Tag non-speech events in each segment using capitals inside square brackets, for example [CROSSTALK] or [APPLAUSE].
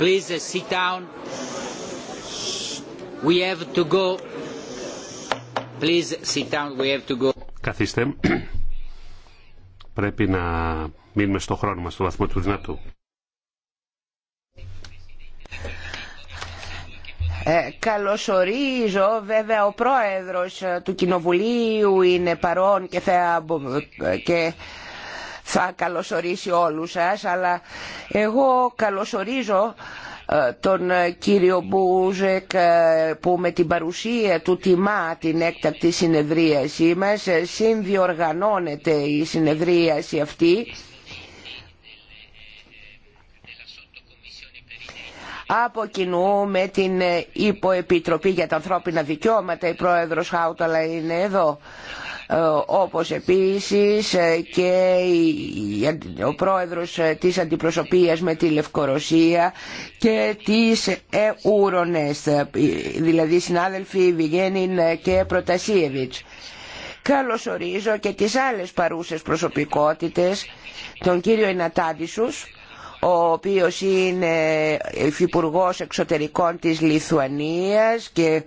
Please sit down. We have to go. Please sit down. We have to go. Καθίστε. Πρέπει να μείνουμε στο χρόνο μας, στο βαθμό του δυνατού. Ε, καλωσορίζω βέβαια ο πρόεδρος του Κοινοβουλίου είναι παρόν και, θα, ε, και θα καλωσορίσει όλους σας, αλλά εγώ καλωσορίζω ε, τον ε, κύριο Μπούζεκ ε, που με την παρουσία του τιμά την έκτακτη συνεδρίασή μας συνδιοργανώνεται η συνεδρίαση αυτή από κοινού με την Υποεπιτροπή για τα Ανθρώπινα Δικαιώματα η πρόεδρος Χάουταλα είναι εδώ ε, όπως επίσης ε, και ο πρόεδρος ε, της αντιπροσωπείας με τη Λευκορωσία και τις Εούρονες, δηλαδή συνάδελφοι Βιγένιν και Προτασίεβιτς. Καλωσορίζω και τις άλλες παρούσες προσωπικότητες, τον κύριο Ενατάντησους, ο οποίος είναι υφυπουργός εξωτερικών της Λιθουανίας και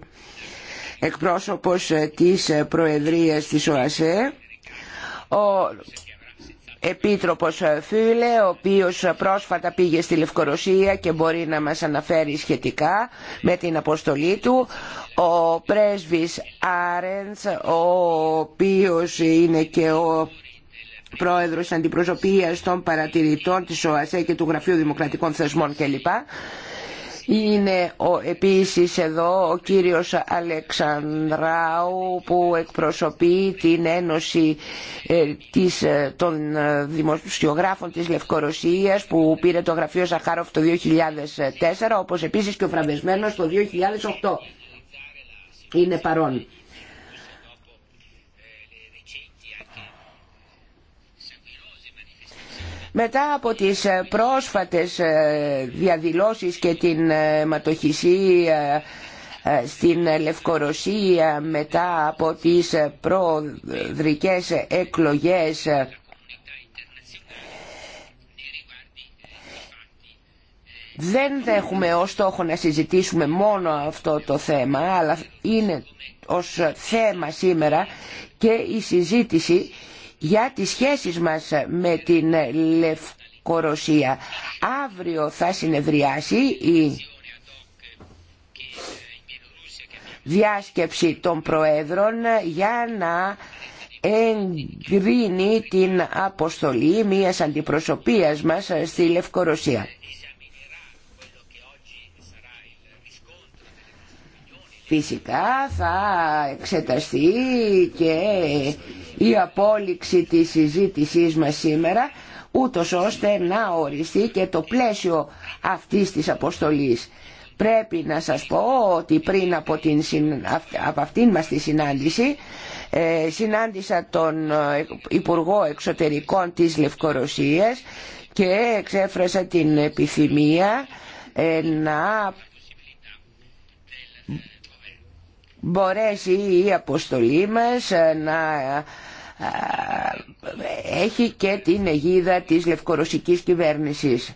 εκπρόσωπος ε, της ε, Προεδρίας της ΟΑΣΕ, ο Επίτροπος ε, Φίλε, ο οποίος πρόσφατα πήγε στη Λευκορωσία και μπορεί να μας αναφέρει σχετικά με την αποστολή του, ο πρέσβης Άρενς, ο οποίος είναι και ο πρόεδρος αντιπροσωπείας των παρατηρητών της ΟΑΣΕ και του Γραφείου Δημοκρατικών Θεσμών κλπ. Είναι ο, επίσης εδώ ο κύριος Αλεξανδράου που εκπροσωπεί την Ένωση ε, της, ε, των ε, Δημοσιογράφων της Λευκορωσίας που πήρε το γραφείο Σαχάροφ το 2004 όπως επίσης και ο Φραβεσμένος το 2008. Είναι παρόν. Μετά από τις ε, πρόσφατες ε, διαδηλώσεις και την ε, ματοχυσία στην Λευκορωσία μετά από τις προοδρικές εκλογές δεν έχουμε ως στόχο να συζητήσουμε μόνο αυτό το θέμα αλλά είναι ως θέμα σήμερα και η συζήτηση για τις σχέσεις μας με την Λευκορωσία. Αύριο θα συνεδριάσει η διάσκεψη των Προέδρων για να εγκρίνει την αποστολή μιας αντιπροσωπείας μας στη Λευκορωσία. Φυσικά θα εξεταστεί και η απόλυξη της συζήτησής μας σήμερα ούτως ώστε να οριστεί και το πλαίσιο αυτής της αποστολής. Πρέπει να σας πω ότι πριν από, την, αυτήν μας τη συνάντηση ε, συνάντησα τον ε, Υπουργό Εξωτερικών της Λευκορωσίας και εξέφρασα την επιθυμία ε, να μπορέσει η αποστολή μας ε, να ε, έχει και την αιγίδα της λευκορωσικής κυβέρνησης.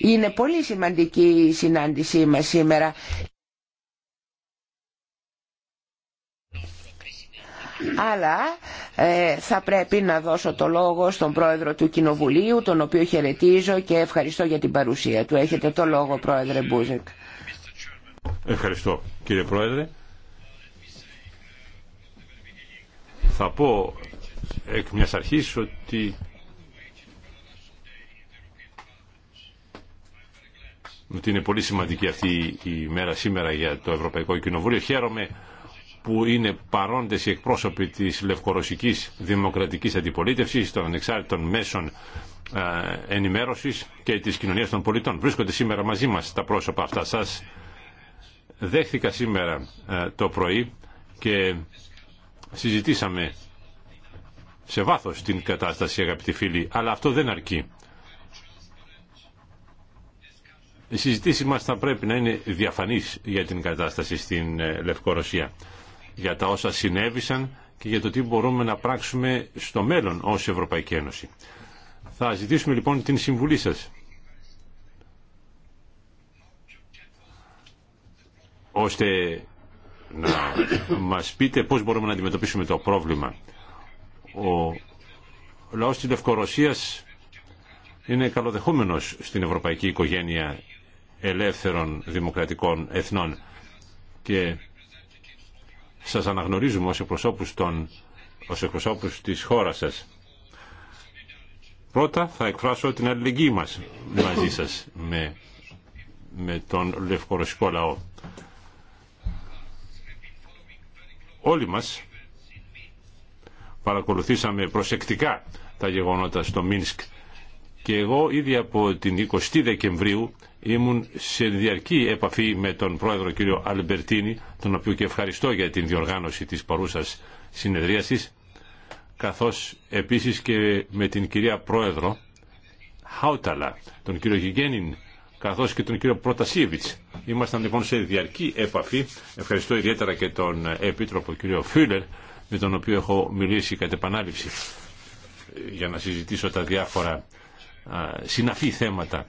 Είναι πολύ σημαντική η συνάντησή μας σήμερα. Αλλά ε, θα πρέπει να δώσω το λόγο στον πρόεδρο του Κοινοβουλίου, τον οποίο χαιρετίζω και ευχαριστώ για την παρουσία του. Έχετε το λόγο, πρόεδρε Μπούζεκ. Ευχαριστώ, κύριε πρόεδρε. θα πω εκ μιας αρχής ότι ότι είναι πολύ σημαντική αυτή η μέρα σήμερα για το Ευρωπαϊκό Κοινοβούλιο. Χαίρομαι που είναι παρόντες οι εκπρόσωποι της λευκορωσικής δημοκρατικής αντιπολίτευσης, των ανεξάρτητων μέσων ενημέρωσης και της κοινωνίας των πολιτών. Βρίσκονται σήμερα μαζί μας τα πρόσωπα αυτά. Σας δέχθηκα σήμερα το πρωί και συζητήσαμε σε βάθος την κατάσταση αγαπητοί φίλοι, αλλά αυτό δεν αρκεί. Οι συζητήσει μας θα πρέπει να είναι διαφανής για την κατάσταση στην ε, Λευκορωσία, για τα όσα συνέβησαν και για το τι μπορούμε να πράξουμε στο μέλλον ως Ευρωπαϊκή Ένωση. Θα ζητήσουμε λοιπόν την συμβουλή σας. ώστε να μας πείτε πώς μπορούμε να αντιμετωπίσουμε το πρόβλημα. Ο λαός της Λευκορωσίας είναι καλοδεχούμενος στην ευρωπαϊκή οικογένεια ελεύθερων δημοκρατικών εθνών και σας αναγνωρίζουμε ως εκπροσώπους, των, ως εκπροσώπους της χώρας σας. Πρώτα θα εκφράσω την αλληλεγγύη μας μαζί σας με, με τον λευκορωσικό λαό. Όλοι μας παρακολουθήσαμε προσεκτικά τα γεγονότα στο Μίνσκ και εγώ ήδη από την 20η Δεκεμβρίου ήμουν σε διαρκή επαφή με τον πρόεδρο κύριο Αλμπερτίνη, τον οποίο και ευχαριστώ για την διοργάνωση της παρούσας συνεδρίασης, καθώς επίσης και με την κυρία πρόεδρο Χάουταλα, τον κύριο Γιγένιν, καθώς και τον κύριο Προτασίεβιτς. Ήμασταν λοιπόν σε διαρκή επαφή. Ευχαριστώ ιδιαίτερα και τον Επίτροπο κύριο Φίλερ, με τον οποίο έχω μιλήσει κατ' επανάληψη για να συζητήσω τα διάφορα συναφή θέματα.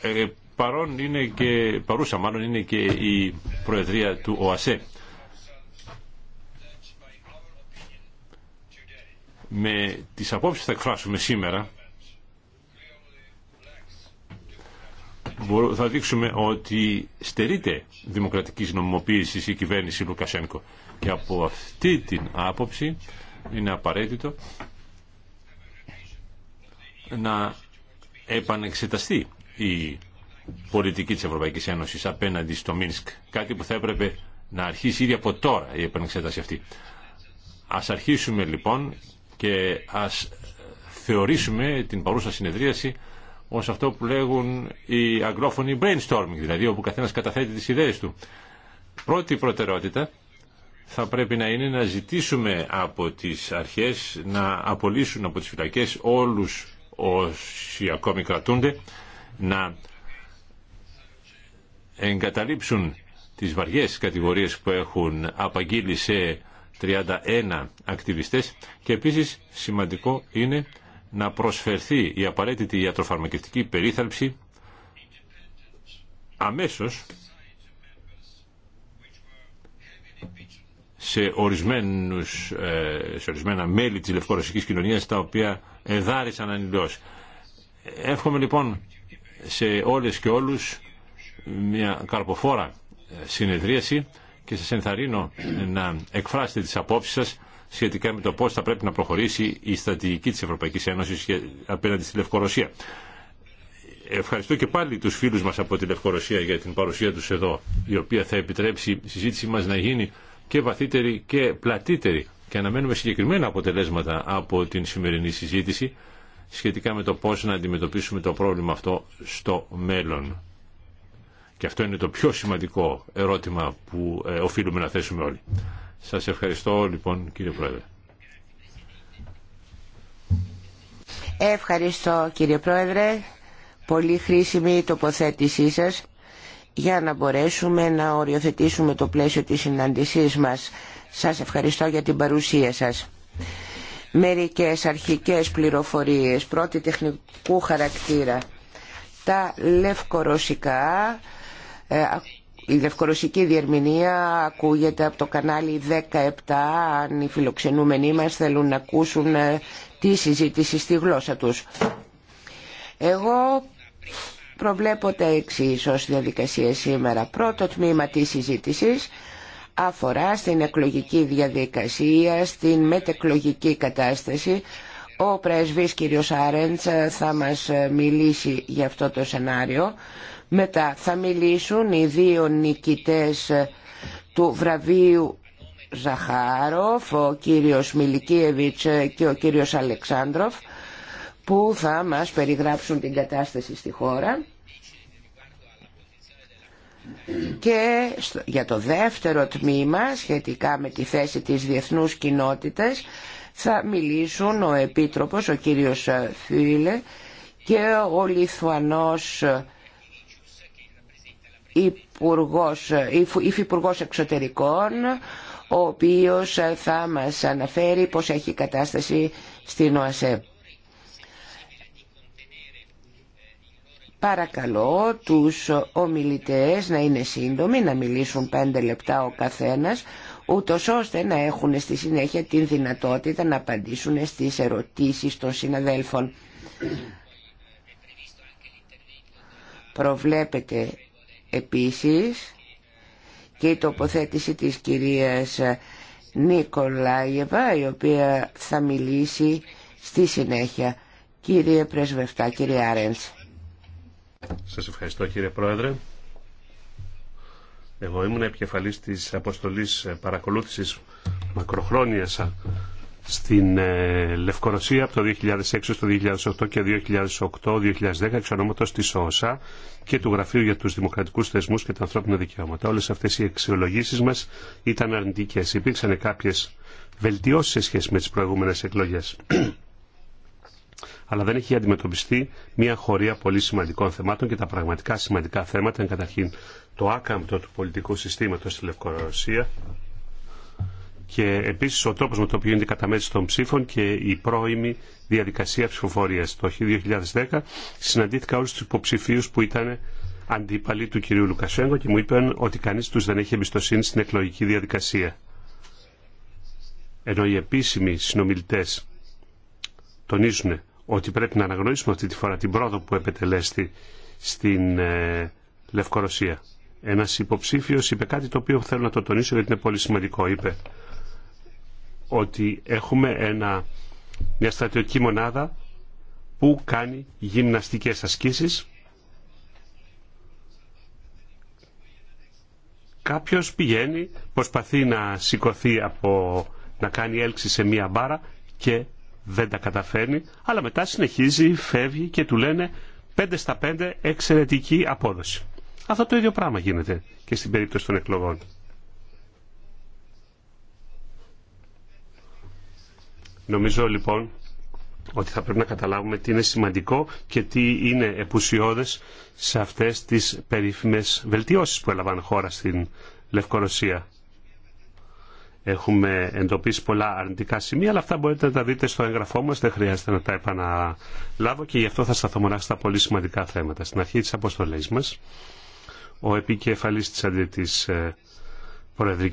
Ε, παρόν είναι και, παρούσα μάλλον είναι και η Προεδρία του ΟΑΣΕ. Με τις απόψεις που θα εκφράσουμε σήμερα θα δείξουμε ότι στερείται δημοκρατικής νομιμοποίησης η κυβέρνηση Λουκασένκο. Και από αυτή την άποψη είναι απαραίτητο να επανεξεταστεί η πολιτική της Ευρωπαϊκής Ένωσης απέναντι στο Μίνσκ. Κάτι που θα έπρεπε να αρχίσει ήδη από τώρα η επανεξέταση αυτή. Ας αρχίσουμε λοιπόν και ας θεωρήσουμε την παρούσα συνεδρίαση ως αυτό που λέγουν οι αγγλόφωνοι brainstorming, δηλαδή όπου καθένας καταθέτει τις ιδέες του. Πρώτη προτεραιότητα θα πρέπει να είναι να ζητήσουμε από τις αρχές να απολύσουν από τις φυλακές όλους όσοι ακόμη κρατούνται, να εγκαταλείψουν τις βαριές κατηγορίες που έχουν απαγγείλει σε 31 ακτιβιστές και επίσης σημαντικό είναι να προσφερθεί η απαραίτητη ιατροφαρμακευτική περίθαλψη αμέσως σε, ορισμένους, ε, σε ορισμένα μέλη της λευκορωσικής κοινωνίας τα οποία εδάρισαν ανηλιώς. Εύχομαι λοιπόν σε όλες και όλους μια καρποφόρα συνεδρίαση και σας ενθαρρύνω να εκφράσετε τις απόψεις σας σχετικά με το πώ θα πρέπει να προχωρήσει η στρατηγική τη Ευρωπαϊκή Ένωση απέναντι στη Λευκορωσία. Ευχαριστώ και πάλι του φίλου μα από τη Λευκορωσία για την παρουσία του εδώ, η οποία θα επιτρέψει η συζήτησή μα να γίνει και βαθύτερη και πλατύτερη και αναμένουμε συγκεκριμένα αποτελέσματα από την σημερινή συζήτηση σχετικά με το πώς να αντιμετωπίσουμε το πρόβλημα αυτό στο μέλλον. Και αυτό είναι το πιο σημαντικό ερώτημα που ε, οφείλουμε να θέσουμε όλοι. Σας ευχαριστώ λοιπόν κύριε Πρόεδρε. Ευχαριστώ κύριε Πρόεδρε. Πολύ χρήσιμη η τοποθέτησή σας για να μπορέσουμε να οριοθετήσουμε το πλαίσιο της συνάντησής μας. Σας ευχαριστώ για την παρουσία σας. Μερικές αρχικές πληροφορίες, πρώτη τεχνικού χαρακτήρα. Τα λευκορωσικά ε, η λευκορωσική διερμηνία ακούγεται από το κανάλι 17 αν οι φιλοξενούμενοι μας θέλουν να ακούσουν ε, τη συζήτηση στη γλώσσα τους. Εγώ προβλέπω τα εξή ω διαδικασία σήμερα. Πρώτο τμήμα της συζήτησης αφορά στην εκλογική διαδικασία, στην μετεκλογική κατάσταση. Ο πρεσβής κ. Άρεντς θα μας μιλήσει για αυτό το σενάριο. Μετά θα μιλήσουν οι δύο νικητές του βραβείου Ζαχάροφ, ο κύριος Μιλικίεβιτς και ο κύριος Αλεξάνδροφ, που θα μας περιγράψουν την κατάσταση στη χώρα. Και για το δεύτερο τμήμα, σχετικά με τη θέση της διεθνούς κοινότητας, θα μιλήσουν ο Επίτροπος, ο κύριος Φίλε και ο Λιθουανός Υφυπουργό υφυπουργός εξωτερικών ο οποίος θα μας αναφέρει πως έχει κατάσταση στην ΟΑΣΕ. Παρακαλώ τους ομιλητές να είναι σύντομοι, να μιλήσουν πέντε λεπτά ο καθένας, ούτω ώστε να έχουν στη συνέχεια την δυνατότητα να απαντήσουν στις ερωτήσεις των συναδέλφων. Προβλέπετε Επίσης και η τοποθέτηση της κυρίας Νίκολάιεβα η οποία θα μιλήσει στη συνέχεια. Κύριε Πρεσβευτά, κύριε Άρενς. Σας ευχαριστώ κύριε Πρόεδρε. Εγώ ήμουν επικεφαλής της αποστολής παρακολούθησης μακροχρόνιας στην ε, Λευκορωσία από το 2006 στο 2008 και 2008-2010 εξ ονόματος της ΟΣΑ και του Γραφείου για τους Δημοκρατικούς Θεσμούς και τα Ανθρώπινα Δικαιώματα. Όλες αυτές οι αξιολογήσεις μας ήταν αρνητικές. Υπήρξαν κάποιες βελτιώσεις σε σχέση με τις προηγούμενες εκλογές. Αλλά δεν έχει αντιμετωπιστεί μια χωρία πολύ σημαντικών θεμάτων και τα πραγματικά σημαντικά θέματα είναι καταρχήν το άκαμπτο του πολιτικού συστήματος στη Λευκορωσία και επίση ο τρόπο με τον οποίο γίνεται η καταμέτρηση των ψήφων και η πρώιμη διαδικασία ψηφοφορία Το 2010 συναντήθηκα όλου του υποψηφίου που ήταν αντίπαλοι του κυρίου Λουκασέγκο και μου είπαν ότι κανεί του δεν έχει εμπιστοσύνη στην εκλογική διαδικασία. Ενώ οι επίσημοι συνομιλητέ τονίζουν ότι πρέπει να αναγνωρίσουμε αυτή τη φορά την πρόοδο που επετελέστη στην ε, Λευκορωσία. Ένας υποψήφιος είπε κάτι το οποίο θέλω να το τονίσω γιατί είναι πολύ σημαντικό. Είπε ότι έχουμε ένα, μια στρατιωτική μονάδα που κάνει γυμναστικές ασκήσεις. Κάποιος πηγαίνει, προσπαθεί να σηκωθεί από να κάνει έλξη σε μία μπάρα και δεν τα καταφέρνει, αλλά μετά συνεχίζει, φεύγει και του λένε 5 στα 5 εξαιρετική απόδοση. Αυτό το ίδιο πράγμα γίνεται και στην περίπτωση των εκλογών. Νομίζω λοιπόν ότι θα πρέπει να καταλάβουμε τι είναι σημαντικό και τι είναι επουσιώδες σε αυτές τις περίφημες βελτιώσεις που έλαβαν χώρα στην Λευκορωσία. Έχουμε εντοπίσει πολλά αρνητικά σημεία, αλλά αυτά μπορείτε να τα δείτε στο έγγραφό μας, δεν χρειάζεται να τα επαναλάβω και γι' αυτό θα σταθώ μονάχα στα πολύ σημαντικά θέματα. Στην αρχή της αποστολής μας, ο επικεφαλής της, της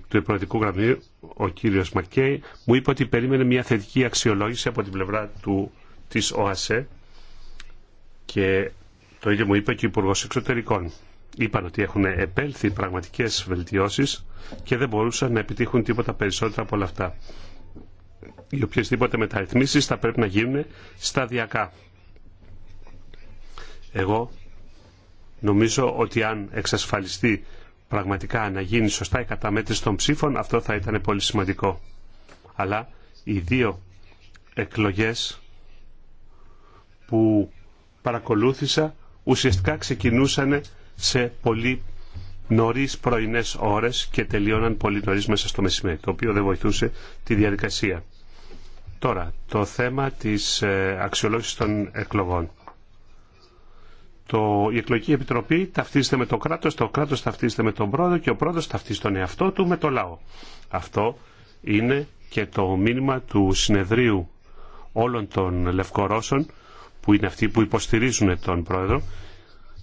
του Προεδρικού Γραμμίου, ο κύριος Μακέι μου είπε ότι περίμενε μια θετική αξιολόγηση από την πλευρά του, της ΟΑΣΕ και το ίδιο μου είπε και ο Υπουργό Εξωτερικών. Είπαν ότι έχουν επέλθει πραγματικές βελτιώσεις και δεν μπορούσαν να επιτύχουν τίποτα περισσότερα από όλα αυτά. Οι οποιασδήποτε μεταρρυθμίσεις θα πρέπει να γίνουν σταδιακά. Εγώ νομίζω ότι αν εξασφαλιστεί πραγματικά να γίνει σωστά η καταμέτρηση των ψήφων, αυτό θα ήταν πολύ σημαντικό. Αλλά οι δύο εκλογές που παρακολούθησα ουσιαστικά ξεκινούσαν σε πολύ νωρίς πρωινέ ώρες και τελείωναν πολύ νωρίς μέσα στο μεσημέρι, το οποίο δεν βοηθούσε τη διαδικασία. Τώρα, το θέμα της ε, αξιολόγηση των εκλογών το, η εκλογική επιτροπή ταυτίζεται με το κράτος, το κράτος ταυτίζεται με τον πρόεδρο και ο πρόεδρος ταυτίζεται τον εαυτό του με το λαό. Αυτό είναι και το μήνυμα του συνεδρίου όλων των Λευκορώσων που είναι αυτοί που υποστηρίζουν τον πρόεδρο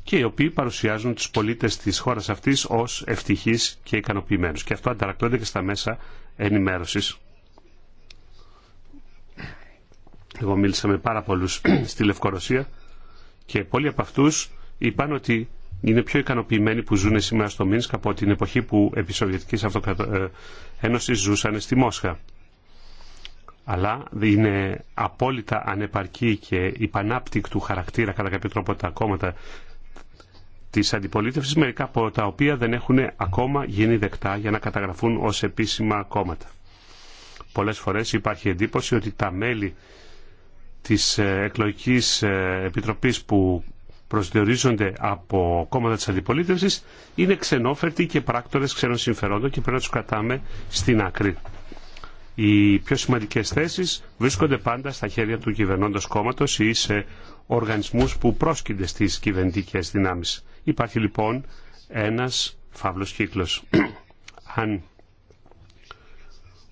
και οι οποίοι παρουσιάζουν τους πολίτες της χώρας αυτής ως ευτυχείς και ικανοποιημένους. Και αυτό ανταρακτώνεται και στα μέσα ενημέρωσης. Εγώ μίλησα με πάρα πολλούς στη Λευκορωσία και πολλοί από αυτού είπαν ότι είναι πιο ικανοποιημένοι που ζουν σήμερα στο Μίνσκ από την εποχή που επί Σοβιετική Αυτοκρατο... Ε, ζούσαν στη Μόσχα. Αλλά είναι απόλυτα ανεπαρκή και υπανάπτυκτου χαρακτήρα κατά κάποιο τρόπο τα κόμματα τη αντιπολίτευση, μερικά από τα οποία δεν έχουν ακόμα γίνει δεκτά για να καταγραφούν ω επίσημα κόμματα. Πολλέ φορέ υπάρχει εντύπωση ότι τα μέλη της ε, εκλογικής ε, επιτροπής που προσδιορίζονται από κόμματα της αντιπολίτευσης είναι ξενόφερτοι και πράκτορες ξένων συμφερόντων και πρέπει να τους κρατάμε στην άκρη. Οι πιο σημαντικές θέσεις βρίσκονται πάντα στα χέρια του κυβερνώντος κόμματος ή σε οργανισμούς που πρόσκυνται στις κυβερνητικές δυνάμεις. Υπάρχει λοιπόν ένας φαύλος κύκλος. [CLEARS THROAT] Αν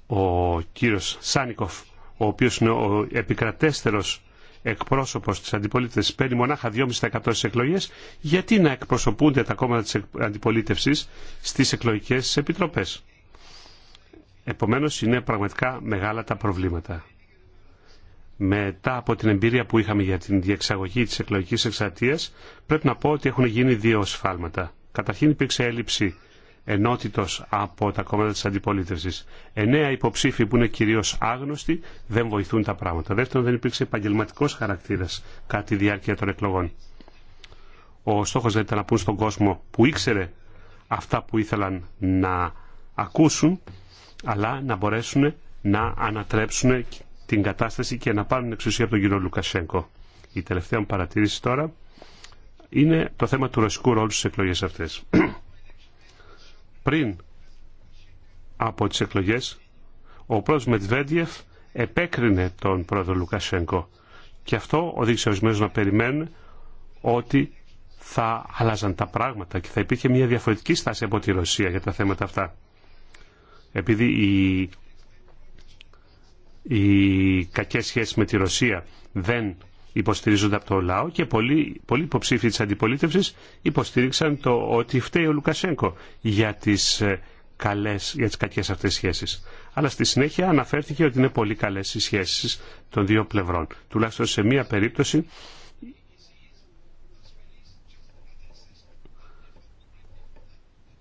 ο κύριος Σάνικοφ ο οποίος είναι ο επικρατέστερος εκπρόσωπος της αντιπολίτευσης παίρνει μονάχα 2,5% στις εκλογές, γιατί να εκπροσωπούνται τα κόμματα της αντιπολίτευσης στις εκλογικές επιτροπές. Επομένως είναι πραγματικά μεγάλα τα προβλήματα. Μετά από την εμπειρία που είχαμε για την διεξαγωγή της εκλογικής εξαρτίας, πρέπει να πω ότι έχουν γίνει δύο σφάλματα. Καταρχήν υπήρξε έλλειψη Ενότητο από τα κόμματα της αντιπολίτευσης. Εννέα υποψήφοι που είναι κυρίως άγνωστοι δεν βοηθούν τα πράγματα. Δεύτερον, δεν υπήρξε επαγγελματικός χαρακτήρας κατά τη διάρκεια των εκλογών. Ο στόχος δεν ήταν να πούν στον κόσμο που ήξερε αυτά που ήθελαν να ακούσουν, αλλά να μπορέσουν να ανατρέψουν την κατάσταση και να πάρουν εξουσία από τον κύριο Λουκασέγκο. Η τελευταία μου παρατήρηση τώρα είναι το θέμα του ρωσικού ρόλου στις εκλογές αυτές πριν από τις εκλογές, ο πρόεδρος Μετβέντιεφ επέκρινε τον πρόεδρο Λουκασέγκο. Και αυτό οδήγησε ορισμένου να περιμένουν ότι θα άλλαζαν τα πράγματα και θα υπήρχε μια διαφορετική στάση από τη Ρωσία για τα θέματα αυτά. Επειδή οι, οι κακές σχέσεις με τη Ρωσία δεν υποστηρίζονται από το λαό και πολλοί, πολλοί υποψήφοι της αντιπολίτευσης υποστήριξαν το ότι φταίει ο Λουκασέγκο για τις ε, καλές, για τις κακές αυτές σχέσεις. Αλλά στη συνέχεια αναφέρθηκε ότι είναι πολύ καλές οι σχέσεις των δύο πλευρών. Τουλάχιστον σε μία περίπτωση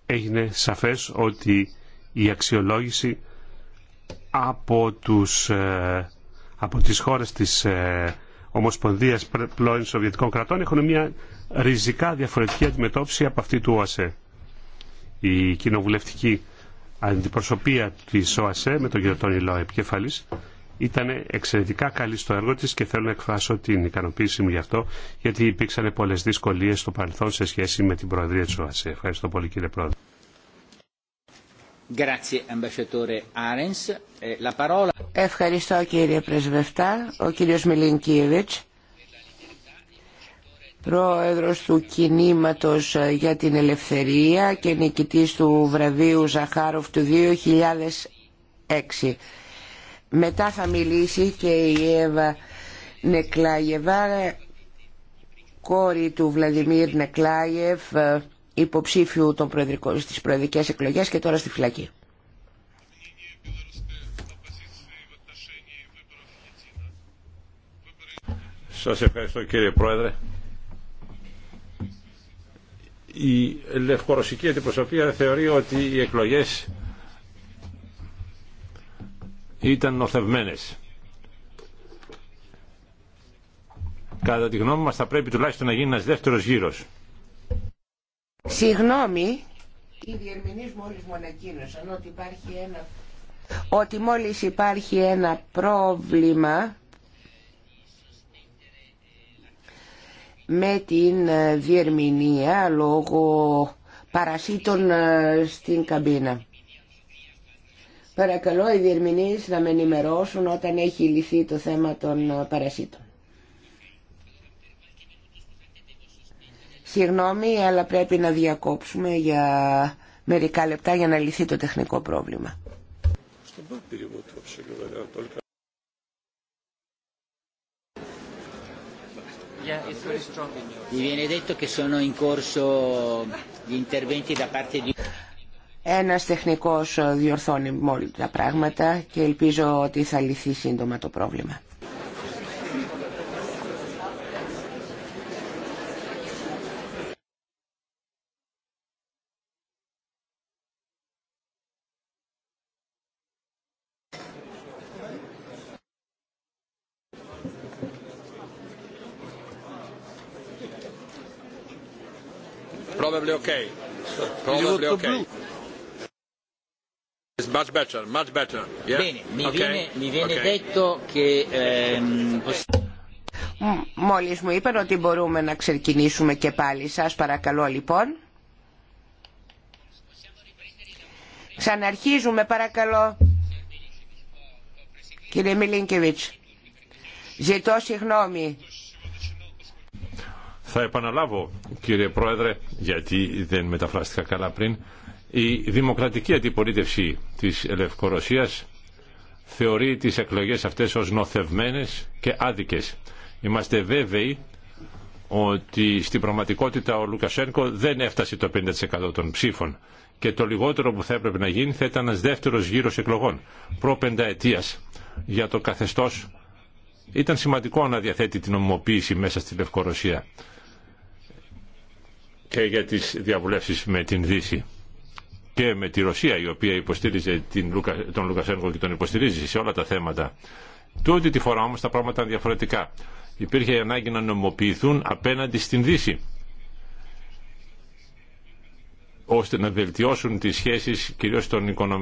έγινε σαφές ότι η αξιολόγηση από, τους, ε, από τις χώρες της ε, Ομοσπονδίας Πλώην Σοβιετικών Κρατών έχουν μια ριζικά διαφορετική αντιμετώπιση από αυτή του ΟΑΣΕ. Η κοινοβουλευτική αντιπροσωπεία της ΟΑΣΕ με τον κ. Τόνι Λάου επικεφαλής ήταν εξαιρετικά καλή στο έργο της και θέλω να εκφράσω την ικανοποίησή μου γι' αυτό γιατί υπήρξαν πολλές δυσκολίες στο παρελθόν σε σχέση με την Προεδρία της ΟΑΣΕ. Ευχαριστώ πολύ κύριε Πρόεδρε. Eh, Ευχαριστώ κύριε Πρεσβευτά. Ο κύριος Μιλινκίεβιτς, πρόεδρος του Κινήματος ε, για την Ελευθερία και νικητής του βραβείου Ζαχάροφ του 2006. Μετά θα μιλήσει και η Εύα Νεκλάγεβα, κόρη του Βλαδιμίρ Νεκλάγεβ, ε, υποψήφιου των προεδρικών στις προεδρικές εκλογές και τώρα στη φυλακή. Σας ευχαριστώ κύριε Πρόεδρε. Η λευκορωσική αντιπροσωπεία θεωρεί ότι οι εκλογές ήταν νοθευμένες. Κατά τη γνώμη μας θα πρέπει τουλάχιστον να γίνει ένας δεύτερος γύρος. Συγγνώμη. Οι διερμηνείς μόλις μου ανακοίνωσαν ότι υπάρχει ένα... Ότι μόλις υπάρχει ένα πρόβλημα με την ε, διερμηνία λόγω παρασύτων ε, στην καμπίνα. Παρακαλώ οι διερμηνείς να με ενημερώσουν όταν έχει λυθεί το θέμα των ε, παρασύτων. Συγγνώμη, αλλά πρέπει να διακόψουμε για μερικά λεπτά για να λυθεί το τεχνικό πρόβλημα. Ένας τεχνικός διορθώνει μόλις τα πράγματα και ελπίζω ότι θα λυθεί σύντομα το πρόβλημα. okay. Μόλις μου είπαν ότι μπορούμε να ξεκινήσουμε και πάλι. Σας παρακαλώ λοιπόν. Ξαναρχίζουμε παρακαλώ. Κύριε Μιλίνκεβιτς, ζητώ συγγνώμη. Θα επαναλάβω κύριε Πρόεδρε, γιατί δεν μεταφράστηκα καλά πριν, η δημοκρατική αντιπολίτευση της Λευκορωσίας θεωρεί τις εκλογές αυτές ως νοθευμένες και άδικες. Είμαστε βέβαιοι ότι στην πραγματικότητα ο Λουκασένκο δεν έφτασε το 50% των ψήφων και το λιγότερο που θα έπρεπε να γίνει θα ήταν ένας δεύτερος γύρος εκλογών προ για το καθεστώς ήταν σημαντικό να διαθέτει την ομοποίηση μέσα στη Λευκορωσία και για τις διαβουλεύσεις με την Δύση και με τη Ρωσία η οποία υποστήριζε την, τον Λουκασένκο και τον υποστηρίζει σε όλα τα θέματα. Τούτη τη φορά όμως τα πράγματα ήταν διαφορετικά. Υπήρχε η ανάγκη να νομοποιηθούν απέναντι στην Δύση ώστε να βελτιώσουν τις σχέσεις κυρίως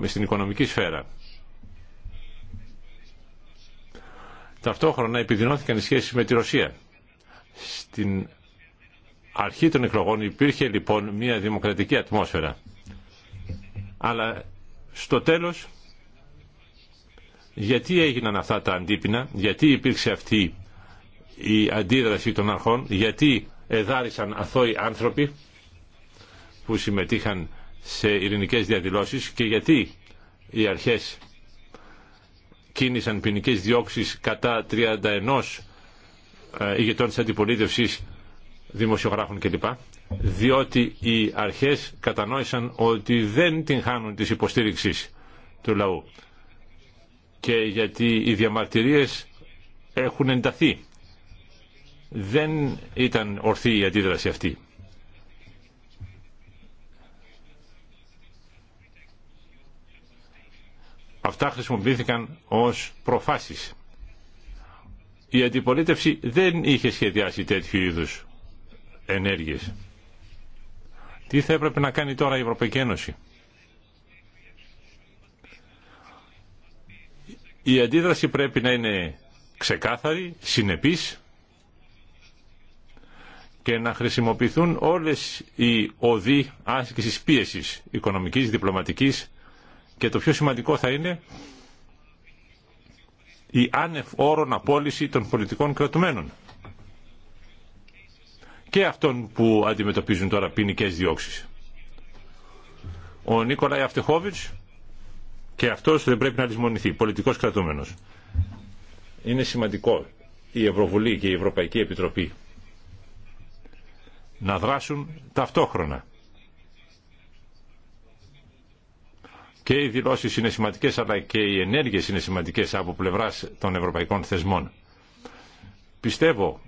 στην οικονομική σφαίρα. Ταυτόχρονα επιδεινώθηκαν οι σχέσεις με τη Ρωσία. Στην αρχή των εκλογών υπήρχε λοιπόν μια δημοκρατική ατμόσφαιρα. Αλλά στο τέλος, γιατί έγιναν αυτά τα αντίπεινα, γιατί υπήρξε αυτή η αντίδραση των αρχών, γιατί εδάρισαν αθώοι άνθρωποι που συμμετείχαν σε ειρηνικές διαδηλώσεις και γιατί οι αρχές κίνησαν ποινικέ διώξεις κατά 31 ε, ηγετών της αντιπολίτευσης δημοσιογράφων κλπ. Διότι οι αρχές κατανόησαν ότι δεν την χάνουν της υποστήριξης του λαού και γιατί οι διαμαρτυρίες έχουν ενταθεί. Δεν ήταν ορθή η αντίδραση αυτή. Αυτά χρησιμοποιήθηκαν ως προφάσεις. Η αντιπολίτευση δεν είχε σχεδιάσει τέτοιου είδους ενέργειες. Τι θα έπρεπε να κάνει τώρα η Ευρωπαϊκή Ένωση. Η αντίδραση πρέπει να είναι ξεκάθαρη, συνεπής και να χρησιμοποιηθούν όλες οι οδοί άσκησης πίεσης οικονομικής, διπλωματικής και το πιο σημαντικό θα είναι η άνευ όρον απόλυση των πολιτικών κρατουμένων και αυτών που αντιμετωπίζουν τώρα ποινικέ διώξει. Ο Νίκολα Αυτεχόβιτ και αυτός δεν πρέπει να λησμονηθεί, πολιτικός κρατούμενος. Είναι σημαντικό η Ευρωβουλή και η Ευρωπαϊκή Επιτροπή να δράσουν ταυτόχρονα. Και οι δηλώσει είναι σημαντικέ, αλλά και οι ενέργειε είναι σημαντικέ από πλευρά των ευρωπαϊκών θεσμών. Πιστεύω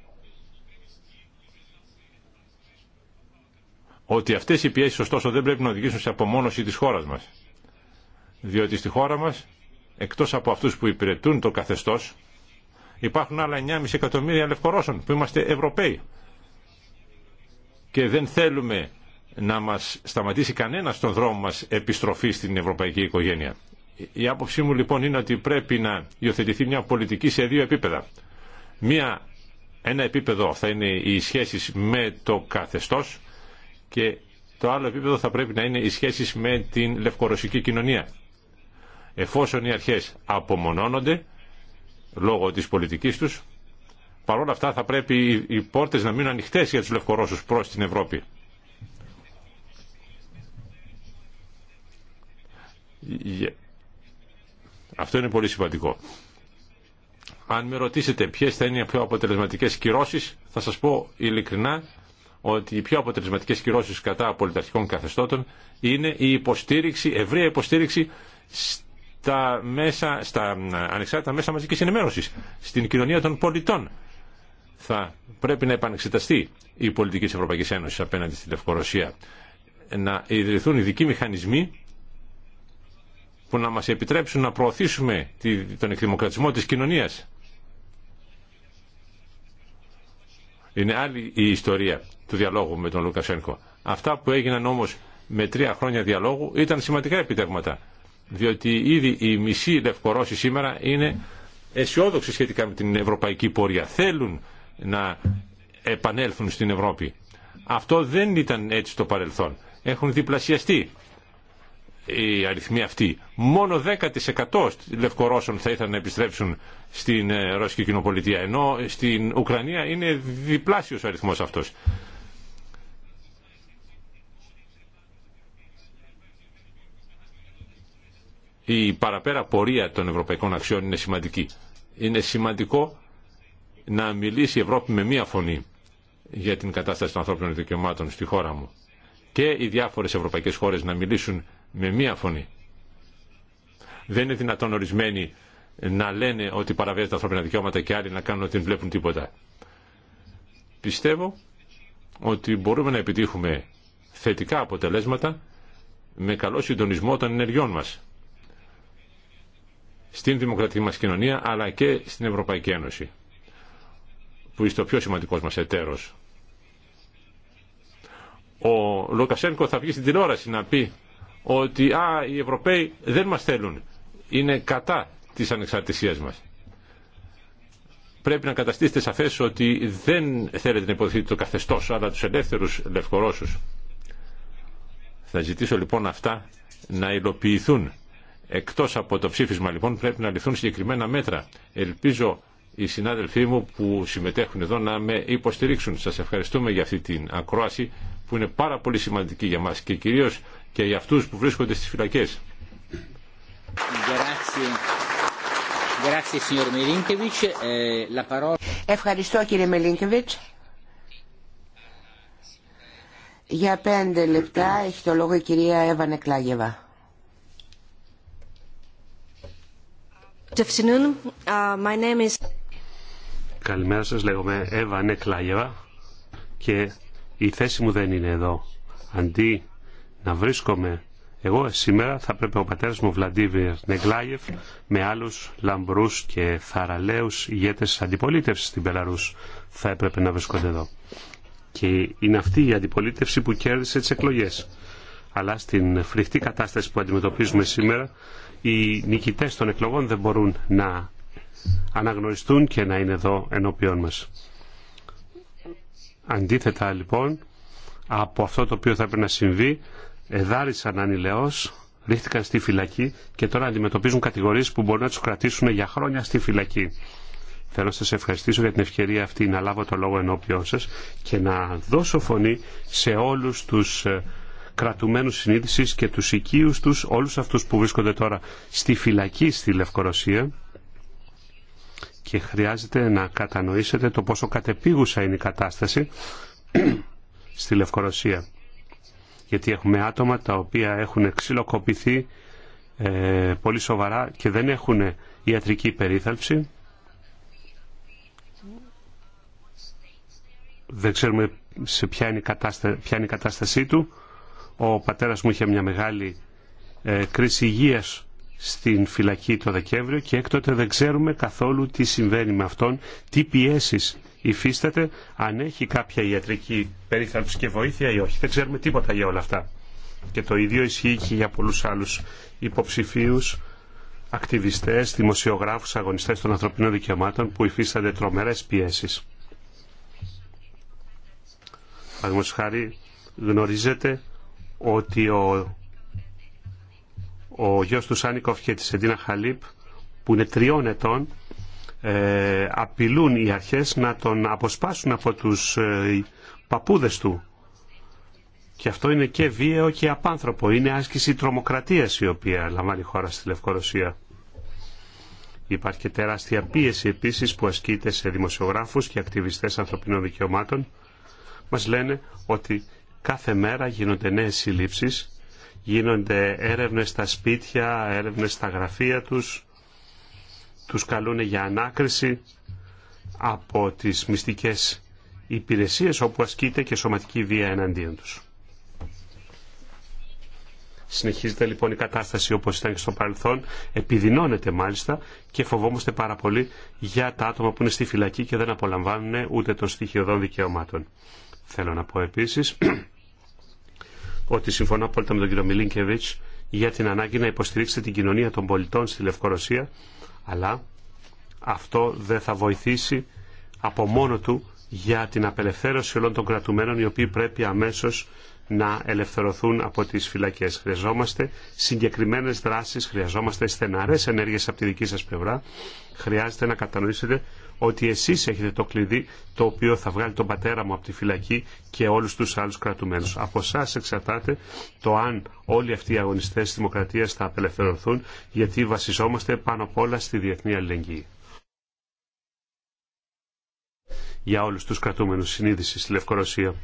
ότι αυτές οι πιέσεις ωστόσο δεν πρέπει να οδηγήσουν σε απομόνωση της χώρας μας. Διότι στη χώρα μας, εκτός από αυτούς που υπηρετούν το καθεστώς, υπάρχουν άλλα 9,5 εκατομμύρια Λευκορώσων που είμαστε Ευρωπαίοι. Και δεν θέλουμε να μας σταματήσει κανένα στον δρόμο μας επιστροφή στην ευρωπαϊκή οικογένεια. Η άποψή μου λοιπόν είναι ότι πρέπει να υιοθετηθεί μια πολιτική σε δύο επίπεδα. Μια, ένα επίπεδο θα είναι οι σχέσεις με το καθεστώς και το άλλο επίπεδο θα πρέπει να είναι οι σχέσεις με την λευκορωσική κοινωνία. Εφόσον οι αρχές απομονώνονται λόγω της πολιτικής τους, παρόλα αυτά θα πρέπει οι πόρτες να μείνουν ανοιχτές για τους λευκορώσους προς την Ευρώπη. Αυτό είναι πολύ σημαντικό. Αν με ρωτήσετε ποιες θα είναι οι πιο αποτελεσματικές κυρώσεις, θα σας πω ειλικρινά ότι οι πιο αποτελεσματικές κυρώσεις κατά πολιταρχικών καθεστώτων είναι η υποστήριξη, ευρεία υποστήριξη στα, μέσα, στα ανεξάρτητα μέσα μαζικής ενημέρωσης, στην κοινωνία των πολιτών. Θα πρέπει να επανεξεταστεί η πολιτική της Ευρωπαϊκής Ένωσης απέναντι στη Λευκορωσία. Να ιδρυθούν ειδικοί μηχανισμοί που να μας επιτρέψουν να προωθήσουμε τον εκδημοκρατισμό της κοινωνίας Είναι άλλη η ιστορία του διαλόγου με τον Λουκασένκο. Αυτά που έγιναν όμως με τρία χρόνια διαλόγου ήταν σημαντικά επιτεύγματα. Διότι ήδη οι μισοί Λευκορώσοι σήμερα είναι αισιόδοξοι σχετικά με την ευρωπαϊκή πορεία. Θέλουν να επανέλθουν στην Ευρώπη. Αυτό δεν ήταν έτσι στο παρελθόν. Έχουν διπλασιαστεί οι αριθμοί αυτοί. Μόνο 10% Λευκορώσων θα ήθελαν να επιστρέψουν στην ε, Ρώσικη Κοινοπολιτεία, ενώ στην Ουκρανία είναι διπλάσιος ο αριθμός αυτός. Η παραπέρα πορεία των ευρωπαϊκών αξιών είναι σημαντική. Είναι σημαντικό να μιλήσει η Ευρώπη με μία φωνή για την κατάσταση των ανθρώπινων δικαιωμάτων στη χώρα μου και οι διάφορες ευρωπαϊκές χώρες να μιλήσουν με μία φωνή. Δεν είναι δυνατόν ορισμένοι να λένε ότι παραβιάζουν τα ανθρώπινα δικαιώματα και άλλοι να κάνουν ότι δεν βλέπουν τίποτα. Πιστεύω ότι μπορούμε να επιτύχουμε θετικά αποτελέσματα με καλό συντονισμό των ενεργειών μας στην δημοκρατική μας κοινωνία αλλά και στην Ευρωπαϊκή Ένωση που είναι το πιο σημαντικό μας εταίρος. Ο Λουκασένκο θα βγει στην τηλεόραση να πει ότι α, οι Ευρωπαίοι δεν μας θέλουν, είναι κατά της ανεξαρτησίας μας. Πρέπει να καταστήσετε σαφές ότι δεν θέλετε να υποθείτε το καθεστώς, αλλά τους ελεύθερους λευκορώσους. Θα ζητήσω λοιπόν αυτά να υλοποιηθούν. Εκτός από το ψήφισμα λοιπόν πρέπει να ληφθούν συγκεκριμένα μέτρα. Ελπίζω οι συνάδελφοί μου που συμμετέχουν εδώ να με υποστηρίξουν. Σας ευχαριστούμε για αυτή την ακρόαση που είναι πάρα πολύ σημαντική για μας και κυρίως και για αυτούς που βρίσκονται στις φυλακές. Ε, Ευχαριστώ κύριε Μελίνκεβιτς. Για πέντε λεπτά έχει το λόγο η κυρία Εύα Νεκλάγεβα. Uh, Καλημέρα σας, λέγομαι Εύα Νεκλάγεβα και η θέση μου δεν είναι εδώ. Αντί να βρίσκομαι εγώ σήμερα θα πρέπει ο πατέρας μου Βλαντίβιρ Νεγκλάιεφ με άλλους λαμπρούς και θαραλέους ηγέτες της αντιπολίτευσης στην Πελαρούς θα έπρεπε να βρίσκονται εδώ. Και είναι αυτή η αντιπολίτευση που κέρδισε τις εκλογές. Αλλά στην φρικτή κατάσταση που αντιμετωπίζουμε σήμερα οι νικητές των εκλογών δεν μπορούν να αναγνωριστούν και να είναι εδώ ενώπιόν μας. Αντίθετα λοιπόν από αυτό το οποίο θα πρέπει να συμβεί εδάρισαν ανηλαιώς, ρίχτηκαν στη φυλακή και τώρα αντιμετωπίζουν κατηγορίες που μπορούν να τους κρατήσουν για χρόνια στη φυλακή. Θέλω να σας ευχαριστήσω για την ευκαιρία αυτή να λάβω το λόγο ενώπιό σας και να δώσω φωνή σε όλους τους ε, κρατουμένους συνείδησης και τους οικείους τους, όλους αυτούς που βρίσκονται τώρα στη φυλακή στη Λευκορωσία και χρειάζεται να κατανοήσετε το πόσο κατεπίγουσα είναι η κατάσταση στη Λευκορωσία γιατί έχουμε άτομα τα οποία έχουν ξυλοκοπηθεί ε, πολύ σοβαρά και δεν έχουν ιατρική περίθαλψη. Δεν ξέρουμε σε ποια είναι η, κατάστασή του. Ο πατέρας μου είχε μια μεγάλη ε, κρίση υγείας στην φυλακή το Δεκέμβριο και έκτοτε δεν ξέρουμε καθόλου τι συμβαίνει με αυτόν, τι πιέσεις υφίσταται, αν έχει κάποια ιατρική περίθαλψη και βοήθεια ή όχι. Δεν ξέρουμε τίποτα για όλα αυτά. Και το ίδιο ισχύει και για πολλούς άλλους υποψηφίους, ακτιβιστές, δημοσιογράφους, αγωνιστές των ανθρωπινών δικαιωμάτων που υφίστανται τρομερές πιέσεις. Παραδείγματος χάρη γνωρίζετε ότι ο, ο γιος του Σάνικοφ και της Εντίνα Χαλίπ που είναι τριών ετών ε, απειλούν οι αρχές να τον αποσπάσουν από τους ε, παπούδες του. Και αυτό είναι και βίαιο και απάνθρωπο. Είναι άσκηση τρομοκρατίας η οποία λαμβάνει η χώρα στη Λευκορωσία. Υπάρχει και τεράστια πίεση επίσης που ασκείται σε δημοσιογράφους και ακτιβιστές ανθρωπινών δικαιωμάτων. Μας λένε ότι κάθε μέρα γίνονται νέες συλλήψεις, γίνονται έρευνες στα σπίτια, έρευνες στα γραφεία τους, τους καλούν για ανάκριση από τις μυστικές υπηρεσίες όπου ασκείται και σωματική βία εναντίον τους. Συνεχίζεται λοιπόν η κατάσταση όπως ήταν και στο παρελθόν, επιδεινώνεται μάλιστα και φοβόμαστε πάρα πολύ για τα άτομα που είναι στη φυλακή και δεν απολαμβάνουν ούτε των στοιχειωδών δικαιωμάτων. Θέλω να πω επίσης [CLEARS THROAT] ότι συμφωνώ απόλυτα με τον κύριο Μιλίνκεβιτς για την ανάγκη να υποστηρίξετε την κοινωνία των πολιτών στη Λευκορωσία αλλά αυτό δεν θα βοηθήσει από μόνο του για την απελευθέρωση όλων των κρατουμένων οι οποίοι πρέπει αμέσως να ελευθερωθούν από τις φυλακές. Χρειαζόμαστε συγκεκριμένες δράσεις, χρειαζόμαστε στεναρές ενέργειες από τη δική σας πλευρά. Χρειάζεται να κατανοήσετε ότι εσείς έχετε το κλειδί το οποίο θα βγάλει τον πατέρα μου από τη φυλακή και όλους τους άλλους κρατουμένους. Από εσά εξαρτάται το αν όλοι αυτοί οι αγωνιστές της δημοκρατίας θα απελευθερωθούν γιατί βασιζόμαστε πάνω απ' όλα στη διεθνή αλληλεγγύη. Για όλους τους κρατούμενους συνείδηση στη Λευκορωσία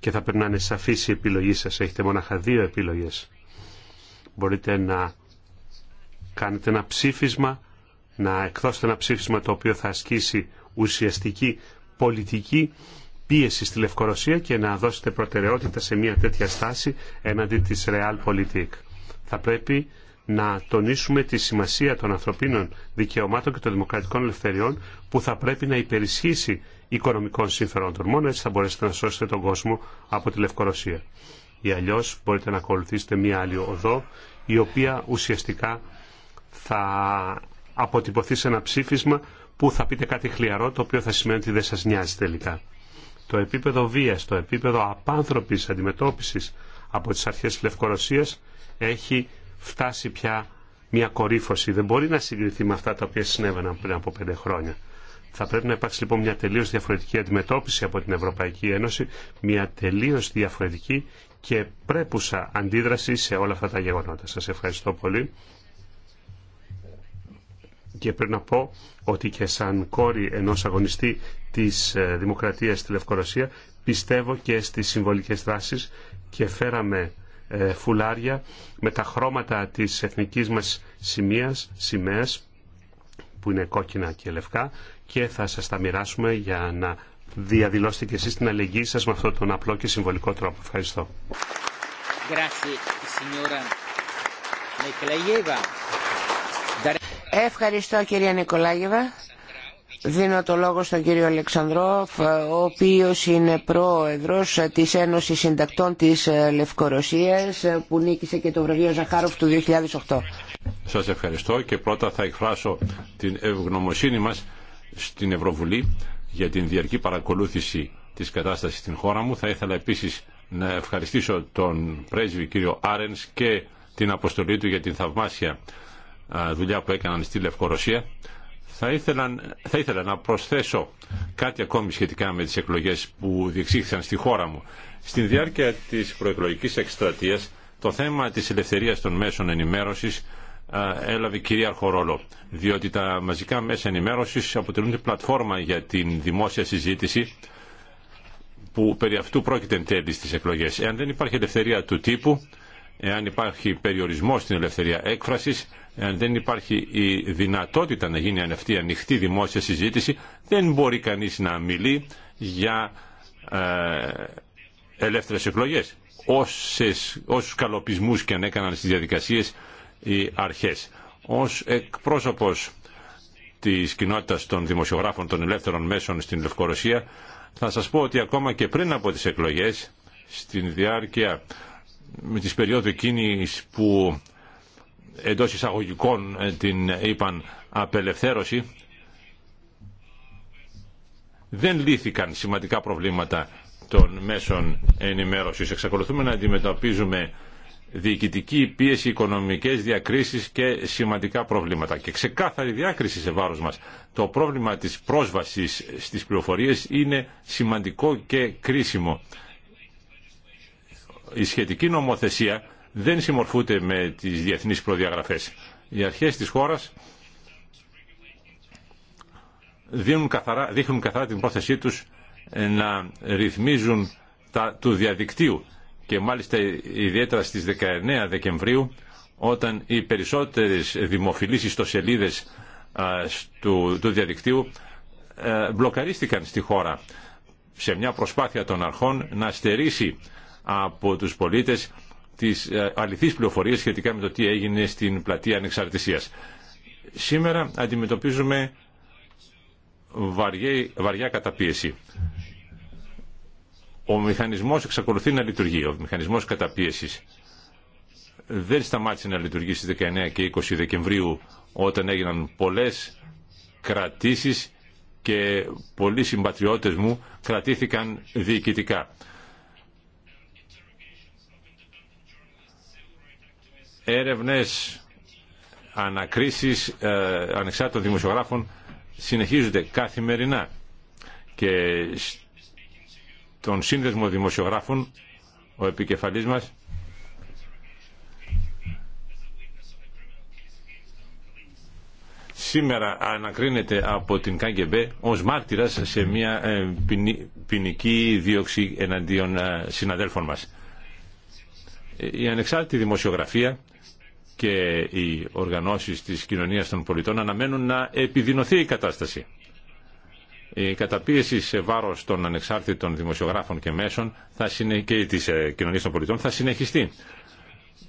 και θα περνάνε σαφής η επιλογή σας. Έχετε μονάχα δύο επιλογές. Μπορείτε να κάνετε ένα ψήφισμα να εκδώσετε ένα ψήφισμα το οποίο θα ασκήσει ουσιαστική πολιτική πίεση στη Λευκορωσία και να δώσετε προτεραιότητα σε μια τέτοια στάση έναντι της Realpolitik. Θα πρέπει να τονίσουμε τη σημασία των ανθρωπίνων δικαιωμάτων και των δημοκρατικών ελευθεριών που θα πρέπει να υπερισχύσει οικονομικών συμφερόντων. Μόνο έτσι θα μπορέσετε να σώσετε τον κόσμο από τη Λευκορωσία. Ή αλλιώ μπορείτε να ακολουθήσετε μία άλλη οδό η οποία ουσιαστικά θα αποτυπωθεί σε ένα ψήφισμα που θα πείτε κάτι χλιαρό το οποίο θα σημαίνει ότι δεν σας νοιάζει τελικά. Το επίπεδο βίας, το επίπεδο απάνθρωπης αντιμετώπισης από τις αρχές της Λευκορωσίας έχει φτάσει πια μια κορύφωση. Δεν μπορεί να συγκριθεί με αυτά τα οποία συνέβαιναν πριν από πέντε χρόνια. Θα πρέπει να υπάρξει λοιπόν μια τελείως διαφορετική αντιμετώπιση από την Ευρωπαϊκή Ένωση, μια τελείως διαφορετική και πρέπουσα αντίδραση σε όλα αυτά τα γεγονότα. Σας ευχαριστώ πολύ και πρέπει να πω ότι και σαν κόρη ενός αγωνιστή της ε, δημοκρατίας στη Λευκορωσία πιστεύω και στις συμβολικές δράσεις και φέραμε ε, φουλάρια με τα χρώματα της εθνικής μας σημείας, σημαίας που είναι κόκκινα και λευκά και θα σας τα μοιράσουμε για να διαδηλώσετε και εσείς την αλληλεγγύη σας με αυτόν τον απλό και συμβολικό τρόπο. Ευχαριστώ. Ευχαριστώ κυρία Νικολάγεβα. Δίνω το λόγο στον κύριο Αλεξανδρόφ, ο οποίος είναι πρόεδρος της Ένωσης Συντακτών της Λευκορωσίας, που νίκησε και το βραβείο Ζαχάροφ του 2008. Σας ευχαριστώ και πρώτα θα εκφράσω την ευγνωμοσύνη μας στην Ευρωβουλή για την διαρκή παρακολούθηση της κατάστασης στην χώρα μου. Θα ήθελα επίσης να ευχαριστήσω τον πρέσβη κύριο Άρενς και την αποστολή του για την θαυμάσια δουλειά που έκαναν στη Λευκορωσία. Θα ήθελα, θα ήθελα να προσθέσω κάτι ακόμη σχετικά με τις εκλογές που διεξήχθησαν στη χώρα μου. Στην διάρκεια της προεκλογικής εκστρατείας το θέμα της ελευθερίας των μέσων ενημέρωσης έλαβε κυρίαρχο ρόλο, διότι τα μαζικά μέσα ενημέρωσης αποτελούν πλατφόρμα για την δημόσια συζήτηση που περί αυτού πρόκειται εν τέλει στις εκλογές. Εάν δεν υπάρχει ελευθερία του τύπου, εάν υπάρχει περιορισμό στην ελευθερία έκφρασης, εάν δεν υπάρχει η δυνατότητα να γίνει αυτή ανοιχτή δημόσια συζήτηση, δεν μπορεί κανείς να μιλεί για ε, ελεύθερες εκλογές, όσες, όσους καλοπισμούς και αν έκαναν στις διαδικασίες οι αρχές. Ως εκπρόσωπος της κοινότητας των δημοσιογράφων των ελεύθερων μέσων στην Λευκορωσία, θα σας πω ότι ακόμα και πριν από τις εκλογές, στην διάρκεια με τις περιόδους εκείνης που εντός εισαγωγικών ε, την είπαν απελευθέρωση δεν λύθηκαν σημαντικά προβλήματα των μέσων ενημέρωσης. Εξακολουθούμε να αντιμετωπίζουμε διοικητική πίεση, οικονομικές διακρίσεις και σημαντικά προβλήματα. Και ξεκάθαρη διάκριση σε βάρος μας. Το πρόβλημα της πρόσβασης στις πληροφορίες είναι σημαντικό και κρίσιμο η σχετική νομοθεσία δεν συμμορφούνται με τις διεθνείς προδιαγραφές. Οι αρχές της χώρας καθαρά, δείχνουν καθαρά την πρόθεσή τους να ρυθμίζουν τα, του διαδικτύου και μάλιστα ιδιαίτερα στις 19 Δεκεμβρίου όταν οι περισσότερες δημοφιλείς ιστοσελίδες του, του διαδικτύου μπλοκαρίστηκαν στη χώρα σε μια προσπάθεια των αρχών να στερήσει από τους πολίτες τις ε, αληθείς πληροφορίες σχετικά με το τι έγινε στην πλατεία ανεξαρτησίας. Σήμερα αντιμετωπίζουμε βαριά, βαριά καταπίεση. Ο μηχανισμός εξακολουθεί να λειτουργεί, ο μηχανισμός καταπίεσης. Δεν σταμάτησε να λειτουργεί στις 19 και 20 Δεκεμβρίου όταν έγιναν πολλές κρατήσεις και πολλοί συμπατριώτες μου κρατήθηκαν διοικητικά. έρευνες, ανακρίσεις ε, ανεξάρτητων δημοσιογράφων συνεχίζονται καθημερινά και τον σύνδεσμο δημοσιογράφων ο επικεφαλής μας σήμερα ανακρίνεται από την ΚΑΚΕΜΠΕ ως μάρτυρας σε μια ε, ποινική δίωξη εναντίον ε, συναδέλφων μας. Η ανεξάρτητη δημοσιογραφία και οι οργανώσεις της κοινωνίας των πολιτών αναμένουν να επιδεινωθεί η κατάσταση. Η καταπίεση σε βάρος των ανεξάρτητων δημοσιογράφων και μέσων θα συνε... και της ε, κοινωνίας των πολιτών θα συνεχιστεί.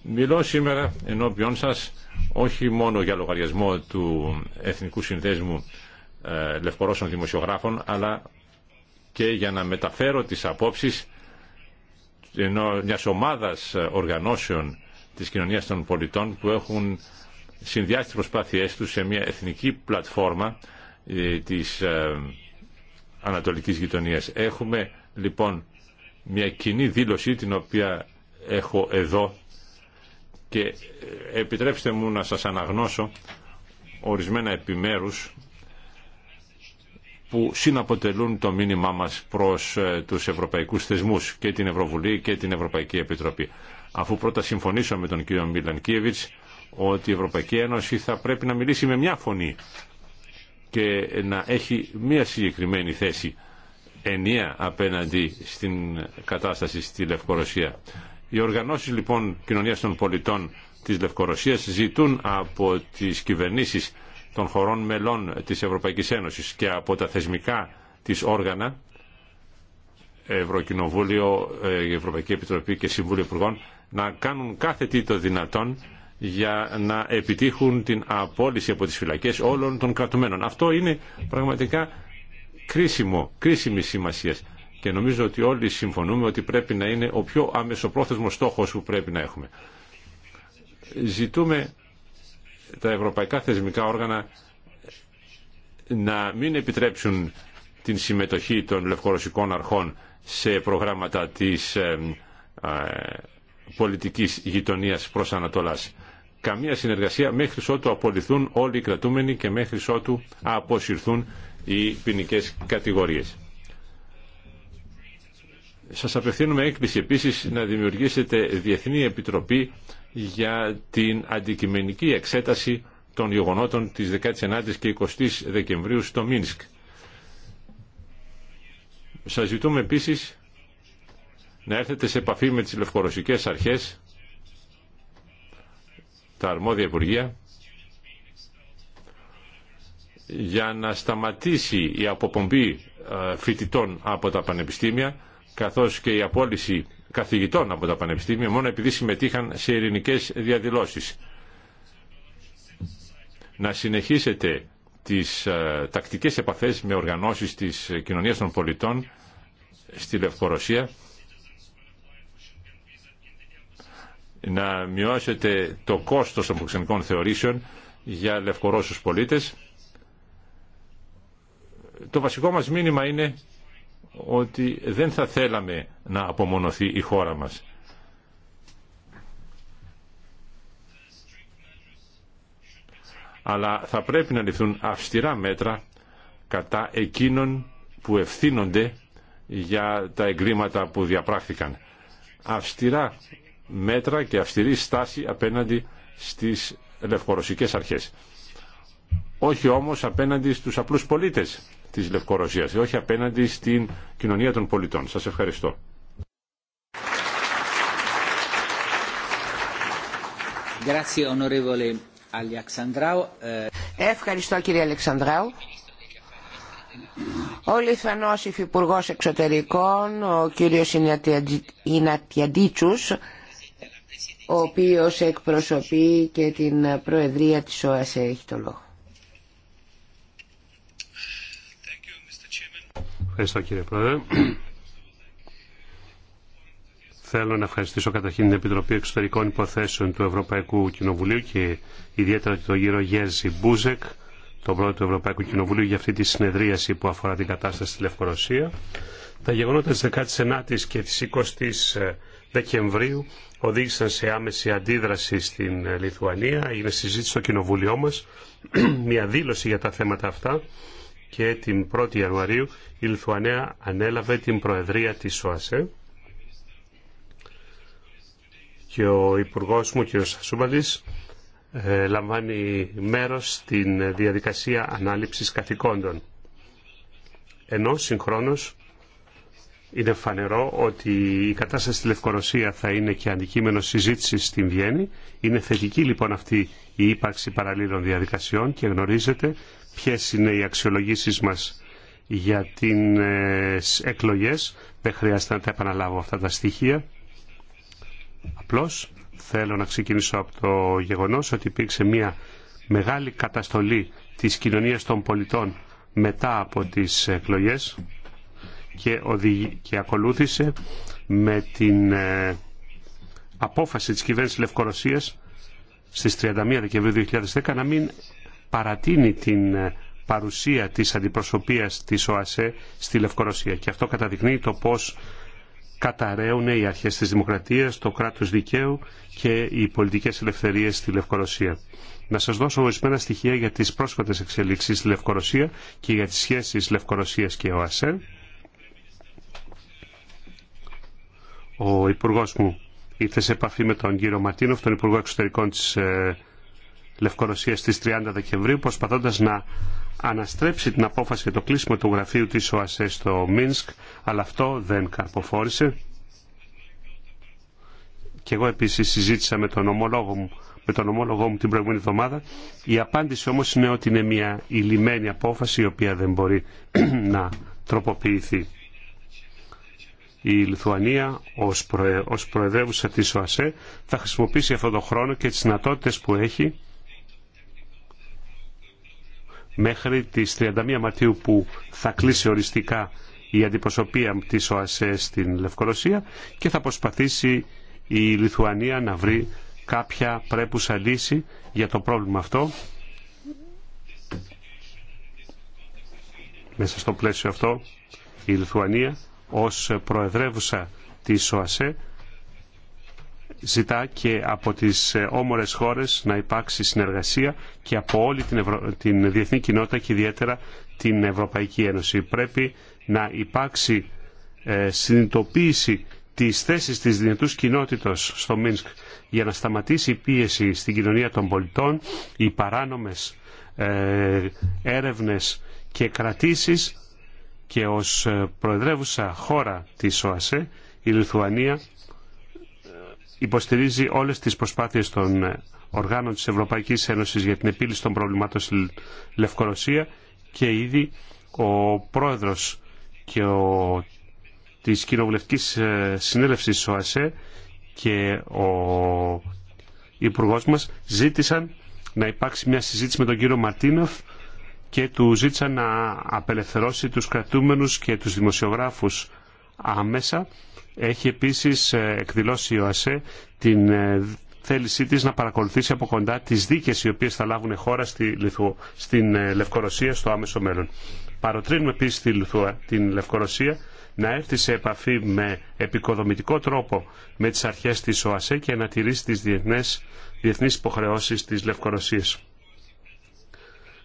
Μιλώ σήμερα ενώπιον σας όχι μόνο για λογαριασμό του Εθνικού Συνδέσμου ε, Λευκορώσων Δημοσιογράφων αλλά και για να μεταφέρω τις απόψεις ενώ μιας ομάδας ε, οργανώσεων της κοινωνίας των πολιτών που έχουν συνδυάσει τις προσπάθειές τους σε μια εθνική πλατφόρμα ε, της ε, ανατολικής γειτονίας. Έχουμε λοιπόν μια κοινή δήλωση την οποία έχω εδώ και ε, επιτρέψτε μου να σας αναγνώσω ορισμένα επιμέρους που συναποτελούν το μήνυμά μας προς τους ευρωπαϊκούς θεσμούς και την Ευρωβουλή και την Ευρωπαϊκή Επιτροπή αφού πρώτα συμφωνήσω με τον κύριο Μίλαν Κίεβιτς ότι η Ευρωπαϊκή Ένωση θα πρέπει να μιλήσει με μια φωνή και να έχει μια συγκεκριμένη θέση ενία απέναντι στην κατάσταση στη Λευκορωσία. Οι οργανώσεις λοιπόν κοινωνίας των πολιτών της Λευκορωσίας ζητούν από τις κυβερνήσεις των χωρών μελών της Ευρωπαϊκής Ένωσης και από τα θεσμικά της όργανα Ευρωκοινοβούλιο, ε, η Ευρωπαϊκή Επιτροπή και Συμβούλιο Υπουργών να κάνουν κάθε τι το δυνατόν για να επιτύχουν την απόλυση από τις φυλακές όλων των κρατουμένων. Αυτό είναι πραγματικά κρίσιμο, κρίσιμη σημασία. Και νομίζω ότι όλοι συμφωνούμε ότι πρέπει να είναι ο πιο αμεσοπρόθεσμος στόχος που πρέπει να έχουμε. Ζητούμε τα ευρωπαϊκά θεσμικά όργανα να μην επιτρέψουν την συμμετοχή των λευκορωσικών αρχών σε προγράμματα της ε, ε, πολιτικής γειτονίας προς Ανατολάς. Καμία συνεργασία μέχρι ότου απολυθούν όλοι οι κρατούμενοι και μέχρι ότου αποσυρθούν οι ποινικέ κατηγορίες. Σας απευθύνουμε έκπληση επίσης να δημιουργήσετε Διεθνή Επιτροπή για την αντικειμενική εξέταση των γεγονότων της 19ης και 20ης Δεκεμβρίου στο Μίνσκ. Σας ζητούμε επίσης να έρθετε σε επαφή με τις λευκορωσικές αρχές, τα αρμόδια υπουργεία, για να σταματήσει η αποπομπή ε, φοιτητών από τα πανεπιστήμια, καθώς και η απόλυση καθηγητών από τα πανεπιστήμια, μόνο επειδή συμμετείχαν σε ειρηνικές διαδηλώσεις. Να συνεχίσετε τις ε, τακτικές επαφές με οργανώσεις της κοινωνίας των πολιτών στη Λευκορωσία να μειώσετε το κόστος των προξενικών θεωρήσεων για Λευκορώσους πολίτες. Το βασικό μας μήνυμα είναι ότι δεν θα θέλαμε να απομονωθεί η χώρα μας. αλλά θα πρέπει να ληφθούν αυστηρά μέτρα κατά εκείνων που ευθύνονται για τα εγκλήματα που διαπράχθηκαν. Αυστηρά μέτρα και αυστηρή στάση απέναντι στις λευκορωσικές αρχές. Όχι όμως απέναντι στους απλούς πολίτες της Λευκορωσίας, όχι απέναντι στην κοινωνία των πολιτών. Σας ευχαριστώ. Ε, Ευχαριστώ κύριε Αλεξανδράου. Ο Λιθανός Υφυπουργός Εξωτερικών, ο κύριος Ινατιαντίτσους, ο οποίος εκπροσωπεί και την Προεδρία της ΟΑΣΕ, έχει το λόγο. Ευχαριστώ κύριε Πρόεδρε. Θέλω να ευχαριστήσω καταρχήν την Επιτροπή Εξωτερικών Υποθέσεων του Ευρωπαϊκού Κοινοβουλίου και ιδιαίτερα τον κύριο Γέρζι Μπούζεκ, τον πρώτο του Ευρωπαϊκού Κοινοβουλίου, για αυτή τη συνεδρίαση που αφορά την κατάσταση στη Λευκορωσία. Τα γεγονότα της 19ης και της 20ης ε, Δεκεμβρίου οδήγησαν σε άμεση αντίδραση στην ε, Λιθουανία. Έγινε συζήτηση στο Κοινοβούλιο μας, [CLEARS THROAT] μια δήλωση για τα θέματα αυτά και την 1η Ιανουαρίου η Λιθουανία ανέλαβε την Προεδρία της ΟΑΣΕ και ο Υπουργός μου, κ. Σασούμπαλης, ε, λαμβάνει μέρος στην διαδικασία ανάληψη καθηκόντων. Ενώ συγχρόνω είναι φανερό ότι η κατάσταση στη Λευκορωσία θα είναι και αντικείμενο συζήτηση στην Βιέννη. Είναι θετική λοιπόν αυτή η ύπαρξη παραλλήλων διαδικασιών και γνωρίζετε ποιε είναι οι αξιολογήσει μα για τι ε, εκλογέ. Δεν χρειάζεται να τα επαναλάβω αυτά τα στοιχεία. Απλώς θέλω να ξεκινήσω από το γεγονός ότι υπήρξε μια μεγάλη καταστολή της κοινωνίας των πολιτών μετά από τις εκλογές και, ακολούθησε με την ε, απόφαση της κυβέρνησης Λευκορωσίας στις 31 Δεκεμβρίου 2010 να μην παρατείνει την ε, παρουσία της αντιπροσωπείας της ΟΑΣΕ στη Λευκορωσία. Και αυτό καταδεικνύει το πώς καταραίουν οι αρχές της δημοκρατίας, το κράτος δικαίου και οι πολιτικές ελευθερίες στη Λευκορωσία. Να σας δώσω ορισμένα στοιχεία για τις πρόσφατες εξελίξεις στη Λευκορωσία και για τις σχέσεις Λευκορωσίας και ΟΑΣΕ. Ο υπουργό μου ήρθε σε επαφή με τον κύριο Ματίνοφ, τον Υπουργό Εξωτερικών της ε, Λευκορωσίας στις 30 Δεκεμβρίου, προσπαθώντας να αναστρέψει την απόφαση για το κλείσιμο του γραφείου της ΟΑΣΕ στο Μίνσκ, αλλά αυτό δεν καρποφόρησε. Και εγώ επίσης συζήτησα με τον ομολόγο μου, με τον ομόλογό μου την προηγούμενη εβδομάδα. Η απάντηση όμως είναι ότι είναι μια ηλυμένη απόφαση η οποία δεν μπορεί [CLEARS THROAT] να τροποποιηθεί. Η Λιθουανία ως, προεδρεύουσα της ΟΑΣΕ θα χρησιμοποιήσει αυτό το χρόνο και τις δυνατότητε που έχει μέχρι τις 31 Μαρτίου που θα κλείσει οριστικά η αντιπροσωπεία της ΟΑΣΕ στην Λευκορωσία και θα προσπαθήσει η Λιθουανία να βρει κάποια πρέπουσα λύση για το πρόβλημα αυτό μέσα στο πλαίσιο αυτό η Λιθουανία ως προεδρεύουσα της ΟΑΣΕ ζητά και από τις ε, όμορες χώρες να υπάρξει συνεργασία και από όλη την, την διεθνή κοινότητα και ιδιαίτερα την Ευρωπαϊκή Ένωση. Πρέπει να υπάρξει ε, συνειδητοποίηση της θέσης της διεθνούς κοινότητας στο Μίνσκ για να σταματήσει η πίεση στην κοινωνία των πολιτών, οι παράνομες ε, έρευνες και κρατήσεις και ως ε, προεδρεύουσα χώρα της ΟΑΣΕ η Λιθουανία υποστηρίζει όλες τις προσπάθειες των οργάνων της Ευρωπαϊκής Ένωσης για την επίλυση των προβλημάτων στη Λευκορωσία και ήδη ο πρόεδρος και ο, της κοινοβουλευτικής ε, συνέλευσης ΟΑΣΕ και ο υπουργό μας ζήτησαν να υπάρξει μια συζήτηση με τον κύριο Μαρτίνοφ και του ζήτησαν να απελευθερώσει τους κρατούμενους και τους δημοσιογράφους αμέσα έχει επίσης ε, εκδηλώσει η ΟΑΣΕ την ε, θέλησή της να παρακολουθήσει από κοντά τις δίκες οι οποίες θα λάβουν χώρα στη Λιθου... στην ε, Λευκορωσία στο άμεσο μέλλον. Παροτρύνουμε επίσης τη την Λευκορωσία να έρθει σε επαφή με επικοδομητικό τρόπο με τις αρχές της ΟΑΣΕ και να τηρήσει τις διεθνές, διεθνείς υποχρεώσεις της Λευκορωσίας.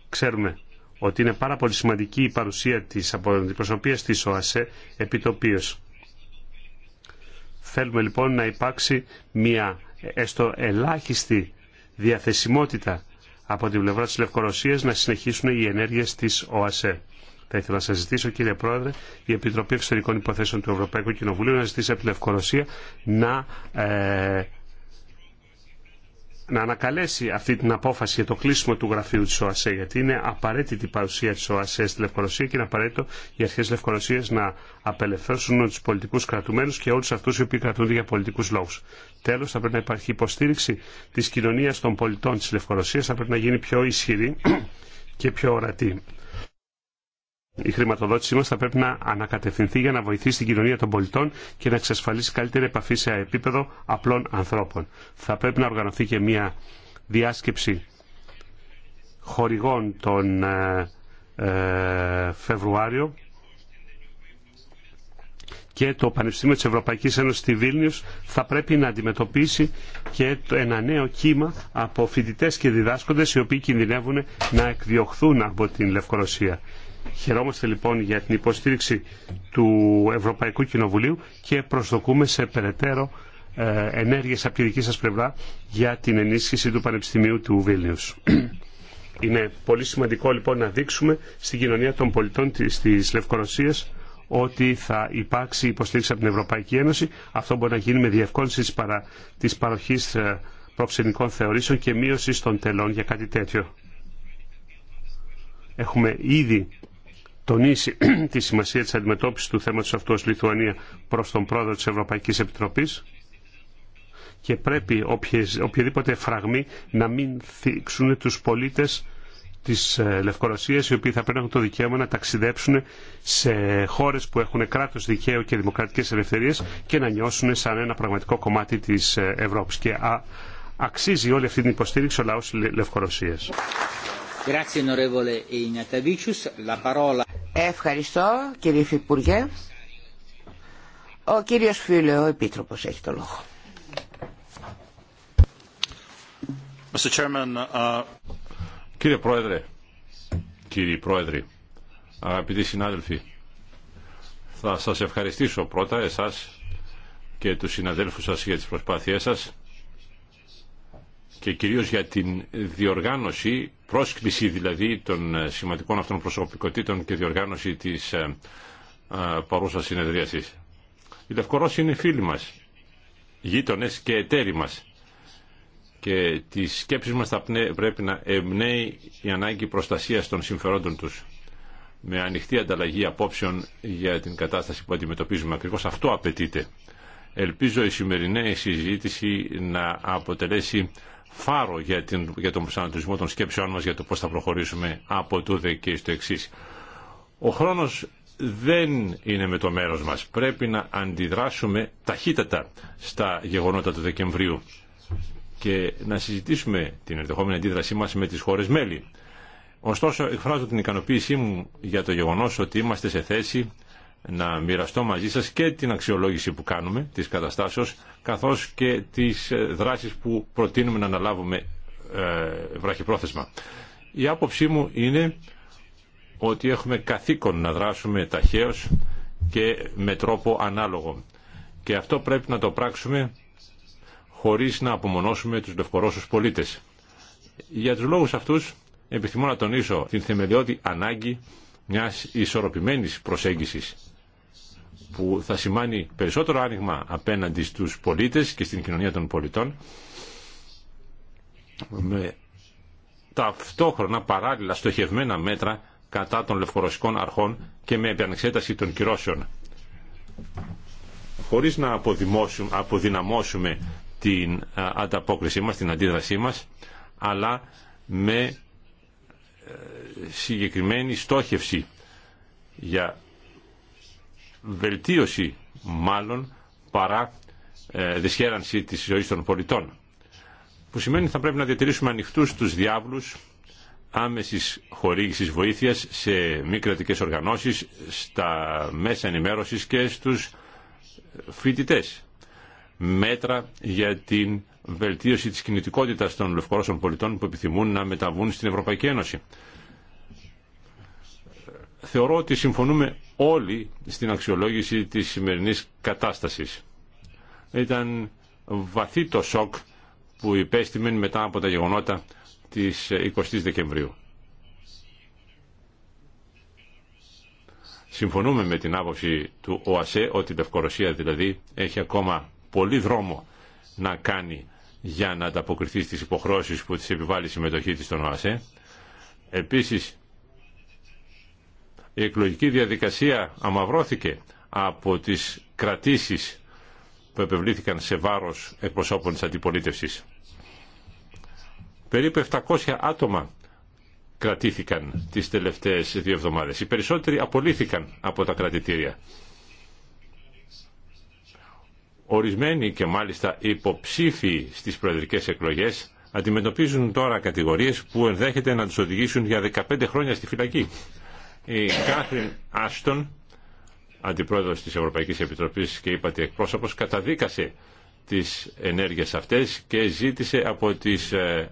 Ξέρουμε ότι είναι πάρα πολύ σημαντική η παρουσία της αντιπροσωπείας της ΟΑΣΕ οποίος Θέλουμε λοιπόν να υπάρξει μια έστω ελάχιστη διαθεσιμότητα από την πλευρά της Λευκορωσίας να συνεχίσουν οι ενέργειες της ΟΑΣΕ. Θα ήθελα να σα ζητήσω, κύριε Πρόεδρε, η Επιτροπή Εξωτερικών Υποθέσεων του Ευρωπαϊκού Κοινοβουλίου να ζητήσει από τη Λευκορωσία να ε, να ανακαλέσει αυτή την απόφαση για το κλείσιμο του γραφείου της ΟΑΣΕ, γιατί είναι απαραίτητη η παρουσία της ΟΑΣΕ στη Λευκορωσία και είναι απαραίτητο οι αρχές Λευκορωσίας να απελευθερώσουν τους πολιτικούς κρατουμένους και όλους αυτούς οι οποίοι κρατούνται για πολιτικούς λόγους. Τέλος, θα πρέπει να υπάρχει υποστήριξη της κοινωνίας των πολιτών της Λευκορωσίας, θα πρέπει να γίνει πιο ισχυρή και πιο ορατή η χρηματοδότησή μα θα πρέπει να ανακατευθυνθεί για να βοηθήσει την κοινωνία των πολιτών και να εξασφαλίσει καλύτερη επαφή σε επίπεδο απλών ανθρώπων. Θα πρέπει να οργανωθεί και μια διάσκεψη χορηγών τον ε, ε, Φεβρουάριο και το Πανεπιστήμιο της Ευρωπαϊκής Ένωσης στη Βίλνιους θα πρέπει να αντιμετωπίσει και ένα νέο κύμα από φοιτητέ και διδάσκοντες οι οποίοι κινδυνεύουν να εκδιωχθούν από την Λευκορωσία. Χαιρόμαστε λοιπόν για την υποστήριξη του Ευρωπαϊκού Κοινοβουλίου και προσδοκούμε σε περαιτέρω ε, ενέργειες από τη δική σας πλευρά για την ενίσχυση του Πανεπιστημίου του Βίλνιους. [CLEARS THROAT] Είναι πολύ σημαντικό λοιπόν να δείξουμε στην κοινωνία των πολιτών της Λευκορωσίας ότι θα υπάρξει υποστήριξη από την Ευρωπαϊκή Ένωση. Αυτό μπορεί να γίνει με διευκόλυνση της, παρα... της παροχής ε, προξενικών θεωρήσεων και μείωση των τελών για κάτι τέτοιο. Έχουμε ήδη τονίσει [CLEARS THROAT] τη σημασία της αντιμετώπισης του θέματος αυτού ως Λιθουανία προς τον πρόεδρο της Ευρωπαϊκής Επιτροπής και πρέπει όποιες, οποιοδήποτε φράγμη να μην θίξουν τους πολίτες της ε, Λευκορωσίας οι οποίοι θα πρέπει να έχουν το δικαίωμα να ταξιδέψουν σε χώρες που έχουν κράτος δικαίου και δημοκρατικές ελευθερίες και να νιώσουν σαν ένα πραγματικό κομμάτι της ε, Ευρώπης. Και αξίζει όλη αυτή την υποστήριξη ο λαός Λευκορωσίας. Ευχαριστώ κύριε Υφυπουργέ. Ο κύριος Φίλε, ο Επίτροπος, έχει το λόγο. Uh, κύριε Πρόεδρε, κύριοι Πρόεδροι, αγαπητοί συνάδελφοι, θα σας ευχαριστήσω πρώτα εσάς και του συναδέλφους σας για τις προσπάθειές σας και κυρίως για την διοργάνωση πρόσκληση δηλαδή των ε, σημαντικών αυτών προσωπικότητων και διοργάνωση της ε, ε, παρούσας συνεδρίασης. Η Λευκορώσοι είναι φίλοι μας, γείτονες και εταίροι μας και τις σκέψεις μας θα πρέπει να εμπνέει η ανάγκη προστασίας των συμφερόντων τους με ανοιχτή ανταλλαγή απόψεων για την κατάσταση που αντιμετωπίζουμε. Ακριβώς αυτό απαιτείται. Ελπίζω η σημερινή συζήτηση να αποτελέσει φάρο για, την, για τον προσανατολισμό των σκέψεών μας για το πώς θα προχωρήσουμε από τούδε και στο εξή. Ο χρόνος δεν είναι με το μέρος μας. Πρέπει να αντιδράσουμε ταχύτατα στα γεγονότα του Δεκεμβρίου και να συζητήσουμε την ενδεχόμενη αντίδρασή μας με τις χώρες μέλη. Ωστόσο, εκφράζω την ικανοποίησή μου για το γεγονός ότι είμαστε σε θέση να μοιραστώ μαζί σας και την αξιολόγηση που κάνουμε της καταστάσεως καθώς και τις ε, δράσεις που προτείνουμε να αναλάβουμε ε, βραχυπρόθεσμα. Η άποψή μου είναι ότι έχουμε καθήκον να δράσουμε ταχαίως και με τρόπο ανάλογο. Και αυτό πρέπει να το πράξουμε χωρίς να απομονώσουμε τους λευκορώσους πολίτες. Για τους λόγους αυτούς επιθυμώ να τονίσω την θεμελιώδη ανάγκη μιας ισορροπημένης προσέγγισης που θα σημάνει περισσότερο άνοιγμα απέναντι στους πολίτες και στην κοινωνία των πολιτών με ταυτόχρονα παράλληλα στοχευμένα μέτρα κατά των λευκορωσικών αρχών και με επανεξέταση των κυρώσεων. Χωρίς να αποδυναμώσουμε την ανταπόκρισή μας, την αντίδρασή μας, αλλά με ε, συγκεκριμένη στόχευση για βελτίωση μάλλον παρά ε, δυσχέρανση της ζωής των πολιτών. Που σημαίνει ότι θα πρέπει να διατηρήσουμε ανοιχτούς τους διάβλους άμεσης χορήγησης βοήθειας σε μη κρατικέ οργανώσεις, στα μέσα ενημέρωσης και στους ε, φοιτητέ. Μέτρα για την βελτίωση της κινητικότητας των λευκορώσων πολιτών που επιθυμούν να μεταβούν στην Ευρωπαϊκή Ένωση θεωρώ ότι συμφωνούμε όλοι στην αξιολόγηση της σημερινής κατάστασης. Ήταν βαθύ το σοκ που υπέστημεν μετά από τα γεγονότα της 20ης Δεκεμβρίου. Συμφωνούμε με την άποψη του ΟΑΣΕ ότι η Λευκορωσία δηλαδή έχει ακόμα πολύ δρόμο να κάνει για να ανταποκριθεί στις υποχρώσεις που της επιβάλλει η συμμετοχή της στον ΟΑΣΕ. Επίσης η εκλογική διαδικασία αμαυρώθηκε από τις κρατήσεις που επευλήθηκαν σε βάρος εκπροσώπων της αντιπολίτευσης. Περίπου 700 άτομα κρατήθηκαν τις τελευταίες δύο εβδομάδες. Οι περισσότεροι απολύθηκαν από τα κρατητήρια. Ορισμένοι και μάλιστα υποψήφοι στις προεδρικές εκλογές αντιμετωπίζουν τώρα κατηγορίες που ενδέχεται να τους οδηγήσουν για 15 χρόνια στη φυλακή η Κάθριν Άστον, αντιπρόεδρος της Ευρωπαϊκής Επιτροπής και είπατε εκπρόσωπος, καταδίκασε τις ενέργειες αυτές και ζήτησε από τις ε,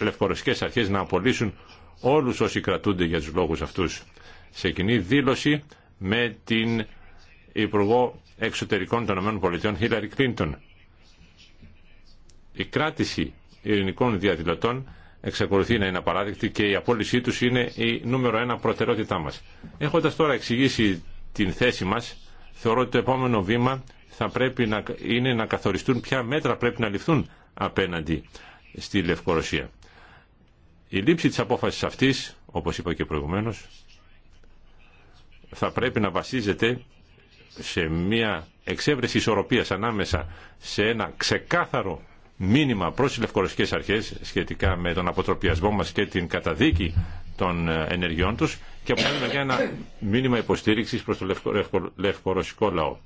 λευκορωσικές αρχές να απολύσουν όλους όσοι κρατούνται για τους λόγους αυτούς. Σε κοινή δήλωση με την Υπουργό Εξωτερικών των ΗΠΑ Χίλαρη Κλίντον. Η κράτηση ειρηνικών διαδηλωτών εξακολουθεί να είναι απαράδεκτη και η απόλυσή τους είναι η νούμερο ένα προτεραιότητά μας. Έχοντας τώρα εξηγήσει την θέση μας, θεωρώ ότι το επόμενο βήμα θα πρέπει να είναι να καθοριστούν ποια μέτρα πρέπει να ληφθούν απέναντι στη Λευκορωσία. Η λήψη της απόφασης αυτής, όπως είπα και προηγουμένως, θα πρέπει να βασίζεται σε μια εξέβρεση ισορροπίας ανάμεσα σε ένα ξεκάθαρο μήνυμα προς τις λευκορωσικές αρχές σχετικά με τον αποτροπιασμό μας και την καταδίκη των ε, ενεργειών τους και από άλλη ένα μήνυμα υποστήριξης προς το λευκο, λευκορωσικό λαό.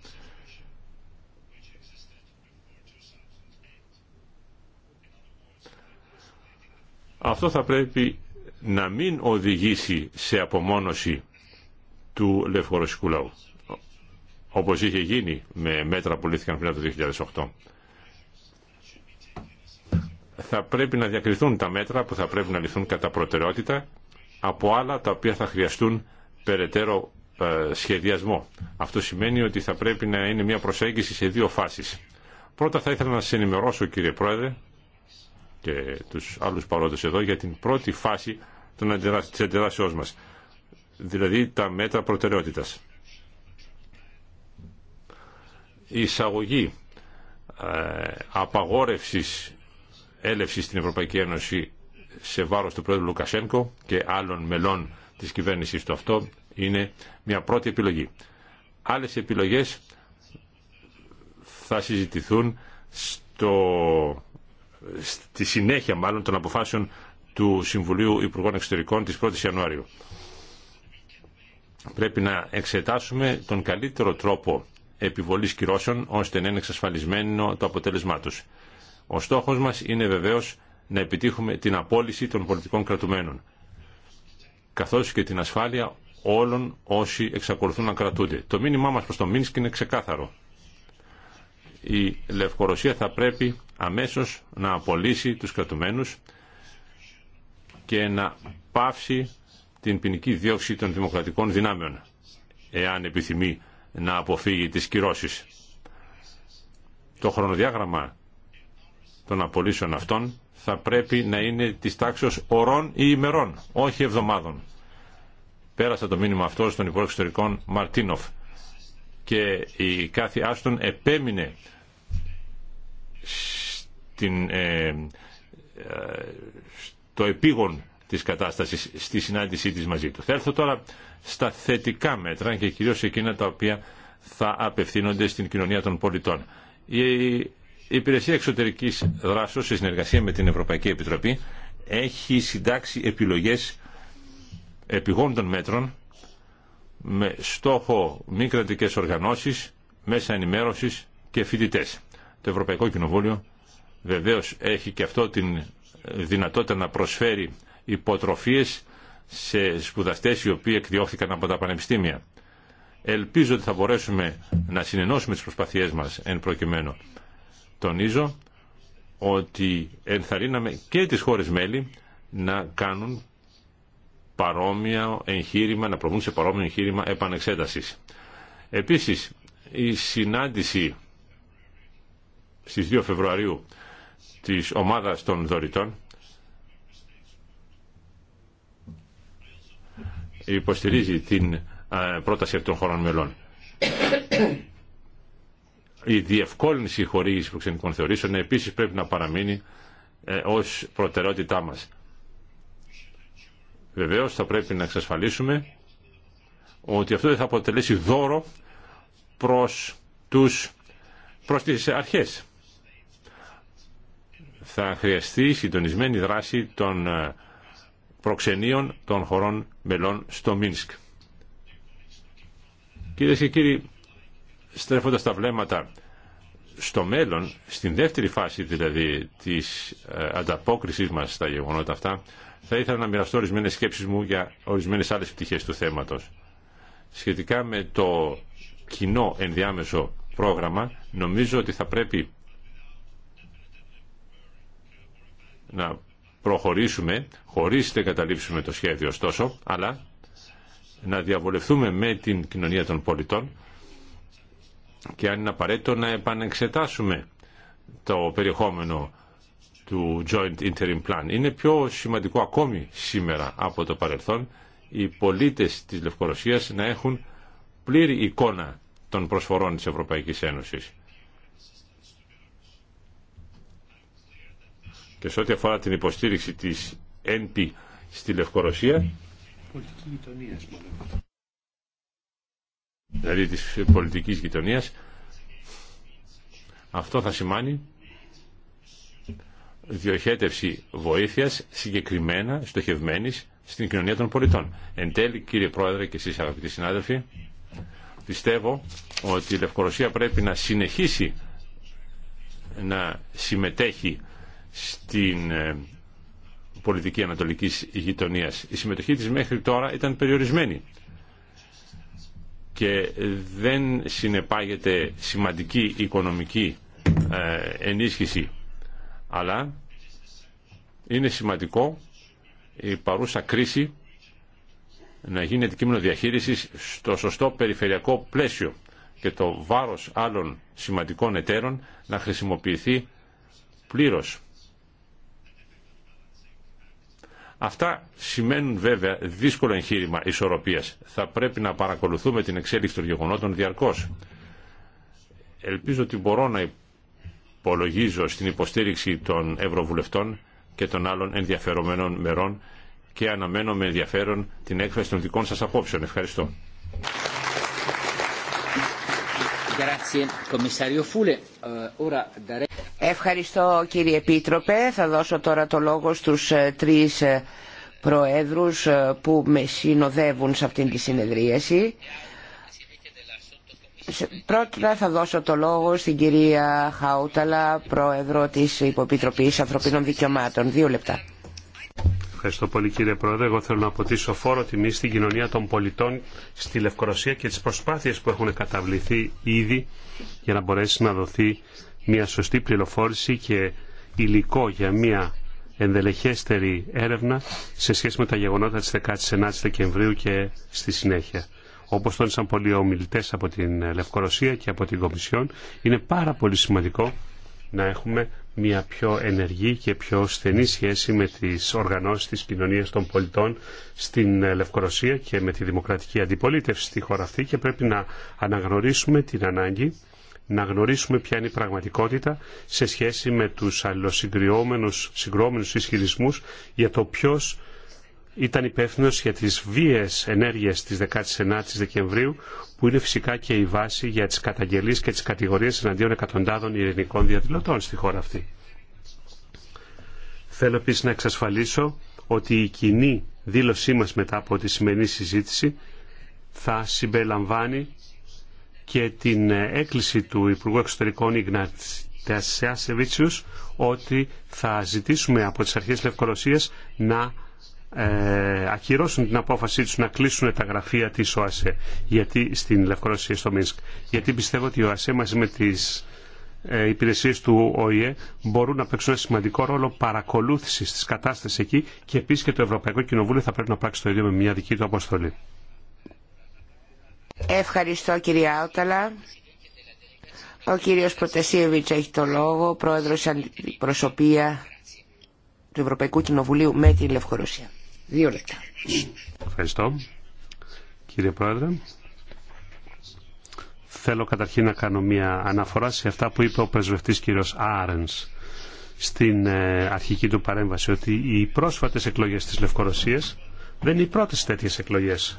Αυτό θα πρέπει να μην οδηγήσει σε απομόνωση του λευκορωσικού λαού όπως είχε γίνει με μέτρα που λύθηκαν πριν από το 2008 θα πρέπει να διακριθούν τα μέτρα που θα πρέπει να ληφθούν κατά προτεραιότητα από άλλα τα οποία θα χρειαστούν περαιτέρω ε, σχεδιασμό. Αυτό σημαίνει ότι θα πρέπει να είναι μια προσέγγιση σε δύο φάσεις. Πρώτα θα ήθελα να σας ενημερώσω κύριε Πρόεδρε και τους άλλους παρόντες εδώ για την πρώτη φάση της αντιδράσεώς μας, δηλαδή τα μέτρα προτεραιότητας. Η εισαγωγή ε, απαγόρευσης έλευση στην Ευρωπαϊκή Ένωση σε βάρος του πρόεδρου Λουκασένκο και άλλων μελών της κυβέρνησης του αυτό είναι μια πρώτη επιλογή. Άλλες επιλογές θα συζητηθούν στο, στη συνέχεια μάλλον των αποφάσεων του Συμβουλίου Υπουργών Εξωτερικών της 1ης Ιανουαρίου. Πρέπει να εξετάσουμε τον καλύτερο τρόπο επιβολής κυρώσεων ώστε να είναι εξασφαλισμένο το αποτέλεσμά τους. Ο στόχο μα είναι βεβαίω να επιτύχουμε την απόλυση των πολιτικών κρατουμένων, καθώς και την ασφάλεια όλων όσοι εξακολουθούν να κρατούνται. Το μήνυμά μας προς το Μίνσκ είναι ξεκάθαρο. Η Λευκορωσία θα πρέπει αμέσως να απολύσει τους κρατουμένου και να πάυσει την ποινική δίωξη των δημοκρατικών δυνάμεων, εάν επιθυμεί να αποφύγει τις κυρώσεις. Το χρονοδιάγραμμα των απολύσεων αυτών θα πρέπει να είναι της τάξης ωρών ή ημερών, όχι εβδομάδων. Πέρασα το μήνυμα αυτό στον Υπουργό Εξωτερικών Μαρτίνοφ και η κάθε Άστον επέμεινε στην, ε, ε, στο επίγον της κατάστασης στη συνάντησή της μαζί του. Θα έρθω τώρα στα θετικά μέτρα και κυρίως εκείνα τα οποία θα απευθύνονται στην κοινωνία των πολιτών. Η η Υπηρεσία Εξωτερικής Δράσεω σε συνεργασία με την Ευρωπαϊκή Επιτροπή έχει συντάξει επιλογές επιγόντων μέτρων με στόχο μη κρατικέ οργανώσεις, μέσα ενημέρωσης και φοιτητέ. Το Ευρωπαϊκό Κοινοβούλιο βεβαίω έχει και αυτό την δυνατότητα να προσφέρει υποτροφίες σε σπουδαστές οι οποίοι εκδιώχθηκαν από τα πανεπιστήμια. Ελπίζω ότι θα μπορέσουμε να συνενώσουμε τις προσπαθίες μας εν προκειμένου. Τονίζω ότι ενθαρρύναμε και τις χώρες μέλη να κάνουν παρόμοια εγχείρημα, να προβούν σε παρόμοιο εγχείρημα επανεξέτασης. Επίσης, η συνάντηση στις 2 Φεβρουαρίου της ομάδας των δωρητών υποστηρίζει την ε, πρόταση αυτών των χωρών μελών η διευκόλυνση χορήγηση προξενικών θεωρήσεων επίσης πρέπει να παραμείνει ε, ως προτεραιότητά μας. Βεβαίως θα πρέπει να εξασφαλίσουμε ότι αυτό δεν θα αποτελέσει δώρο προς, τους, προς τις αρχές. Θα χρειαστεί συντονισμένη δράση των ε, προξενείων των χωρών μελών στο Μίνσκ. Κυρίε και κύριοι, στρέφοντας τα βλέμματα στο μέλλον, στην δεύτερη φάση δηλαδή της ε, ανταπόκρισης μας στα γεγονότα αυτά, θα ήθελα να μοιραστώ ορισμένες σκέψεις μου για ορισμένες άλλες πτυχές του θέματος. Σχετικά με το κοινό ενδιάμεσο πρόγραμμα, νομίζω ότι θα πρέπει να προχωρήσουμε, χωρίς να καταλήψουμε το σχέδιο ωστόσο, αλλά να διαβολευτούμε με την κοινωνία των πολιτών, και αν είναι απαραίτητο να επανεξετάσουμε το περιεχόμενο του Joint Interim Plan. Είναι πιο σημαντικό ακόμη σήμερα από το παρελθόν οι πολίτες της Λευκορωσίας να έχουν πλήρη εικόνα των προσφορών της Ευρωπαϊκής Ένωσης. Και σε ό,τι αφορά την υποστήριξη της ΕΝΠΗ στη Λευκορωσία, δηλαδή της πολιτικής γειτονίας αυτό θα σημάνει διοχέτευση βοήθειας συγκεκριμένα στοχευμένης στην κοινωνία των πολιτών. Εν τέλει, κύριε Πρόεδρε και εσείς αγαπητοί συνάδελφοι, πιστεύω ότι η Λευκορωσία πρέπει να συνεχίσει να συμμετέχει στην ε, πολιτική ανατολικής γειτονίας. Η συμμετοχή της μέχρι τώρα ήταν περιορισμένη και δεν συνεπάγεται σημαντική οικονομική ε, ενίσχυση αλλά είναι σημαντικό η παρούσα κρίση να γίνει αντικείμενο διαχείρισης στο σωστό περιφερειακό πλαίσιο και το βάρος άλλων σημαντικών εταίρων να χρησιμοποιηθεί πλήρως Αυτά σημαίνουν βέβαια δύσκολο εγχείρημα ισορροπίας. Θα πρέπει να παρακολουθούμε την εξέλιξη των γεγονότων διαρκώς. Ελπίζω ότι μπορώ να υπολογίζω στην υποστήριξη των Ευρωβουλευτών και των άλλων ενδιαφερομένων μερών και αναμένω με ενδιαφέρον την έκφραση των δικών σας απόψεων. Ευχαριστώ. Eh, Ευχαριστώ κύριε Επίτροπε. Θα δώσω τώρα το λόγο στους ε, τρεις ε, προέδρους ε, που με συνοδεύουν σε αυτήν τη συνεδρίαση. Πρώτα θα δώσω το λόγο στην κυρία Χαούταλα, πρόεδρο της Υποπιτροπής Ανθρωπίνων Δικαιωμάτων. Δύο λεπτά. Ευχαριστώ πολύ κύριε Πρόεδρε. Εγώ θέλω να αποτίσω φόρο τιμή στην κοινωνία των πολιτών στη Λευκορωσία και τις προσπάθειες που έχουν καταβληθεί ήδη για να μπορέσει να δοθεί μια σωστή πληροφόρηση και υλικό για μια ενδελεχέστερη έρευνα σε σχέση με τα γεγονότα της 19ης Δεκεμβρίου και στη συνέχεια. Όπως τόνισαν πολλοί ομιλητέ από την Λευκορωσία και από την Κομισιόν, είναι πάρα πολύ σημαντικό να έχουμε μια πιο ενεργή και πιο στενή σχέση με τις οργανώσεις της κοινωνίας των πολιτών στην Λευκορωσία και με τη δημοκρατική αντιπολίτευση στη χώρα αυτή και πρέπει να αναγνωρίσουμε την ανάγκη να γνωρίσουμε ποια είναι η πραγματικότητα σε σχέση με τους αλληλοσυγκριόμενους συγκρόμενους ισχυρισμούς για το ποιος ήταν υπεύθυνο για τις βίες ενέργειες της 19 9η Δεκεμβρίου που είναι φυσικά και η βάση για τι καταγγελίε και τι κατηγορίε εναντίον εκατοντάδων ειρηνικών διαδηλωτών στη χώρα αυτή. Θέλω επίση να εξασφαλίσω ότι η κοινή δήλωσή μα μετά από τη σημερινή συζήτηση θα συμπεριλαμβάνει και την έκκληση του Υπουργού Εξωτερικών Σεβίτσιους ότι θα ζητήσουμε από τις αρχές Λευκορωσίας να ε, ακυρώσουν την απόφασή τους να κλείσουν τα γραφεία της ΟΑΣΕ γιατί, στην Λευκορωσία στο Μίνσκ. Γιατί πιστεύω ότι η ΟΑΣΕ μαζί με τις ε, υπηρεσίες του ΟΗΕ μπορούν να παίξουν ένα σημαντικό ρόλο παρακολούθησης της κατάστασης εκεί και επίσης και το Ευρωπαϊκό Κοινοβούλιο θα πρέπει να πράξει το ίδιο με μια δική του αποστολή. Ευχαριστώ κύριε Άουταλα. Ο κύριος Προτεσίεβιτς έχει το λόγο, πρόεδρος αντιπροσωπεία του Ευρωπαϊκού Κοινοβουλίου με τη Λευκορωσία. Δύο λεπτά. Ευχαριστώ. Κύριε Πρόεδρε, θέλω καταρχήν να κάνω μια αναφορά σε αυτά που είπε ο πρεσβευτής κύριος Άρενς στην ε, αρχική του παρέμβαση ότι οι πρόσφατες εκλογές της Λευκορωσίας δεν είναι οι πρώτες τέτοιες εκλογές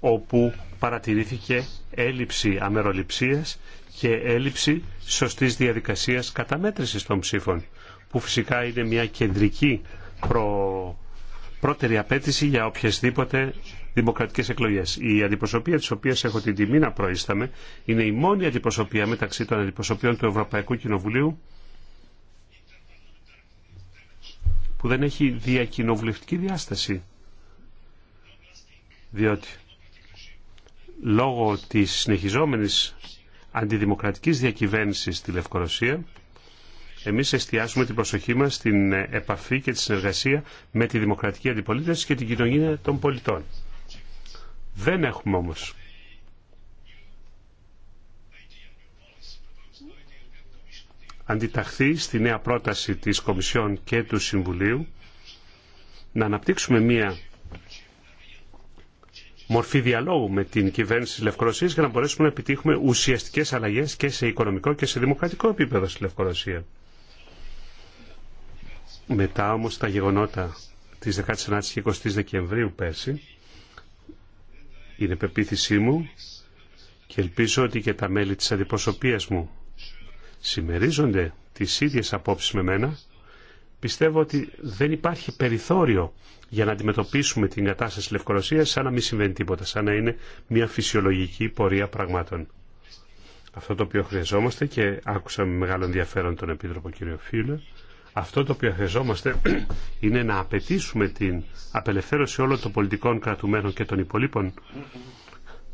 όπου παρατηρήθηκε έλλειψη αμεροληψίας και έλλειψη σωστής διαδικασίας καταμέτρησης των ψήφων που φυσικά είναι μια κεντρική προ... πρώτερη απέτηση για οποιασδήποτε δημοκρατικές εκλογές. Η αντιπροσωπεία τη οποία έχω την τιμή να προείσταμε είναι η μόνη αντιπροσωπεία μεταξύ των αντιπροσωπείων του Ευρωπαϊκού Κοινοβουλίου που δεν έχει διακοινοβουλευτική διάσταση. Διότι λόγω της συνεχιζόμενης αντιδημοκρατικής διακυβέρνησης στη Λευκορωσία εμείς εστιάζουμε την προσοχή μας στην επαφή και τη συνεργασία με τη δημοκρατική αντιπολίτευση και την κοινωνία των πολιτών. Δεν έχουμε όμως αντιταχθεί στη νέα πρόταση της Κομισιόν και του Συμβουλίου να αναπτύξουμε μία μορφή διαλόγου με την κυβέρνηση της Λευκορωσίας για να μπορέσουμε να επιτύχουμε ουσιαστικές αλλαγές και σε οικονομικό και σε δημοκρατικό επίπεδο στη Λευκορωσία. Μετά όμως τα γεγονότα της 19ης και 20ης Δεκεμβρίου πέρσι, είναι πεποίθησή μου και ελπίζω ότι και τα μέλη της αντιπροσωπείας μου συμμερίζονται τις ίδιες απόψεις με μένα, πιστεύω ότι δεν υπάρχει περιθώριο για να αντιμετωπίσουμε την κατάσταση Λευκορωσίας σαν να μην συμβαίνει τίποτα, σαν να είναι μια φυσιολογική πορεία πραγμάτων. Αυτό το οποίο χρειαζόμαστε και άκουσα με μεγάλο ενδιαφέρον τον Επίτροπο κύριο Φίλε, αυτό το οποίο χρειαζόμαστε [CLEARS THROAT] είναι να απαιτήσουμε την απελευθέρωση όλων των πολιτικών κρατουμένων και των υπολείπων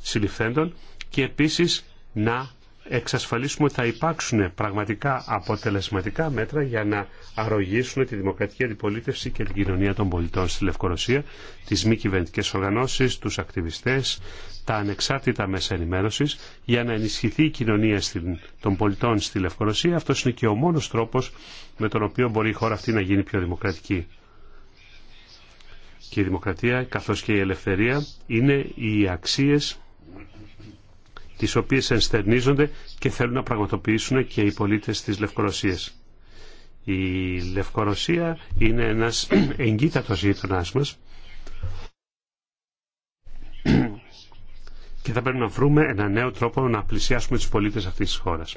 συλληφθέντων και επίσης να εξασφαλίσουμε ότι θα υπάρξουν πραγματικά αποτελεσματικά μέτρα για να αρρωγήσουν τη δημοκρατική αντιπολίτευση και την κοινωνία των πολιτών στη Λευκορωσία, τι μη κυβερνητικέ οργανώσει, του ακτιβιστέ, τα ανεξάρτητα μέσα ενημέρωση, για να ενισχυθεί η κοινωνία των πολιτών στη Λευκορωσία. αυτό είναι και ο μόνο τρόπο με τον οποίο μπορεί η χώρα αυτή να γίνει πιο δημοκρατική. Και η δημοκρατία καθώ και η ελευθερία είναι οι αξίε τις οποίες ενστερνίζονται και θέλουν να πραγματοποιήσουν και οι πολίτες της Λευκορωσίας. Η Λευκορωσία είναι ένας [CLEARS THROAT] εγκύτατος γείτονα μας [CLEARS THROAT] και θα πρέπει να βρούμε ένα νέο τρόπο να πλησιάσουμε τους πολίτες αυτής της χώρας.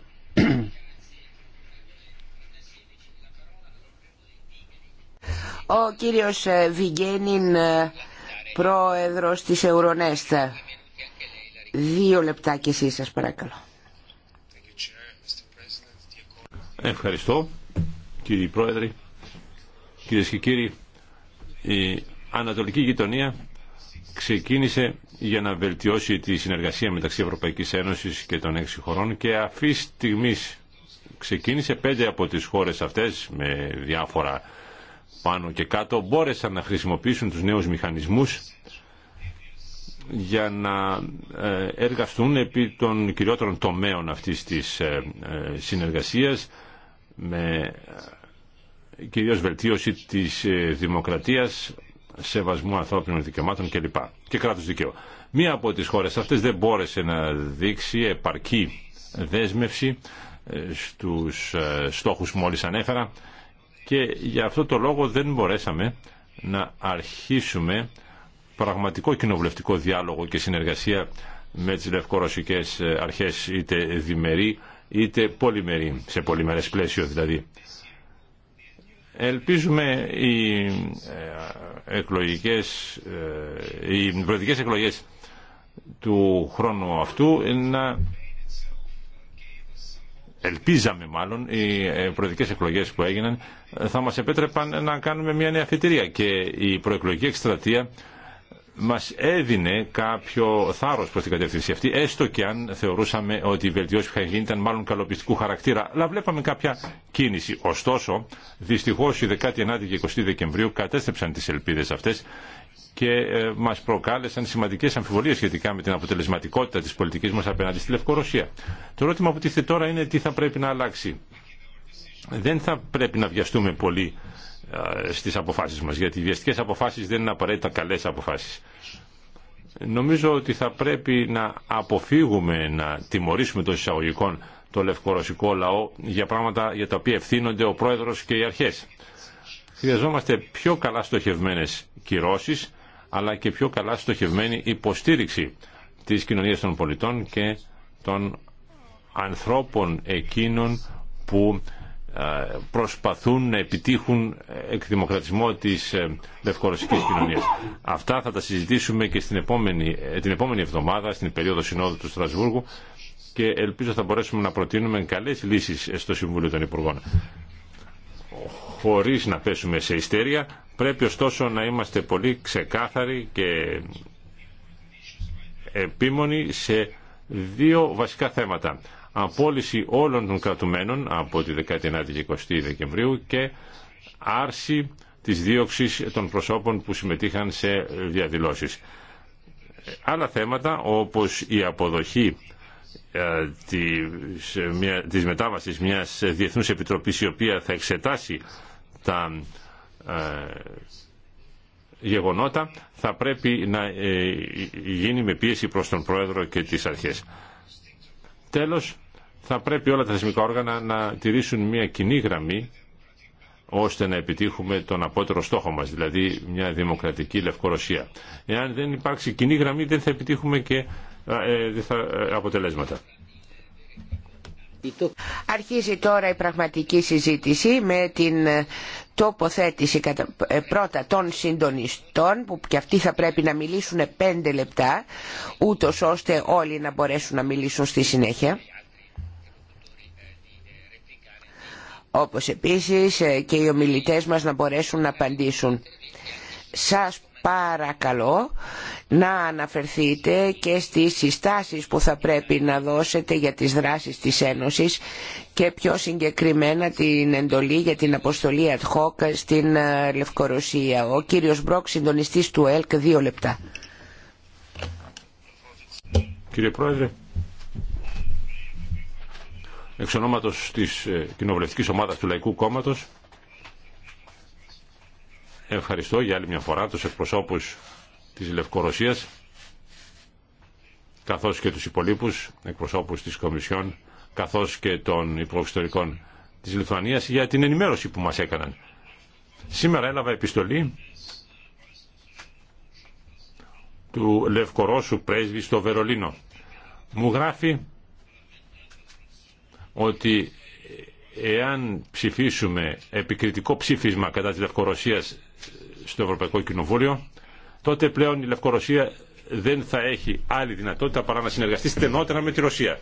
Ο κύριος Βιγγένιν, πρόεδρος της Euronest. Δύο λεπτά κι εσείς σας παρακαλώ. Ευχαριστώ κύριε Πρόεδρε, κύριε και κύριοι. Η Ανατολική Γειτονία ξεκίνησε για να βελτιώσει τη συνεργασία μεταξύ Ευρωπαϊκής Ένωσης και των έξι χωρών και αυτή στιγμή ξεκίνησε πέντε από τις χώρες αυτές με διάφορα πάνω και κάτω μπόρεσαν να χρησιμοποιήσουν τους νέους μηχανισμούς για να ε, εργαστούν επί των κυριότερων τομέων αυτής της ε, ε, συνεργασίας με κυρίως βελτίωση της δημοκρατίας, σεβασμού ανθρώπινων δικαιωμάτων κλπ. και κράτους δικαίου. Μία από τις χώρες αυτές δεν μπόρεσε να δείξει επαρκή δέσμευση στους στόχους που μόλις ανέφερα και για αυτό το λόγο δεν μπορέσαμε να αρχίσουμε πραγματικό κοινοβουλευτικό διάλογο και συνεργασία με τις λευκορωσικές ε, αρχές είτε διμερή είτε πολυμερή, σε πολυμερές πλαίσιο δηλαδή. Ελπίζουμε οι ε, εκλογικές, ε, οι προεδρικές εκλογές του χρόνου αυτού να ελπίζαμε μάλλον οι προεδρικές εκλογές που έγιναν θα μας επέτρεπαν να κάνουμε μια νέα φετηρία και η προεκλογική εκστρατεία μας έδινε κάποιο θάρρος προς την κατεύθυνση αυτή, έστω και αν θεωρούσαμε ότι οι βελτιώση που είχαν γίνει ήταν μάλλον καλοπιστικού χαρακτήρα, αλλά βλέπαμε κάποια κίνηση. Ωστόσο, δυστυχώς η 19η και 20η Δεκεμβρίου κατέστρεψαν τις ελπίδες αυτές και ε, μας προκάλεσαν σημαντικές αμφιβολίες σχετικά με την αποτελεσματικότητα της πολιτικής μας απέναντι στη Λευκορωσία. Το ερώτημα που τίθεται τώρα είναι τι θα πρέπει να αλλάξει. Δεν θα πρέπει να βιαστούμε πολύ στις αποφάσεις μας, γιατί οι βιαστικές αποφάσεις δεν είναι απαραίτητα καλές αποφάσεις. Νομίζω ότι θα πρέπει να αποφύγουμε να τιμωρήσουμε των εισαγωγικών το λευκορωσικό λαό για πράγματα για τα οποία ευθύνονται ο πρόεδρος και οι αρχές. Χρειαζόμαστε πιο καλά στοχευμένε κυρώσει, αλλά και πιο καλά στοχευμένη υποστήριξη της κοινωνίας των πολιτών και των ανθρώπων εκείνων που προσπαθούν να επιτύχουν εκδημοκρατισμό της ε, λευκορωσικής κοινωνίας. Αυτά θα τα συζητήσουμε και στην επόμενη, ε, την επόμενη εβδομάδα, στην περίοδο συνόδου του Στρασβούργου και ελπίζω θα μπορέσουμε να προτείνουμε καλές λύσεις στο Συμβούλιο των Υπουργών. Χωρίς να πέσουμε σε ιστέρια, πρέπει ωστόσο να είμαστε πολύ ξεκάθαροι και επίμονοι σε δύο βασικά θέματα απόλυση όλων των κρατουμένων από τη 19η και 20η Δεκεμβρίου και άρση της δίωξης των προσώπων που συμμετείχαν σε διαδηλώσεις. Άλλα θέματα όπως η αποδοχή ε, της, της μετάβασης μιας διεθνούς επιτροπής η οποία θα εξετάσει τα ε, γεγονότα θα πρέπει να ε, γίνει με πίεση προς τον Πρόεδρο και τις αρχές. Τέλος, θα πρέπει όλα τα θεσμικά όργανα να τηρήσουν μια κοινή γραμμή ώστε να επιτύχουμε τον απότερο στόχο μας, δηλαδή μια δημοκρατική Λευκορωσία. Εάν δεν υπάρξει κοινή γραμμή δεν θα επιτύχουμε και ε, θα, ε, αποτελέσματα. Αρχίζει τώρα η πραγματική συζήτηση με την ε, τοποθέτηση πρώτα των συντονιστών που και αυτοί θα πρέπει να μιλήσουν πέντε λεπτά ούτως ώστε όλοι να μπορέσουν να μιλήσουν στη συνέχεια. όπως επίσης ε, και οι ομιλητές μας να μπορέσουν να απαντήσουν. Σας παρακαλώ να αναφερθείτε και στις συστάσεις που θα πρέπει να δώσετε για τις δράσεις της Ένωσης και πιο συγκεκριμένα την εντολή για την αποστολή ad hoc στην ε, Λευκορωσία. Ο κύριος Μπρόκ, συντονιστής του ΕΛΚ, δύο λεπτά. Κύριε Πρόεδρε, εξ ονόματος της ε, Κοινοβουλευτικής Ομάδας του Λαϊκού Κόμματος ευχαριστώ για άλλη μια φορά τους εκπροσώπους της Λευκορωσίας καθώς και τους υπολείπους εκπροσώπους της Κομισιόν καθώς και των υπουργοεξωτερικών της Λιθουανίας για την ενημέρωση που μας έκαναν. Σήμερα έλαβα επιστολή του Λευκορώσου πρέσβη στο Βερολίνο. Μου γράφει ότι εάν ψηφίσουμε επικριτικό ψήφισμα κατά τη Λευκορωσία στο Ευρωπαϊκό Κοινοβούλιο, τότε πλέον η Λευκορωσία δεν θα έχει άλλη δυνατότητα παρά να συνεργαστεί στενότερα με τη Ρωσία.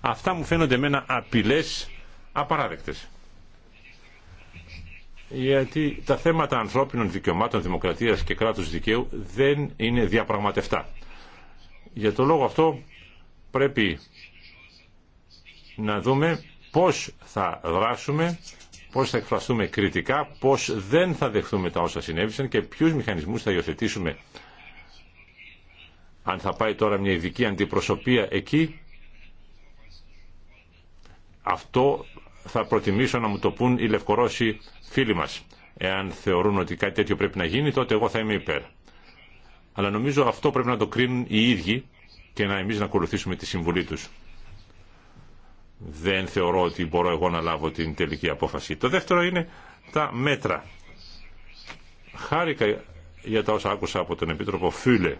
Αυτά μου φαίνονται εμένα απειλές απαράδεκτες. Γιατί τα θέματα ανθρώπινων δικαιωμάτων, δημοκρατίας και κράτους δικαίου δεν είναι διαπραγματευτά. Για το λόγο αυτό πρέπει να δούμε πώς θα δράσουμε, πώς θα εκφραστούμε κριτικά, πώς δεν θα δεχθούμε τα όσα συνέβησαν και ποιους μηχανισμούς θα υιοθετήσουμε. Αν θα πάει τώρα μια ειδική αντιπροσωπεία εκεί, αυτό θα προτιμήσω να μου το πούν οι Λευκορώσοι φίλοι μας. Εάν θεωρούν ότι κάτι τέτοιο πρέπει να γίνει, τότε εγώ θα είμαι υπέρ. Αλλά νομίζω αυτό πρέπει να το κρίνουν οι ίδιοι και να εμείς να ακολουθήσουμε τη συμβουλή τους δεν θεωρώ ότι μπορώ εγώ να λάβω την τελική απόφαση. Το δεύτερο είναι τα μέτρα. Χάρηκα για τα όσα άκουσα από τον Επίτροπο Φούλε.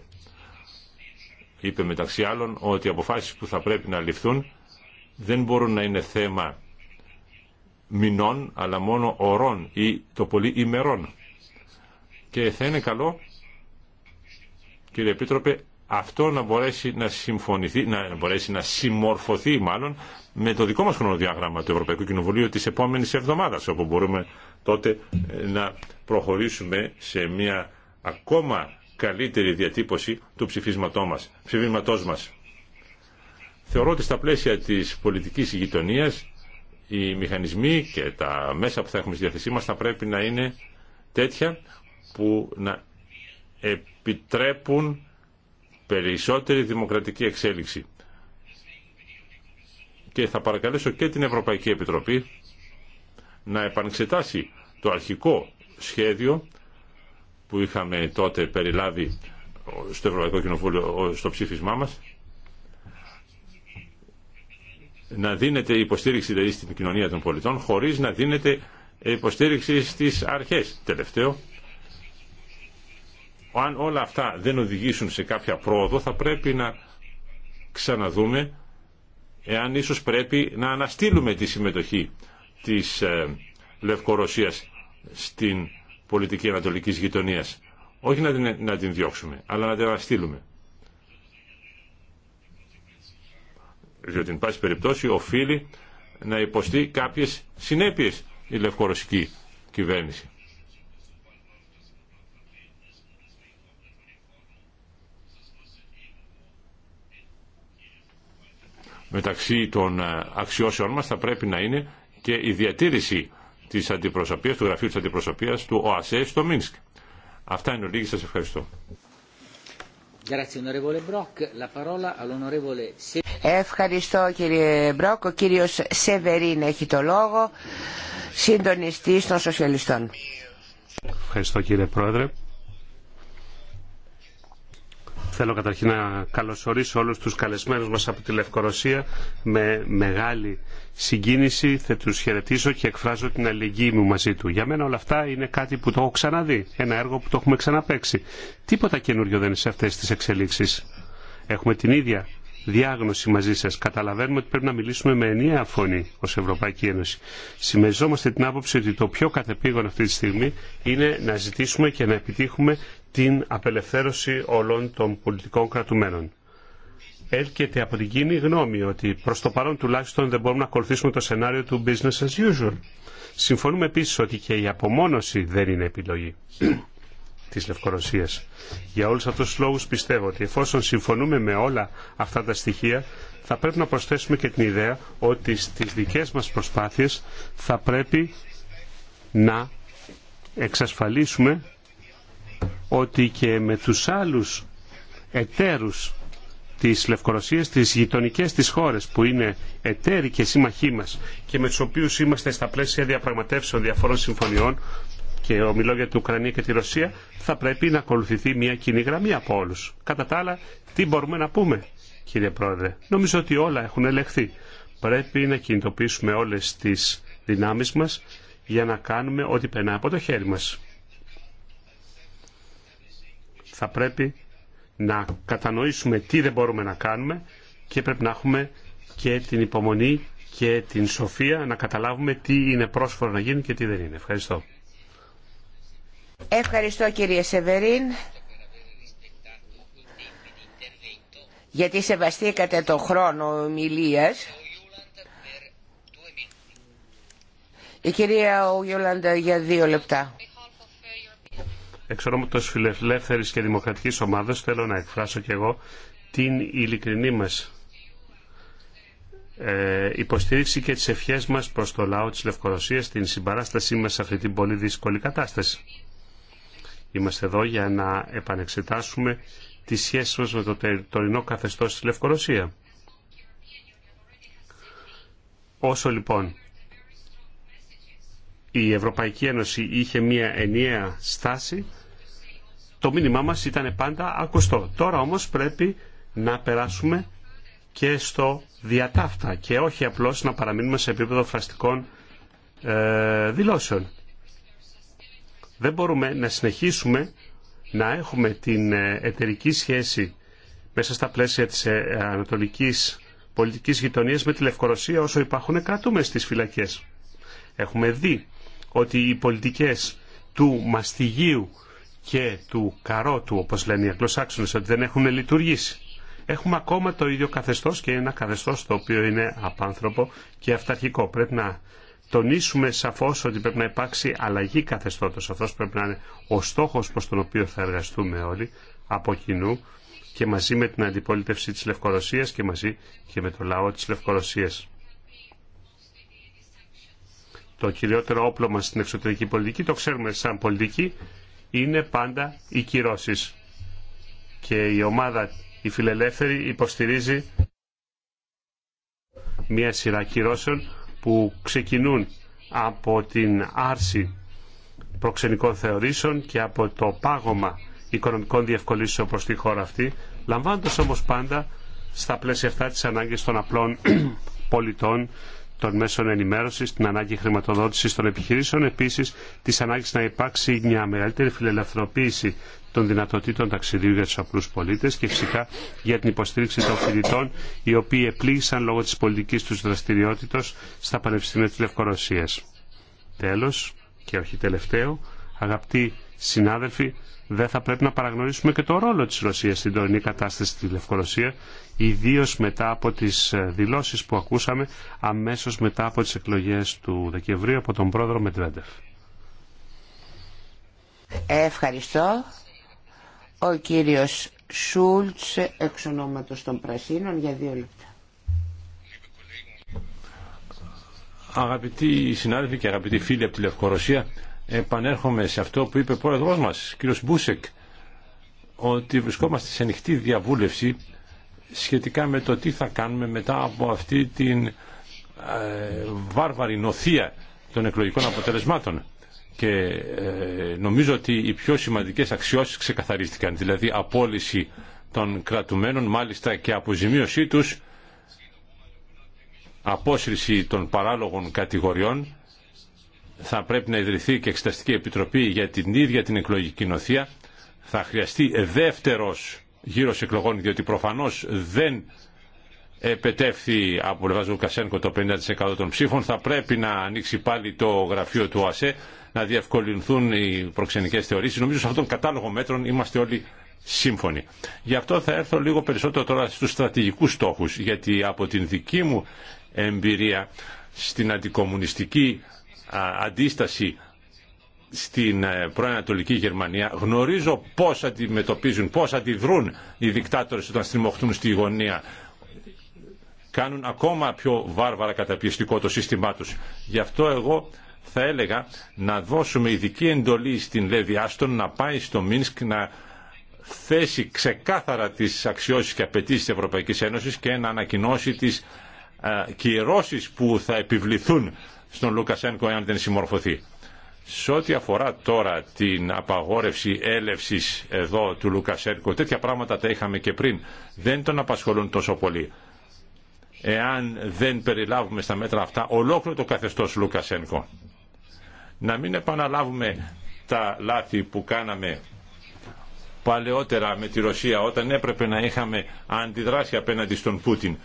Είπε μεταξύ άλλων ότι οι αποφάσεις που θα πρέπει να ληφθούν δεν μπορούν να είναι θέμα μηνών, αλλά μόνο ωρών ή το πολύ ημερών. Και θα είναι καλό, κύριε Επίτροπε, αυτό να μπορέσει να συμφωνηθεί, να μπορέσει να συμμορφωθεί μάλλον με το δικό μας χρονοδιάγραμμα του Ευρωπαϊκού Κοινοβουλίου της επόμενης εβδομάδας, όπου μπορούμε τότε ε, να προχωρήσουμε σε μια ακόμα καλύτερη διατύπωση του ψηφίσματός μας. Ψηφίσματός μας. Θεωρώ ότι στα πλαίσια της πολιτικής γειτονίας οι μηχανισμοί και τα μέσα που θα έχουμε στη διαθεσή μας θα πρέπει να είναι τέτοια που να επιτρέπουν περισσότερη δημοκρατική εξέλιξη. Και θα παρακαλέσω και την Ευρωπαϊκή Επιτροπή να επανεξετάσει το αρχικό σχέδιο που είχαμε τότε περιλάβει στο Ευρωπαϊκό Κοινοβούλιο στο ψήφισμά μας να δίνεται υποστήριξη δηλαδή στην κοινωνία των πολιτών χωρίς να δίνεται υποστήριξη στις αρχές. Τελευταίο, αν όλα αυτά δεν οδηγήσουν σε κάποια πρόοδο θα πρέπει να ξαναδούμε εάν ίσως πρέπει να αναστείλουμε τη συμμετοχή της ε, Λευκορωσίας στην πολιτική ανατολικής γειτονίας. Όχι να την, να την διώξουμε, αλλά να την αναστείλουμε. Διότι, εν πάση περιπτώσει, οφείλει να υποστεί κάποιες συνέπειες η λευκορωσική κυβέρνηση. μεταξύ των ε, αξιώσεων μας θα πρέπει να είναι και η διατήρηση της αντιπροσωπείας, του γραφείου της αντιπροσωπείας του ΟΑΣΕ στο Μίνσκ. Αυτά είναι ολίγη, σας ευχαριστώ. Ευχαριστώ κύριε Μπρόκ. Ο κύριος Σεβερίν έχει το λόγο, συντονιστής των σοσιαλιστών. Ευχαριστώ κύριε Πρόεδρε. Θέλω καταρχήν να καλωσορίσω όλους τους καλεσμένους μας από τη Λευκορωσία με μεγάλη συγκίνηση. Θα τους χαιρετήσω και εκφράζω την αλληλεγγύη μου μαζί του. Για μένα όλα αυτά είναι κάτι που το έχω ξαναδεί, ένα έργο που το έχουμε ξαναπέξει. Τίποτα καινούριο δεν είναι σε αυτές τις εξελίξεις. Έχουμε την ίδια διάγνωση μαζί σας. Καταλαβαίνουμε ότι πρέπει να μιλήσουμε με ενιαία φωνή ως Ευρωπαϊκή Ένωση. Συμμεριζόμαστε την άποψη ότι το πιο κατεπήγον αυτή τη στιγμή είναι να ζητήσουμε και να επιτύχουμε την απελευθέρωση όλων των πολιτικών κρατουμένων. Έλκεται από την κοινή γνώμη ότι προ το παρόν τουλάχιστον δεν μπορούμε να ακολουθήσουμε το σενάριο του business as usual. Συμφωνούμε επίση ότι και η απομόνωση δεν είναι επιλογή [CLEARS THROAT] της Λευκορωσίας. Για όλου αυτού του λόγου πιστεύω ότι εφόσον συμφωνούμε με όλα αυτά τα στοιχεία θα πρέπει να προσθέσουμε και την ιδέα ότι στι δικέ μα προσπάθειε θα πρέπει να εξασφαλίσουμε ότι και με τους άλλους εταίρους της Λευκορωσίας, τις γειτονικές της χώρες που είναι εταίροι και σύμμαχοί μας και με τους οποίους είμαστε στα πλαίσια διαπραγματεύσεων διαφόρων συμφωνιών και ομιλώ για την Ουκρανία και τη Ρωσία, θα πρέπει να ακολουθηθεί μια κοινή γραμμή από όλους. Κατά τα άλλα, τι μπορούμε να πούμε, κύριε Πρόεδρε. Νομίζω ότι όλα έχουν ελεγχθεί. Πρέπει να κινητοποιήσουμε όλες τις δυνάμεις μας για να κάνουμε ό,τι περνά από το χέρι μας θα πρέπει να κατανοήσουμε τι δεν μπορούμε να κάνουμε και πρέπει να έχουμε και την υπομονή και την σοφία να καταλάβουμε τι είναι πρόσφορο να γίνει και τι δεν είναι. Ευχαριστώ. Ευχαριστώ κύριε Σεβερίν γιατί σεβαστήκατε το χρόνο ομιλίας. Η κυρία Ογιολάντα για δύο λεπτά εξ ονόματος φιλελεύθερης και δημοκρατικής ομάδας θέλω να εκφράσω και εγώ την ειλικρινή μας ε, υποστήριξη και τις ευχές μας προς το λαό της Λευκορωσίας την συμπαράστασή μας σε αυτή την πολύ δύσκολη κατάσταση. Είμαστε εδώ για να επανεξετάσουμε τη σχέση μας με το τωρινό καθεστώς της Λευκορωσία. Όσο λοιπόν η Ευρωπαϊκή Ένωση είχε μία ενιαία στάση, το μήνυμά μας ήταν πάντα ακουστό. Τώρα όμως πρέπει να περάσουμε και στο διατάφτα και όχι απλώς να παραμείνουμε σε επίπεδο φραστικών ε, δηλώσεων. Δεν μπορούμε να συνεχίσουμε να έχουμε την ε, εταιρική σχέση μέσα στα πλαίσια της ε, ανατολικής πολιτικής γειτονίας με τη Λευκορωσία όσο υπάρχουν κρατούμε στις φυλακές. Έχουμε δει ότι οι πολιτικές του μαστιγίου και του καρότου, όπως λένε οι Αγγλοσάξονες, ότι δεν έχουν λειτουργήσει. Έχουμε ακόμα το ίδιο καθεστώς και ένα καθεστώς το οποίο είναι απάνθρωπο και αυταρχικό. Πρέπει να τονίσουμε σαφώς ότι πρέπει να υπάρξει αλλαγή καθεστώτος. Αυτός πρέπει να είναι ο στόχος προς τον οποίο θα εργαστούμε όλοι από κοινού και μαζί με την αντιπολίτευση της Λευκορωσίας και μαζί και με το λαό της Λευκορωσίας. Το κυριότερο όπλο μας στην εξωτερική πολιτική το ξέρουμε σαν πολιτική είναι πάντα οι κυρώσει. Και η ομάδα η φιλελεύθερη υποστηρίζει μια σειρά κυρώσεων που ξεκινούν από την άρση προξενικών θεωρήσεων και από το πάγωμα οικονομικών διευκολύσεων προς τη χώρα αυτή, λαμβάνοντας όμως πάντα στα πλαίσια αυτά τις ανάγκες των απλών [CLEARS THROAT] πολιτών των μέσων ενημέρωση, την ανάγκη χρηματοδότηση των επιχειρήσεων, επίση τη ανάγκη να υπάρξει μια μεγαλύτερη φιλελευθερωποίηση των δυνατοτήτων ταξιδίου για του απλού πολίτε και φυσικά για την υποστήριξη των φοιτητών οι οποίοι επλήγησαν λόγω τη πολιτική του δραστηριότητας στα Πανεπιστήμια τη Λευκορωσίας. Τέλο, και όχι τελευταίο, αγαπητοί συνάδελφοι, δεν θα πρέπει να παραγνωρίσουμε και το ρόλο της Ρωσίας στην τωρινή κατάσταση στη Λευκορωσία ιδίω μετά από τις ε, δηλώσεις που ακούσαμε αμέσως μετά από τις εκλογές του Δεκεμβρίου από τον πρόεδρο Μετβέντεφ. Ευχαριστώ. Ο κύριος Σούλτς, εξ ονόματος των Πρασίνων, για δύο λεπτά. Αγαπητοί συνάδελφοι και αγαπητοί φίλοι από τη Λευκορωσία, επανέρχομαι σε αυτό που είπε ο πρόεδρός μας, κύριος Μπούσεκ, ότι βρισκόμαστε σε ανοιχτή διαβούλευση σχετικά με το τι θα κάνουμε μετά από αυτή την ε, βάρβαρη νοθεία των εκλογικών αποτελεσμάτων. Και ε, νομίζω ότι οι πιο σημαντικές αξιώσεις ξεκαθαρίστηκαν, δηλαδή απόλυση των κρατουμένων, μάλιστα και αποζημίωσή τους, απόσυρση των παράλογων κατηγοριών, θα πρέπει να ιδρυθεί και εξεταστική επιτροπή για την ίδια την εκλογική νοθεία, θα χρειαστεί δεύτερος γύρος εκλογών, διότι προφανώς δεν επετεύθη από πλευρά Κασένκο το 50% των ψήφων, θα πρέπει να ανοίξει πάλι το γραφείο του ΟΑΣΕ, να διευκολυνθούν οι προξενικές θεωρήσεις. Νομίζω σε αυτόν τον κατάλογο μέτρων είμαστε όλοι σύμφωνοι. Γι' αυτό θα έρθω λίγο περισσότερο τώρα στους στρατηγικούς στόχους, γιατί από την δική μου εμπειρία στην αντικομουνιστική αντίσταση στην ε, προανατολική Γερμανία. Γνωρίζω πώς αντιμετωπίζουν, πώς αντιδρούν οι δικτάτορες όταν στριμωχτούν στη γωνία. Κάνουν ακόμα πιο βάρβαρα καταπιεστικό το σύστημά τους. Γι' αυτό εγώ θα έλεγα να δώσουμε ειδική εντολή στην Λέβη Άστον να πάει στο Μίνσκ να θέσει ξεκάθαρα τις αξιώσεις και απαιτήσει της Ευρωπαϊκής Ένωσης και να ανακοινώσει τις ε, κυρώσεις που θα επιβληθούν στον Λουκασένκο εάν δεν συμμορφωθεί. Σε ό,τι αφορά τώρα την απαγόρευση έλευση εδώ του Λουκασέρκο, τέτοια πράγματα τα είχαμε και πριν. Δεν τον απασχολούν τόσο πολύ. Εάν δεν περιλάβουμε στα μέτρα αυτά ολόκληρο το καθεστώς Λουκασένκο. Να μην επαναλάβουμε τα λάθη που κάναμε παλαιότερα με τη Ρωσία όταν έπρεπε να είχαμε αντιδράσει απέναντι στον Πούτιν.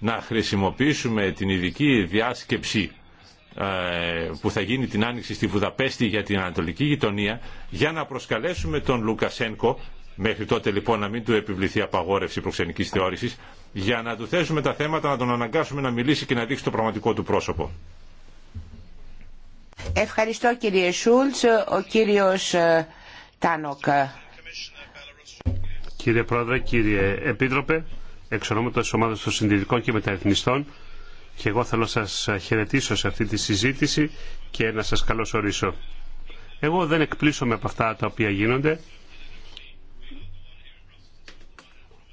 να χρησιμοποιήσουμε την ειδική διάσκεψη ε, που θα γίνει την άνοιξη στη Βουδαπέστη για την Ανατολική Γειτονία για να προσκαλέσουμε τον Λουκασένκο μέχρι τότε λοιπόν να μην του επιβληθεί απαγόρευση προξενικής θεώρησης για να του θέσουμε τα θέματα, να τον αναγκάσουμε να μιλήσει και να δείξει το πραγματικό του πρόσωπο. Ευχαριστώ κύριε Σούλτς, ο κύριος ε, Τάνοκ. Κύριε Πρόεδρε, κύριε Επίτροπε, εξ ονόματος της ομάδας των συντηρητικών και μεταρρυθμιστών και εγώ θέλω να σας χαιρετήσω σε αυτή τη συζήτηση και να σας καλωσορίσω. Εγώ δεν εκπλήσωμαι από αυτά τα οποία γίνονται.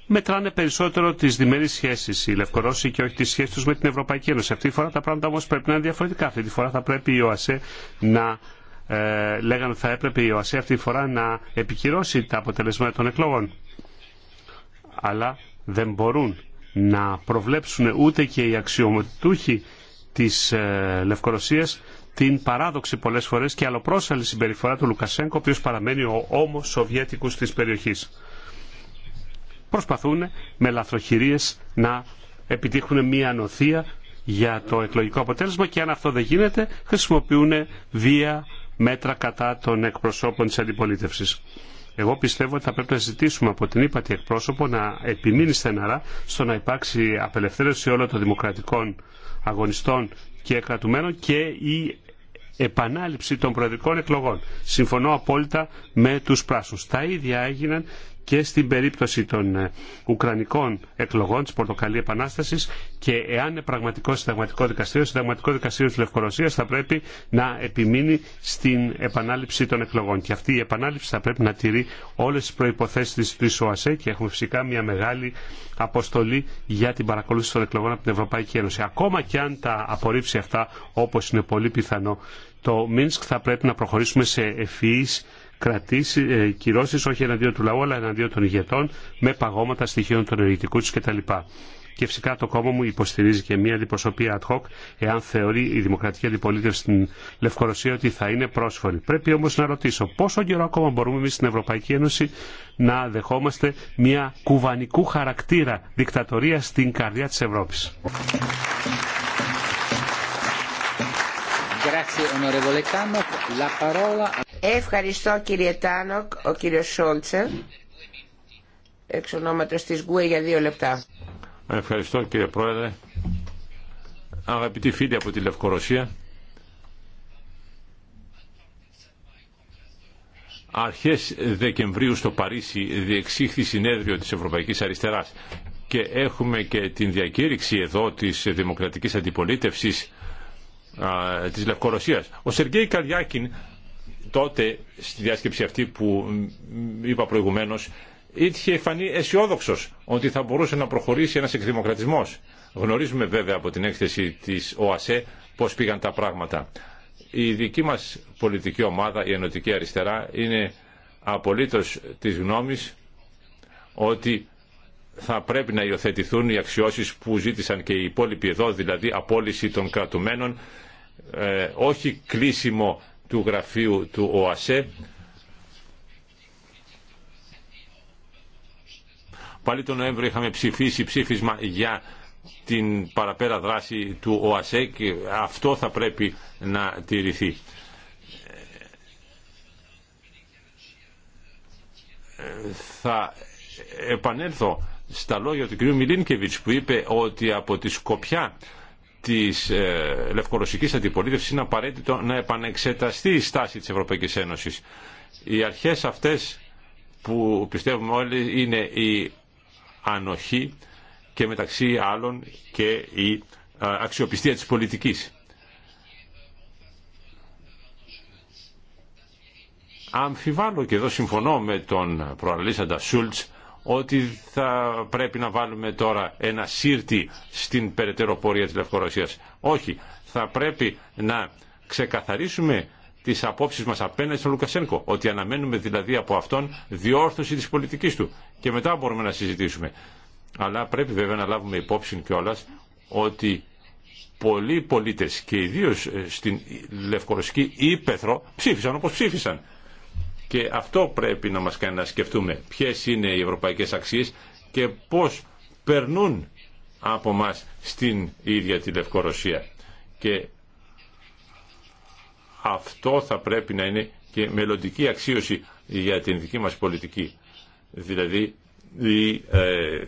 Μετράνε περισσότερο τις διμερεί σχέσεις οι Λευκορώσοι και όχι τι σχέσει του με την Ευρωπαϊκή Ένωση. Αυτή τη φορά τα πράγματα όμω πρέπει να είναι διαφορετικά. Αυτή τη φορά θα πρέπει η ΟΑΣΕ να ε, λέγανε θα έπρεπε η ΟΑΣΕ αυτή τη φορά να επικυρώσει τα αποτελέσματα των εκλογών. Αλλά δεν μπορούν να προβλέψουν ούτε και οι αξιωματούχοι της ε, Λευκορωσίας την παράδοξη πολλές φορές και αλλοπρόσαλη συμπεριφορά του Λουκασέγκο, ο οποίος παραμένει ο όμος Σοβιέτικος της περιοχής. Προσπαθούν με λαθροχειρίες να επιτύχουν μία ανοθεία για το εκλογικό αποτέλεσμα και αν αυτό δεν γίνεται χρησιμοποιούν βία μέτρα κατά των εκπροσώπων της αντιπολίτευσης. Εγώ πιστεύω ότι θα πρέπει να ζητήσουμε από την ύπατη εκπρόσωπο να επιμείνει στεναρά στο να υπάρξει απελευθέρωση όλων των δημοκρατικών αγωνιστών και κρατουμένων και η επανάληψη των προεδρικών εκλογών. Συμφωνώ απόλυτα με τους πράσους. Τα ίδια έγιναν και στην περίπτωση των ε, Ουκρανικών εκλογών της Πορτοκαλή Επανάσταση, και εάν είναι πραγματικό συνταγματικό δικαστήριο, συνταγματικό δικαστήριο της Λευκορωσίας θα πρέπει να επιμείνει στην επανάληψη των εκλογών. Και αυτή η επανάληψη θα πρέπει να τηρεί όλες τις προϋποθέσεις της, ΟΑΣΕ και έχουμε φυσικά μια μεγάλη αποστολή για την παρακολούθηση των εκλογών από την Ευρωπαϊκή Ένωση. Ακόμα και αν τα απορρίψει αυτά όπως είναι πολύ πιθανό το Μίνσκ θα πρέπει να προχωρήσουμε σε ευφυείς κρατήσει, ε, κυρώσεις όχι εναντίον του λαού αλλά εναντίον των ηγετών με παγώματα στοιχείων των ενεργητικού του κτλ. Και φυσικά το κόμμα μου υποστηρίζει και μια αντιπροσωπεία ad hoc εάν θεωρεί η δημοκρατική αντιπολίτευση στην Λευκορωσία ότι θα είναι πρόσφορη. Πρέπει όμως να ρωτήσω πόσο καιρό ακόμα μπορούμε εμείς στην Ευρωπαϊκή Ένωση να δεχόμαστε μια κουβανικού χαρακτήρα δικτατορία στην καρδιά της Ευρώπης. Ευχαριστώ κύριε Τάνοκ, ο κύριος Σόλτσε, εξ ονόματος της για δύο λεπτά. Ευχαριστώ κύριε Πρόεδρε. Αγαπητοί φίλοι από τη Λευκορωσία, αρχές Δεκεμβρίου στο Παρίσι διεξήχθη συνέδριο της Ευρωπαϊκής Αριστεράς και έχουμε και την διακήρυξη εδώ της Δημοκρατικής Αντιπολίτευσης της Λευκορωσίας. Ο Σεργέη Καριάκιν τότε στη διάσκεψη αυτή που είπα προηγουμένως είχε φανεί αισιόδοξο ότι θα μπορούσε να προχωρήσει ένας εκδημοκρατισμός. Γνωρίζουμε βέβαια από την έκθεση της ΟΑΣΕ πώς πήγαν τα πράγματα. Η δική μας πολιτική ομάδα, η Ενωτική Αριστερά, είναι απολύτως της γνώμης ότι θα πρέπει να υιοθετηθούν οι αξιώσεις που ζήτησαν και οι υπόλοιποι εδώ, δηλαδή απόλυση των κρατουμένων, ε, όχι κλείσιμο του γραφείου του ΟΑΣΕ. Πάλι τον Νοέμβριο είχαμε ψηφίσει ψήφισμα για την παραπέρα δράση του ΟΑΣΕ και αυτό θα πρέπει να τηρηθεί. Θα επανέλθω στα λόγια του κ. Μιλίνκεβιτς που είπε ότι από τη Σκοπιά της ε, λευκορωσικής αντιπολίτευσης είναι απαραίτητο να επανεξεταστεί η στάση της Ευρωπαϊκής Ένωσης. Οι αρχές αυτές που πιστεύουμε όλοι είναι η ανοχή και μεταξύ άλλων και η ε, αξιοπιστία της πολιτικής. Αμφιβάλλω και εδώ συμφωνώ με τον προαναλύσαντα Σούλτς ότι θα πρέπει να βάλουμε τώρα ένα σύρτη στην περαιτέρω πορεία της Λευκορωσίας. Όχι, θα πρέπει να ξεκαθαρίσουμε τις απόψεις μας απέναντι στον Λουκασένκο, ότι αναμένουμε δηλαδή από αυτόν διόρθωση της πολιτικής του και μετά μπορούμε να συζητήσουμε. Αλλά πρέπει βέβαια να λάβουμε υπόψη κιόλα ότι πολλοί πολίτες και ιδίως στην Λευκορωσική Ήπεθρο ψήφισαν όπως ψήφισαν. Και αυτό πρέπει να μας κάνει να σκεφτούμε ποιες είναι οι ευρωπαϊκές αξίες και πώς περνούν από μας στην ίδια τη Λευκορωσία. Και αυτό θα πρέπει να είναι και μελλοντική αξίωση για την δική μας πολιτική. Δηλαδή η ε,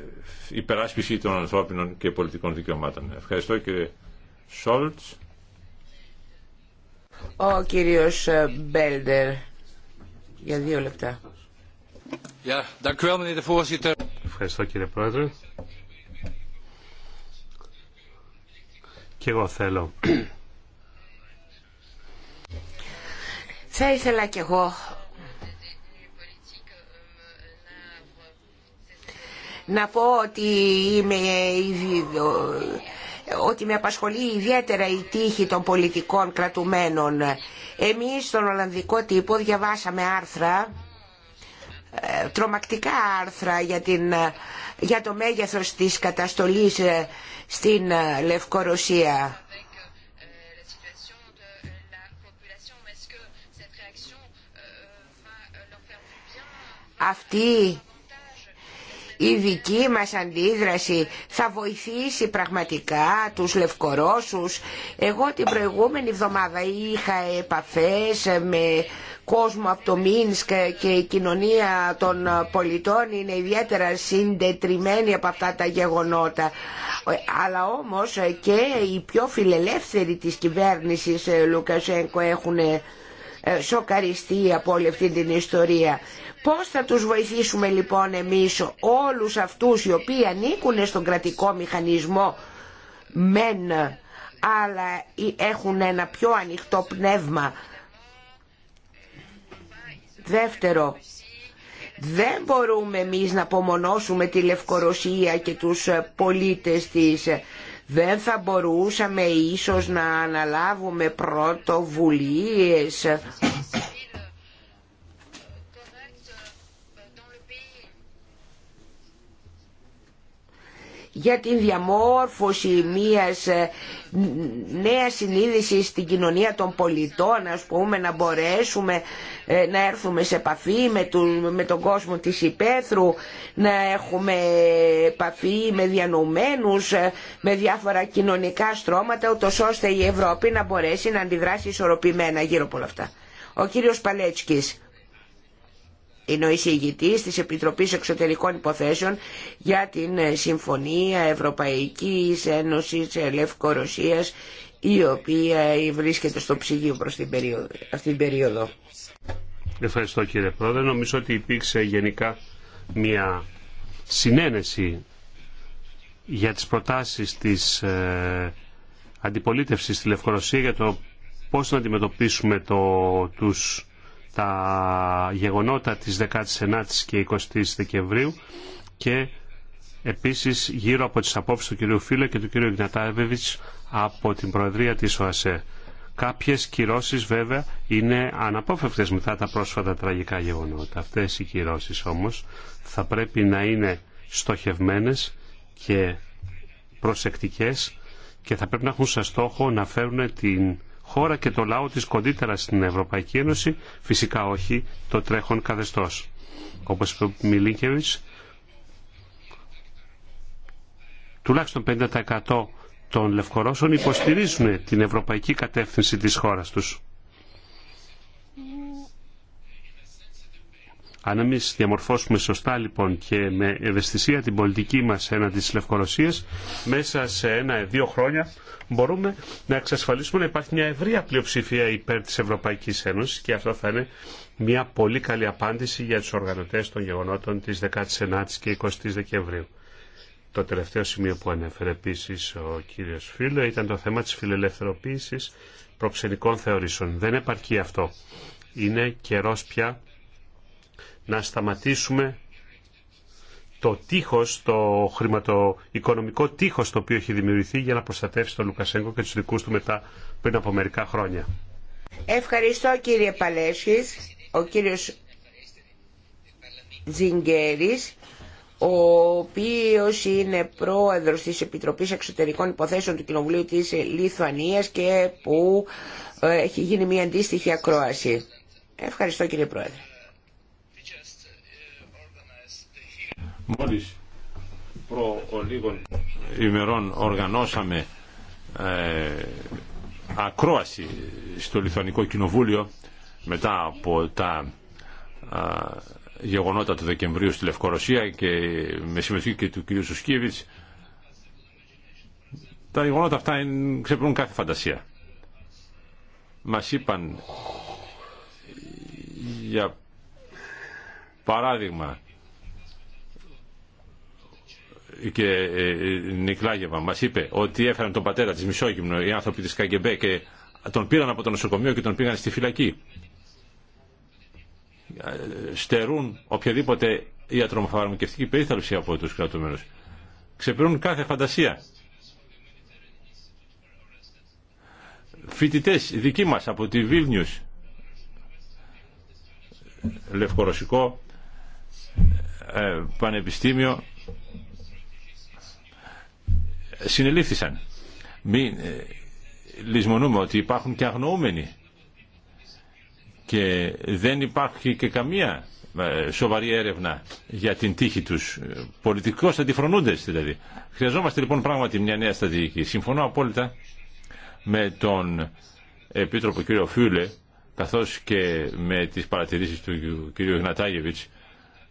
υπεράσπιση των ανθρώπινων και πολιτικών δικαιωμάτων. Ευχαριστώ κύριε Σόλτς. Ο κύριος Μπέλντερ για δύο λεπτά. Ευχαριστώ κύριε Πρόεδρε. Και εγώ θέλω. Θα ήθελα κι εγώ να πω ότι είμαι ήδη ότι με απασχολεί ιδιαίτερα η τύχη των πολιτικών κρατουμένων. Εμείς στον Ολλανδικό τύπο διαβάσαμε άρθρα, ε, τρομακτικά άρθρα για, την, ε, για το μέγεθος της καταστολής ε, στην Λευκορωσία. Αυτή η δική μας αντίδραση θα βοηθήσει πραγματικά τους Λευκορώσους. Εγώ την προηγούμενη εβδομάδα είχα επαφές με κόσμο από το Μίνσκ και η κοινωνία των πολιτών είναι ιδιαίτερα συντετριμένη από αυτά τα γεγονότα. Αλλά όμως και οι πιο φιλελεύθεροι της κυβέρνησης ε, Λουκασένκο, έχουν ε, σοκαριστεί από όλη αυτή την ιστορία. Πώς θα τους βοηθήσουμε λοιπόν εμείς όλους αυτούς οι οποίοι ανήκουν στον κρατικό μηχανισμό μεν αλλά έχουν ένα πιο ανοιχτό πνεύμα. Δεύτερο, δεν μπορούμε εμείς να απομονώσουμε τη Λευκορωσία και τους ε, πολίτες της δεν θα μπορούσαμε ίσως να αναλάβουμε πρωτοβουλίες για την διαμόρφωση μιας ε, νέας συνείδησης στην κοινωνία των πολιτών, ας πούμε, να μπορέσουμε ε, να έρθουμε σε επαφή με τον κόσμο της υπαίθρου, να έχουμε επαφή με διανομένους, ε, με διάφορα κοινωνικά στρώματα, ούτως ώστε η Ευρώπη να μπορέσει να αντιδράσει ισορροπημένα γύρω από όλα αυτά. Ο κύριος Παλέτσκης είναι ο εισηγητής της Επιτροπής Εξωτερικών Υποθέσεων για την Συμφωνία Ευρωπαϊκής Ένωσης Λευκορωσίας η οποία βρίσκεται στο ψυγείο προς την περίοδο, αυτήν την περίοδο. Ευχαριστώ κύριε Πρόεδρε. Νομίζω ότι υπήρξε γενικά μια συνένεση για τις προτάσεις της ε, αντιπολίτευσης στη Λευκορωσία για το πώς να αντιμετωπίσουμε το, τους τα γεγονότα της 19ης και 20ης Δεκεμβρίου και επίσης γύρω από τις απόψεις του κυρίου Φίλε και του κυρίου Γνατάβεβιτς από την Προεδρία της ΟΑΣΕ. Κάποιες κυρώσεις βέβαια είναι αναπόφευκτες μετά τα πρόσφατα τραγικά γεγονότα. Αυτές οι κυρώσεις όμως θα πρέπει να είναι στοχευμένες και προσεκτικές και θα πρέπει να έχουν σαν στόχο να φέρουν την χώρα και το λαό της κοντύτερα στην Ευρωπαϊκή Ένωση, φυσικά όχι το τρέχον καθεστώς. Όπως είπε ο τουλάχιστον 50% των Λευκορώσων υποστηρίζουν την ευρωπαϊκή κατεύθυνση της χώρας τους. Αν εμεί διαμορφώσουμε σωστά λοιπόν και με ευαισθησία την πολιτική μα έναντι τη Λευκορωσία, μέσα σε ένα-δύο χρόνια μπορούμε να εξασφαλίσουμε να υπάρχει μια ευρεία πλειοψηφία υπέρ τη Ευρωπαϊκή Ένωση και αυτό θα είναι μια πολύ καλή απάντηση για του οργανωτέ των γεγονότων τη 19η και 20η Δεκεμβρίου. Το τελευταίο σημείο που ανέφερε επίση ο κύριο Φίλο ήταν το θέμα τη φιλελευθερωποίηση προξενικών θεωρήσεων. Δεν επαρκεί αυτό. Είναι καιρό πια να σταματήσουμε το τείχος, το χρηματοοικονομικό τείχος το οποίο έχει δημιουργηθεί για να προστατεύσει τον Λουκασέγκο και τους δικούς του μετά πριν από μερικά χρόνια. Ευχαριστώ κύριε Παλέσχης, ο κύριος Τζιγκέρης, ο οποίος είναι πρόεδρος της Επιτροπής Εξωτερικών Υποθέσεων του Κοινοβουλίου της Λιθουανίας και που ε, έχει γίνει μια αντίστοιχη ακρόαση. Ευχαριστώ κύριε Πρόεδρε. Μόλις προ λίγων ημερών οργανώσαμε ε, ακρόαση στο Λιθουανικό Κοινοβούλιο μετά από τα γεγονότα του Δεκεμβρίου στη Λευκορωσία και με συμμετοχή και του κ. Σουσκίεβιτς τα γεγονότα αυτά ξεπλούν κάθε φαντασία. Μας είπαν για παράδειγμα και ε, Νικλάγεβα μας είπε ότι έφεραν τον πατέρα της Μισόγυμνο οι άνθρωποι της ΚΑΚΕΜΠΕ και τον πήραν από το νοσοκομείο και τον πήγαν στη φυλακή. Στερούν οποιαδήποτε ιατρομοφαρμακευτική περίθαλψη από τους κρατουμένου. Ξεπερούν κάθε φαντασία. Φοιτητέ δικοί μα από τη Βίλνιους, Λευκορωσικό ε, Πανεπιστήμιο συνελήφθησαν. Μην ε, λησμονούμε ότι υπάρχουν και αγνοούμενοι και δεν υπάρχει και καμία ε, σοβαρή έρευνα για την τύχη τους. Πολιτικώς αντιφρονούντες δηλαδή. Χρειαζόμαστε λοιπόν πράγματι μια νέα στρατηγική. Συμφωνώ απόλυτα με τον Επίτροπο κύριο Φιούλε καθώς και με τις παρατηρήσεις του κύριου Γνατάγεβιτς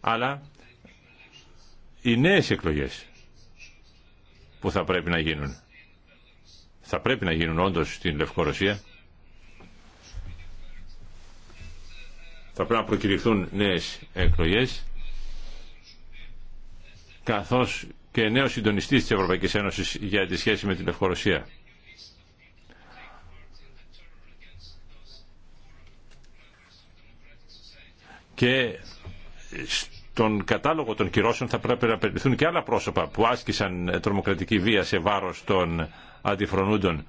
αλλά οι νέες εκλογές που θα πρέπει να γίνουν. Θα πρέπει να γίνουν όντως στην Λευκορωσία. Θα πρέπει να προκυριχθούν νέες εκλογές καθώς και νέο συντονιστή της Ευρωπαϊκής Ένωσης για τη σχέση με τη Λευκορωσία. Και τον κατάλογο των κυρώσεων θα πρέπει να περιληφθούν και άλλα πρόσωπα που άσκησαν τρομοκρατική βία σε βάρος των αντιφρονούντων.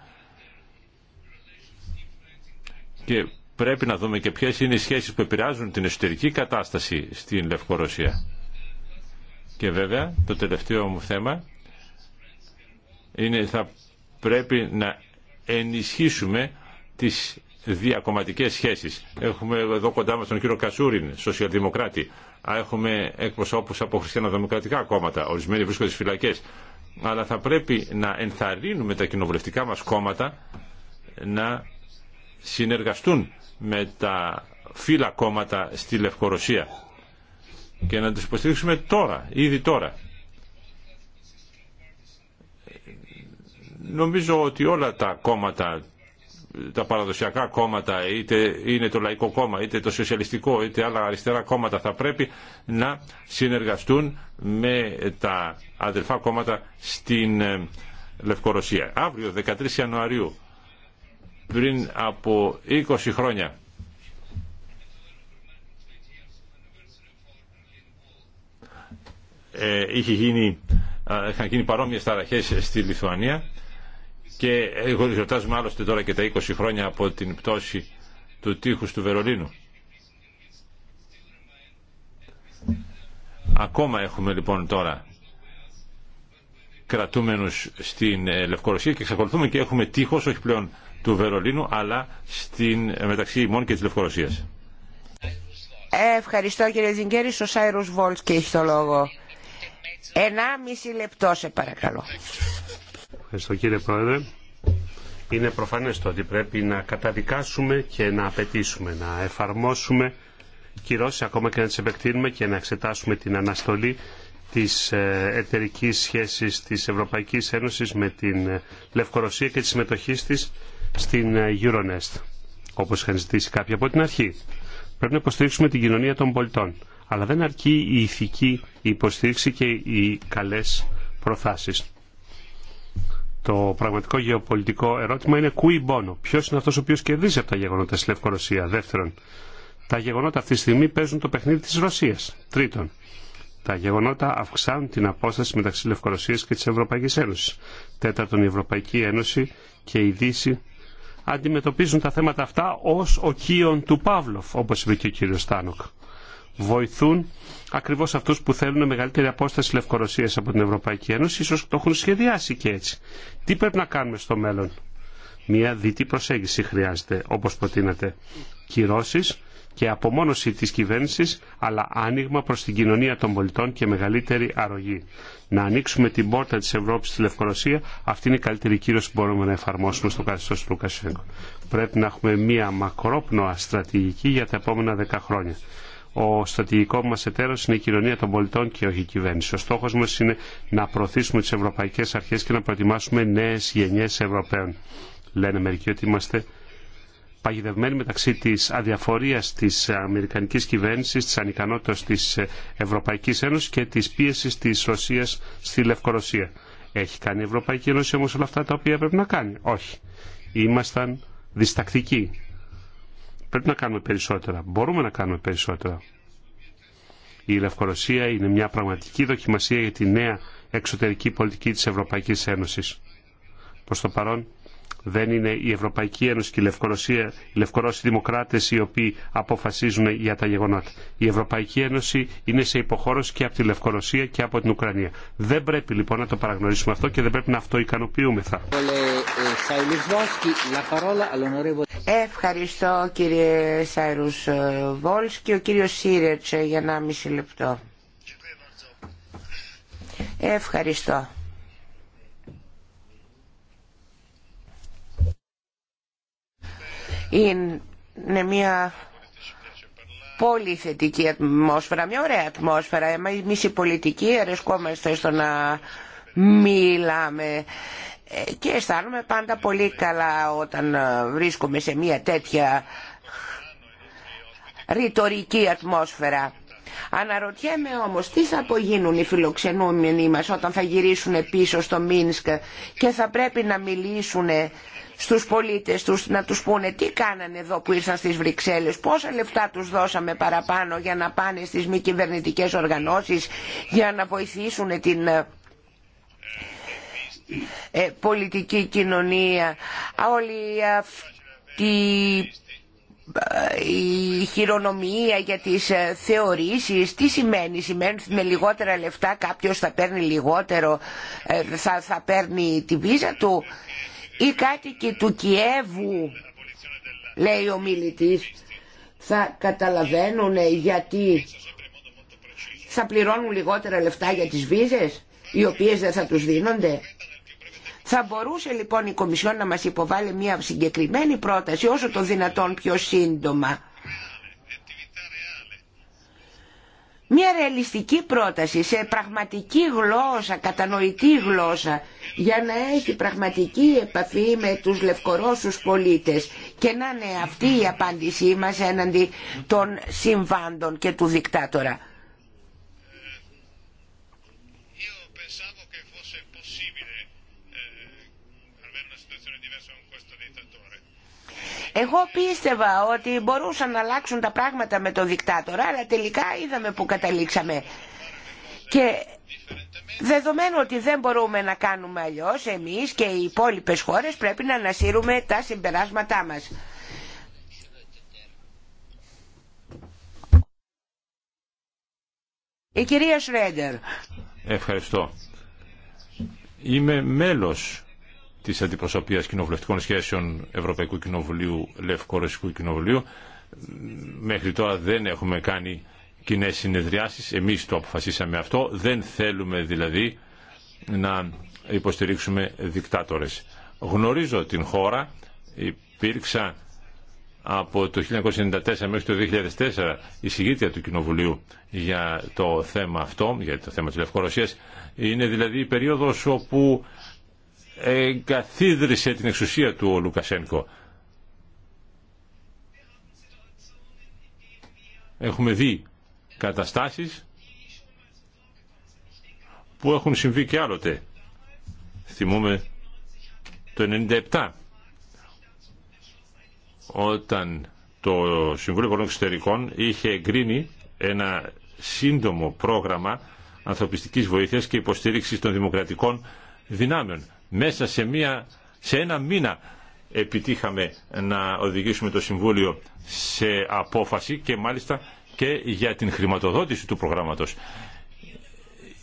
Και πρέπει να δούμε και ποιες είναι οι σχέσεις που επηρεάζουν την εσωτερική κατάσταση στην Λευκορωσία. Και βέβαια το τελευταίο μου θέμα είναι θα πρέπει να ενισχύσουμε τις διακομματικές σχέσεις. Έχουμε εδώ κοντά μας τον κύριο Κασούριν, σοσιαλδημοκράτη, έχουμε εκπροσώπους από χριστιανοδημοκρατικά κόμματα, ορισμένοι βρίσκονται στις φυλακές, αλλά θα πρέπει να ενθαρρύνουμε τα κοινοβουλευτικά μας κόμματα να συνεργαστούν με τα φύλλα κόμματα στη Λευκορωσία και να τους υποστηρίξουμε τώρα, ήδη τώρα. Νομίζω ότι όλα τα κόμματα τα παραδοσιακά κόμματα, είτε είναι το Λαϊκό Κόμμα, είτε το Σοσιαλιστικό, είτε άλλα αριστερά κόμματα, θα πρέπει να συνεργαστούν με τα αδελφά κόμματα στην ε, Λευκορωσία. Αύριο, 13 Ιανουαρίου, πριν από 20 χρόνια, ε, είχε γίνει, ε, είχαν γίνει παρόμοιες ταραχές στη Λιθουανία και εγώ γιορτάζουμε άλλωστε τώρα και τα 20 χρόνια από την πτώση του τείχους του Βερολίνου. Ακόμα έχουμε λοιπόν τώρα κρατούμενους στην ε, Λευκορωσία και εξακολουθούμε και έχουμε τείχος όχι πλέον του Βερολίνου αλλά στην, ε, μεταξύ ημών και της Λευκορωσίας. Ευχαριστώ κύριε Ζιγκέρης. Ο Σάιρος Βόλτς και έχει το λόγο. Ενάμιση λεπτό σε παρακαλώ. Ευχαριστώ κύριε Πρόεδρε. Είναι προφανές το ότι πρέπει να καταδικάσουμε και να απαιτήσουμε, να εφαρμόσουμε κυρώσεις, ακόμα και να τις επεκτείνουμε και να εξετάσουμε την αναστολή της ε, εταιρικής σχέσης της Ευρωπαϊκής Ένωσης με την ε, Λευκορωσία και τη συμμετοχή της στην ε, Euronest, όπως είχαν ζητήσει κάποιοι από την αρχή. Πρέπει να υποστηρίξουμε την κοινωνία των πολιτών, αλλά δεν αρκεί η ηθική υποστήριξη και οι καλές προθάσεις το πραγματικό γεωπολιτικό ερώτημα είναι κούι bono. Ποιο είναι αυτό ο οποίο κερδίζει από τα γεγονότα στη Λευκορωσία. Δεύτερον, τα γεγονότα αυτή τη στιγμή παίζουν το παιχνίδι τη Ρωσία. Τρίτον, τα γεγονότα αυξάνουν την απόσταση μεταξύ Λευκορωσία και τη Ευρωπαϊκή Ένωση. Τέταρτον, η Ευρωπαϊκή Ένωση και η Δύση αντιμετωπίζουν τα θέματα αυτά ω ο του Παύλοφ, όπω είπε και ο κύριο Στάνοκ βοηθούν ακριβώ αυτού που θέλουν μεγαλύτερη απόσταση Λευκορωσία από την Ευρωπαϊκή Ένωση. σω το έχουν σχεδιάσει και έτσι. Τι πρέπει να κάνουμε στο μέλλον. Μία δίτη προσέγγιση χρειάζεται, όπω προτείνατε. Κυρώσει και απομόνωση τη κυβέρνηση, αλλά άνοιγμα προ την κοινωνία των πολιτών και μεγαλύτερη αρρωγή. Να ανοίξουμε την πόρτα τη Ευρώπη στη Λευκορωσία, αυτή είναι η καλύτερη κύρωση που μπορούμε να εφαρμόσουμε στο καθεστώ του Λουκασέγκο. Πρέπει να έχουμε μία μακρόπνοα στρατηγική για τα επόμενα δέκα χρόνια ο στρατηγικό μα εταίρο είναι η κοινωνία των πολιτών και όχι η κυβέρνηση. Ο στόχο μα είναι να προωθήσουμε τι ευρωπαϊκέ αρχέ και να προετοιμάσουμε νέε γενιέ Ευρωπαίων. Λένε μερικοί ότι είμαστε παγιδευμένοι μεταξύ τη αδιαφορία τη Αμερικανική κυβέρνηση, τη ανικανότητα τη Ευρωπαϊκή Ένωση και τη πίεση τη Ρωσία στη Λευκορωσία. Έχει κάνει η Ευρωπαϊκή Ένωση όμω όλα αυτά τα οποία έπρεπε να κάνει. Όχι. Ήμασταν διστακτικοί Πρέπει να κάνουμε περισσότερα. Μπορούμε να κάνουμε περισσότερα. Η Λευκορωσία είναι μια πραγματική δοκιμασία για τη νέα εξωτερική πολιτική της Ευρωπαϊκής Ένωσης. Προς το παρόν δεν είναι η Ευρωπαϊκή Ένωση και η Λευκορωσία, οι Λευκορώσοι δημοκράτες οι οποίοι αποφασίζουν για τα γεγονότα. Η Ευρωπαϊκή Ένωση είναι σε υποχώρωση και από τη Λευκορωσία και από την Ουκρανία. Δεν πρέπει λοιπόν να το παραγνωρίσουμε αυτό και δεν πρέπει να αυτό ικανοποιούμεθα. Ευχαριστώ κύριε Σάιρους Βόλς και ο κύριος Σίρετς για μισή λεπτό. Ευχαριστώ. Είναι μια πολύ θετική ατμόσφαιρα, μια ωραία ατμόσφαιρα. Εμεί οι πολιτικοί αρεσκόμαστε στο να μιλάμε και αισθάνομαι πάντα πολύ καλά όταν βρίσκομαι σε μια τέτοια ρητορική ατμόσφαιρα. Αναρωτιέμαι όμως τι θα απογίνουν οι φιλοξενούμενοι μας όταν θα γυρίσουν πίσω στο Μίνσκ και θα πρέπει να μιλήσουν στους πολίτες τους να τους πούνε τι κάνανε εδώ που ήρθαν στις Βρυξέλλες, πόσα λεφτά τους δώσαμε παραπάνω για να πάνε στις μη κυβερνητικέ οργανώσεις, για να βοηθήσουν την ε, ε, πολιτική κοινωνία. Όλη αυτή ε, η χειρονομία για τις θεωρήσεις τι σημαίνει, σημαίνει ότι με λιγότερα λεφτά κάποιος θα παίρνει λιγότερο θα, θα παίρνει τη βίζα του οι κάτοικοι του Κιέβου, λέει ο μιλητής, θα καταλαβαίνουν γιατί θα πληρώνουν λιγότερα λεφτά για τις βίζες, οι οποίες δεν θα τους δίνονται. Θα μπορούσε λοιπόν η Κομισιόν να μας υποβάλει μια συγκεκριμένη πρόταση όσο το δυνατόν πιο σύντομα. Μια ρεαλιστική πρόταση σε πραγματική γλώσσα, κατανοητή γλώσσα για να έχει πραγματική επαφή με τους λευκορώσους πολίτες και να είναι αυτή η απάντησή μας έναντι των συμβάντων και του δικτάτορα. Εγώ πίστευα ότι μπορούσαν να αλλάξουν τα πράγματα με τον δικτάτορα, αλλά τελικά είδαμε που καταλήξαμε. Και Δεδομένου ότι δεν μπορούμε να κάνουμε αλλιώς, εμείς και οι υπόλοιπες χώρες πρέπει να ανασύρουμε τα συμπεράσματά μας. Η κυρία Σρέντερ. Ευχαριστώ. Είμαι μέλος της Αντιπροσωπείας Κοινοβουλευτικών Σχέσεων Ευρωπαϊκού Κοινοβουλίου Λευκορωσικού Κοινοβουλίου. Μέχρι τώρα δεν έχουμε κάνει κοινέ συνεδριάσεις. Εμείς το αποφασίσαμε αυτό. Δεν θέλουμε δηλαδή να υποστηρίξουμε δικτάτορες. Γνωρίζω την χώρα. Υπήρξα από το 1994 μέχρι το 2004 η συγκίτρια του Κοινοβουλίου για το θέμα αυτό, για το θέμα της Λευκορωσίας. Είναι δηλαδή η περίοδος όπου εγκαθίδρυσε την εξουσία του ο Λουκασένκο. Έχουμε δει καταστάσεις που έχουν συμβεί και άλλοτε. Θυμούμε το 1997 όταν το Συμβούλιο Πολιτικών Εξωτερικών είχε εγκρίνει ένα σύντομο πρόγραμμα ανθρωπιστικής βοήθειας και υποστήριξης των δημοκρατικών δυνάμεων. Μέσα σε, μία, σε ένα μήνα επιτύχαμε να οδηγήσουμε το Συμβούλιο σε απόφαση και μάλιστα και για την χρηματοδότηση του προγράμματο.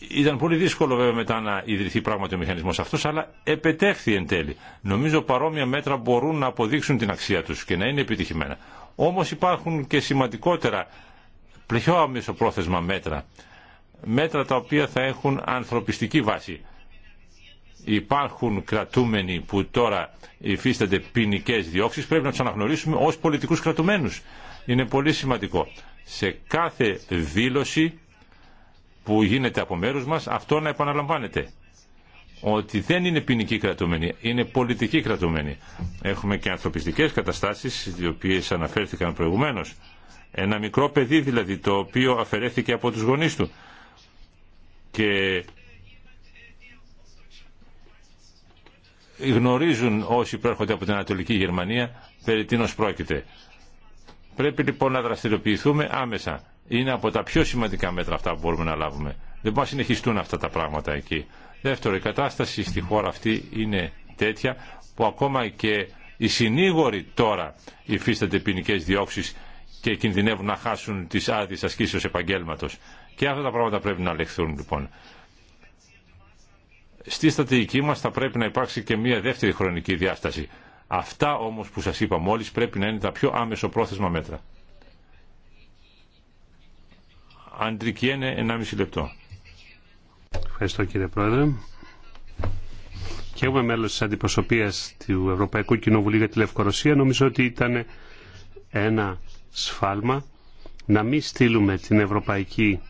Ήταν πολύ δύσκολο βέβαια μετά να ιδρυθεί πράγματι ο μηχανισμό αυτό, αλλά επετεύχθη εν τέλει. Νομίζω παρόμοια μέτρα μπορούν να αποδείξουν την αξία του και να είναι επιτυχημένα. Όμω υπάρχουν και σημαντικότερα, πλεχιό πρόθεσμα μέτρα. Μέτρα τα οποία θα έχουν ανθρωπιστική βάση. Υπάρχουν κρατούμενοι που τώρα υφίστανται ποινικέ διώξει. πρέπει να του αναγνωρίσουμε ω πολιτικού κρατουμένου. Είναι πολύ σημαντικό σε κάθε δήλωση που γίνεται από μέρους μας αυτό να επαναλαμβάνεται ότι δεν είναι ποινική κρατούμενη, είναι πολιτική κρατούμενη. Έχουμε και ανθρωπιστικές καταστάσεις, οι οποίες αναφέρθηκαν προηγουμένως. Ένα μικρό παιδί δηλαδή, το οποίο αφαιρέθηκε από τους γονείς του. Και γνωρίζουν όσοι προέρχονται από την Ανατολική Γερμανία περί τίνος πρόκειται. Πρέπει λοιπόν να δραστηριοποιηθούμε άμεσα. Είναι από τα πιο σημαντικά μέτρα αυτά που μπορούμε να λάβουμε. Δεν μπορούν να συνεχιστούν αυτά τα πράγματα εκεί. Δεύτερο, η κατάσταση στη χώρα αυτή είναι τέτοια που ακόμα και οι συνήγοροι τώρα υφίστανται ποινικέ διώξει και κινδυνεύουν να χάσουν τι άδειε ασκήσεω επαγγέλματο. Και αυτά τα πράγματα πρέπει να λεχθούν λοιπόν. Στη στρατηγική μα θα πρέπει να υπάρξει και μια δεύτερη χρονική διάσταση. Αυτά όμως που σας είπα μόλις πρέπει να είναι τα πιο άμεσο πρόθεσμα μέτρα. Αντρικιένε 1,5 λεπτό. Ευχαριστώ κύριε Πρόεδρε. Και εγώ είμαι μέλος της αντιπροσωπείας του Ευρωπαϊκού Κοινοβουλίου για τη Λευκορωσία. Νομίζω ότι ήταν ένα σφάλμα να μην στείλουμε την Ευρωπαϊκή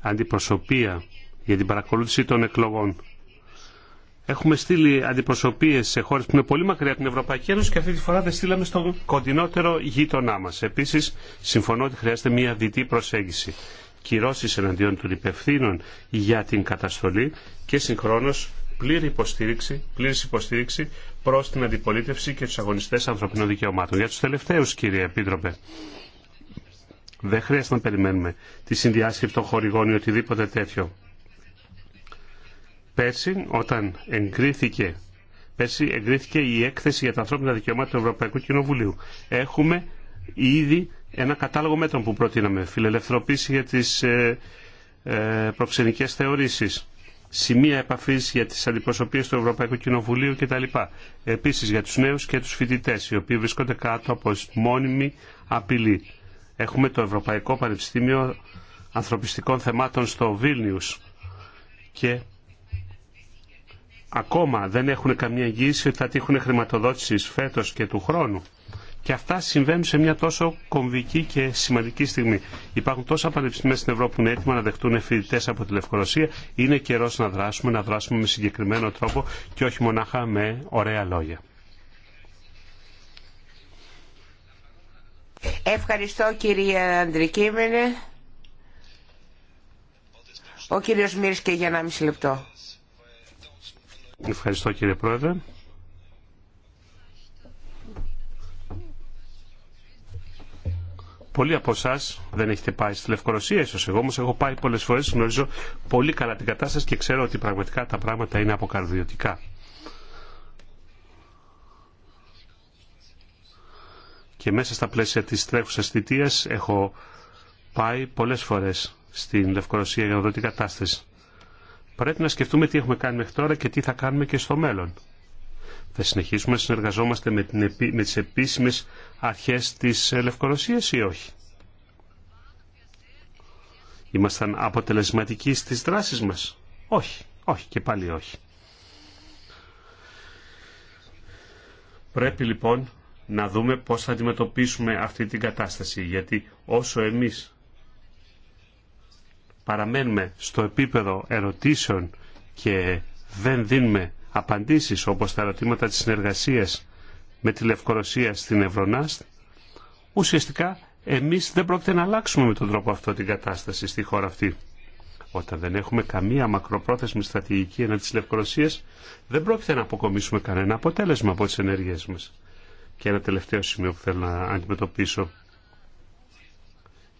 Αντιπροσωπεία για την παρακολούθηση των εκλογών Έχουμε στείλει αντιπροσωπείε σε χώρε που είναι πολύ μακριά από την Ευρωπαϊκή Ένωση και αυτή τη φορά δεν στείλαμε στον κοντινότερο γείτονά μα. Επίση, συμφωνώ ότι χρειάζεται μια διτή προσέγγιση. Κυρώσει εναντίον των υπευθύνων για την καταστολή και συγχρόνω πλήρη υποστήριξη, πλήρης υποστήριξη προ την αντιπολίτευση και του αγωνιστέ ανθρωπίνων δικαιωμάτων. Για του τελευταίου, κύριε Επίτροπε, δεν χρειάζεται να περιμένουμε τη συνδιάσκεψη των χορηγών ή οτιδήποτε τέτοιο. Πέρσι, όταν εγκρίθηκε, πέρσι εγκρίθηκε η έκθεση για τα ανθρώπινα δικαιώματα του Ευρωπαϊκού Κοινοβουλίου. Έχουμε ήδη ένα κατάλογο μέτρων που προτείναμε. Φιλελευθερωποίηση για τις ε, ε, προξενικές θεωρήσεις. Σημεία επαφής για τις αντιπροσωπείες του Ευρωπαϊκού Κοινοβουλίου κτλ. Επίσης για τους νέους και τους φοιτητές, οι οποίοι βρίσκονται κάτω από μόνιμη απειλή. Έχουμε το Ευρωπαϊκό Πανεπιστήμιο Ανθρωπιστικών Θεμάτων στο Βίλνιους και ακόμα δεν έχουν καμία εγγύηση ότι θα τύχουν χρηματοδότηση φέτος και του χρόνου. Και αυτά συμβαίνουν σε μια τόσο κομβική και σημαντική στιγμή. Υπάρχουν τόσα πανεπιστήμια στην Ευρώπη που είναι έτοιμα να δεχτούν φοιτητέ από τη Λευκορωσία. Είναι καιρό να δράσουμε, να δράσουμε με συγκεκριμένο τρόπο και όχι μονάχα με ωραία λόγια. Ευχαριστώ κύριε Ο κύριος Μύρης και για μισή λεπτό. Ευχαριστώ κύριε Πρόεδρε. Πολλοί από εσά δεν έχετε πάει στη Λευκορωσία, ίσω εγώ όμω έχω πάει πολλέ φορέ, γνωρίζω πολύ καλά την κατάσταση και ξέρω ότι πραγματικά τα πράγματα είναι αποκαρδιωτικά. Και μέσα στα πλαίσια της τρέχουσας θητείας έχω πάει πολλές φορές στην Λευκορωσία για να δω την κατάσταση. Πρέπει να σκεφτούμε τι έχουμε κάνει μέχρι τώρα και τι θα κάνουμε και στο μέλλον. Θα συνεχίσουμε να συνεργαζόμαστε με, την, με τις επίσημες αρχές της Λευκορωσίας ή όχι. Ήμασταν αποτελεσματικοί στις δράσεις μας. Όχι, όχι και πάλι όχι. Πρέπει λοιπόν να δούμε πώς θα αντιμετωπίσουμε αυτή την κατάσταση, γιατί όσο εμείς παραμένουμε στο επίπεδο ερωτήσεων και δεν δίνουμε απαντήσεις όπως τα ερωτήματα της συνεργασίας με τη Λευκορωσία στην Ευρωνάστ, ουσιαστικά εμείς δεν πρόκειται να αλλάξουμε με τον τρόπο αυτό την κατάσταση στη χώρα αυτή. Όταν δεν έχουμε καμία μακροπρόθεσμη στρατηγική ένα της Λευκορωσίας, δεν πρόκειται να αποκομίσουμε κανένα αποτέλεσμα από τις ενέργειές μας. Και ένα τελευταίο σημείο που θέλω να αντιμετωπίσω.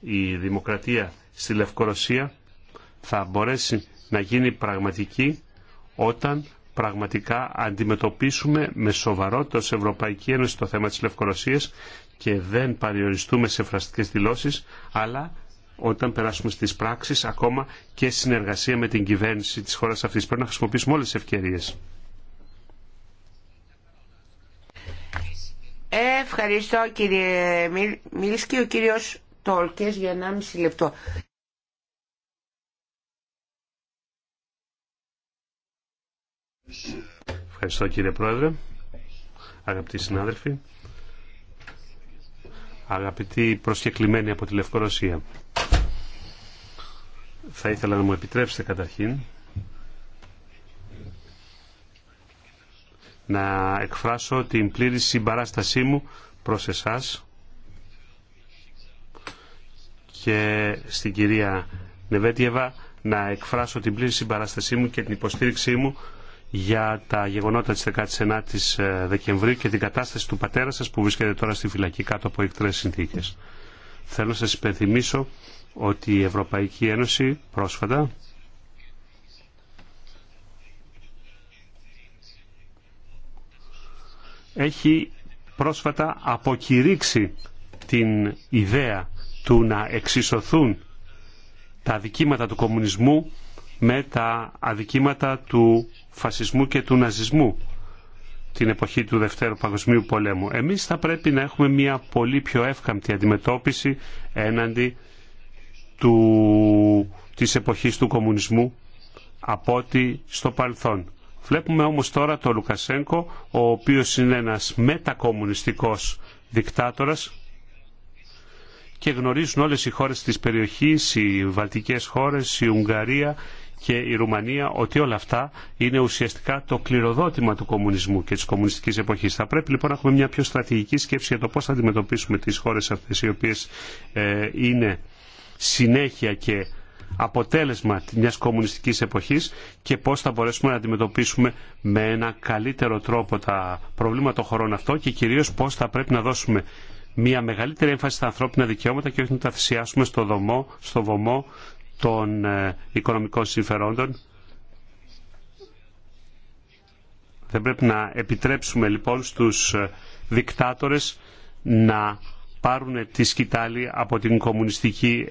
Η δημοκρατία στη Λευκορωσία θα μπορέσει να γίνει πραγματική όταν πραγματικά αντιμετωπίσουμε με σοβαρότητα ως Ευρωπαϊκή Ένωση το θέμα της Λευκορωσίας και δεν παριοριστούμε σε φραστικές δηλώσεις, αλλά όταν περάσουμε στις πράξεις, ακόμα και συνεργασία με την κυβέρνηση της χώρας αυτής. Πρέπει να χρησιμοποιήσουμε όλες τις ευκαιρίες. Ευχαριστώ κύριε Μίλσκι. Ο κύριος Τόλκες για 1,5 λεπτό. Ευχαριστώ κύριε Πρόεδρε, αγαπητοί συνάδελφοι, αγαπητοί προσκεκλημένοι από τη Λευκορωσία. Θα ήθελα να μου επιτρέψετε καταρχήν να εκφράσω την πλήρη συμπαράστασή μου προς εσάς και στην κυρία Νεβέτιεβα να εκφράσω την πλήρη συμπαράστασή μου και την υποστήριξή μου για τα γεγονότα της 19ης ε, Δεκεμβρίου και την κατάσταση του πατέρα σας που βρίσκεται τώρα στη φυλακή κάτω από εκτρές συνθήκες. Θέλω να σας υπενθυμίσω ότι η Ευρωπαϊκή Ένωση πρόσφατα έχει πρόσφατα αποκηρύξει την ιδέα του να εξισωθούν τα αδικήματα του κομμουνισμού με τα αδικήματα του φασισμού και του ναζισμού την εποχή του Δευτέρου Παγκοσμίου Πολέμου. Εμείς θα πρέπει να έχουμε μια πολύ πιο εύκαμπτη αντιμετώπιση έναντι του, της εποχής του κομμουνισμού από ό,τι στο παρελθόν. Βλέπουμε όμως τώρα τον Λουκασένκο, ο οποίος είναι ένας μετακομμουνιστικός δικτάτορας, και γνωρίζουν όλες οι χώρες της περιοχής, οι βαλτικές χώρες, η Ουγγαρία και η Ρουμανία ότι όλα αυτά είναι ουσιαστικά το κληροδότημα του κομμουνισμού και της κομμουνιστικής εποχής. Θα πρέπει λοιπόν να έχουμε μια πιο στρατηγική σκέψη για το πώς θα αντιμετωπίσουμε τις χώρες αυτές οι οποίες ε, είναι συνέχεια και αποτέλεσμα μιας κομμουνιστικής εποχής και πώς θα μπορέσουμε να αντιμετωπίσουμε με ένα καλύτερο τρόπο τα προβλήματα των χωρών αυτό και κυρίως πώς θα πρέπει να δώσουμε μια μεγαλύτερη έμφαση στα ανθρώπινα δικαιώματα και όχι να τα θυσιάσουμε στο, δωμό, στο βωμό των ε, οικονομικών συμφερόντων. Δεν πρέπει να επιτρέψουμε λοιπόν στους ε, δικτάτορες να πάρουν τη σκητάλη από την κομμουνιστική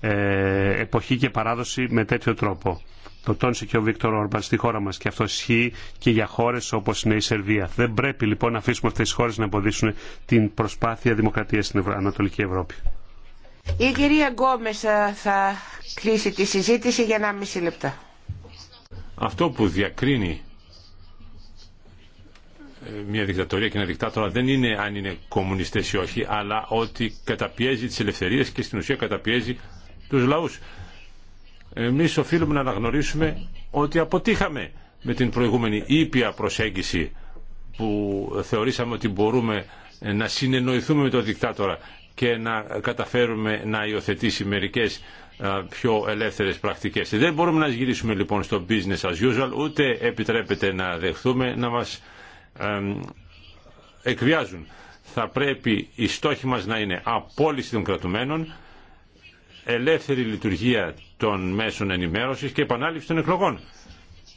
ε, εποχή και παράδοση με τέτοιο τρόπο. Το τόνισε και ο Βίκτορ Ορμπαν στη χώρα μα και αυτό ισχύει και για χώρε όπω είναι η Σερβία. Δεν πρέπει λοιπόν να αφήσουμε αυτέ τι χώρε να εμποδίσουν την προσπάθεια δημοκρατία στην Ανατολική Ευρώπη. Η κυρία Γκόμε ε, θα κλείσει τη συζήτηση για ένα μισή λεπτά. Αυτό που διακρίνει ε, μια δικτατορία και ένα δικτάτορα δεν είναι αν είναι κομμουνιστές ή όχι, αλλά ότι καταπιέζει τις ελευθερίες και στην ουσία καταπιέζει τους λαούς. Εμείς οφείλουμε να αναγνωρίσουμε ότι αποτύχαμε με την προηγούμενη ήπια προσέγγιση που θεωρήσαμε ότι μπορούμε να συνεννοηθούμε με τον δικτάτορα και να καταφέρουμε να υιοθετήσει μερικές πιο ελεύθερες πρακτικές. Δεν μπορούμε να γυρίσουμε λοιπόν στο business as usual, ούτε επιτρέπεται να δεχθούμε να μας εκβιάζουν. Θα πρέπει οι στόχοι μας να είναι απόλυση των κρατουμένων, ελεύθερη λειτουργία των μέσων ενημέρωσης και επανάληψη των εκλογών.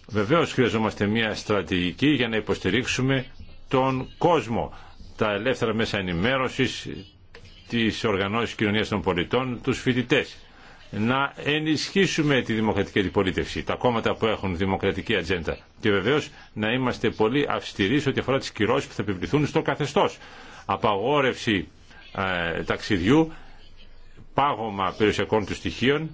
Βεβαίως χρειαζόμαστε μια στρατηγική για να υποστηρίξουμε τον κόσμο, τα ελεύθερα μέσα ενημέρωσης, τις οργανώσεις κοινωνίας των πολιτών, τους φοιτητές. Να ενισχύσουμε τη δημοκρατική αντιπολίτευση, τα κόμματα που έχουν δημοκρατική ατζέντα και βεβαίως να είμαστε πολύ αυστηροί σε ό,τι αφορά τις κυρώσεις που θα επιβληθούν στο καθεστώς. Απαγόρευση ε, ταξιδιού, πάγωμα περιουσιακών του στοιχείων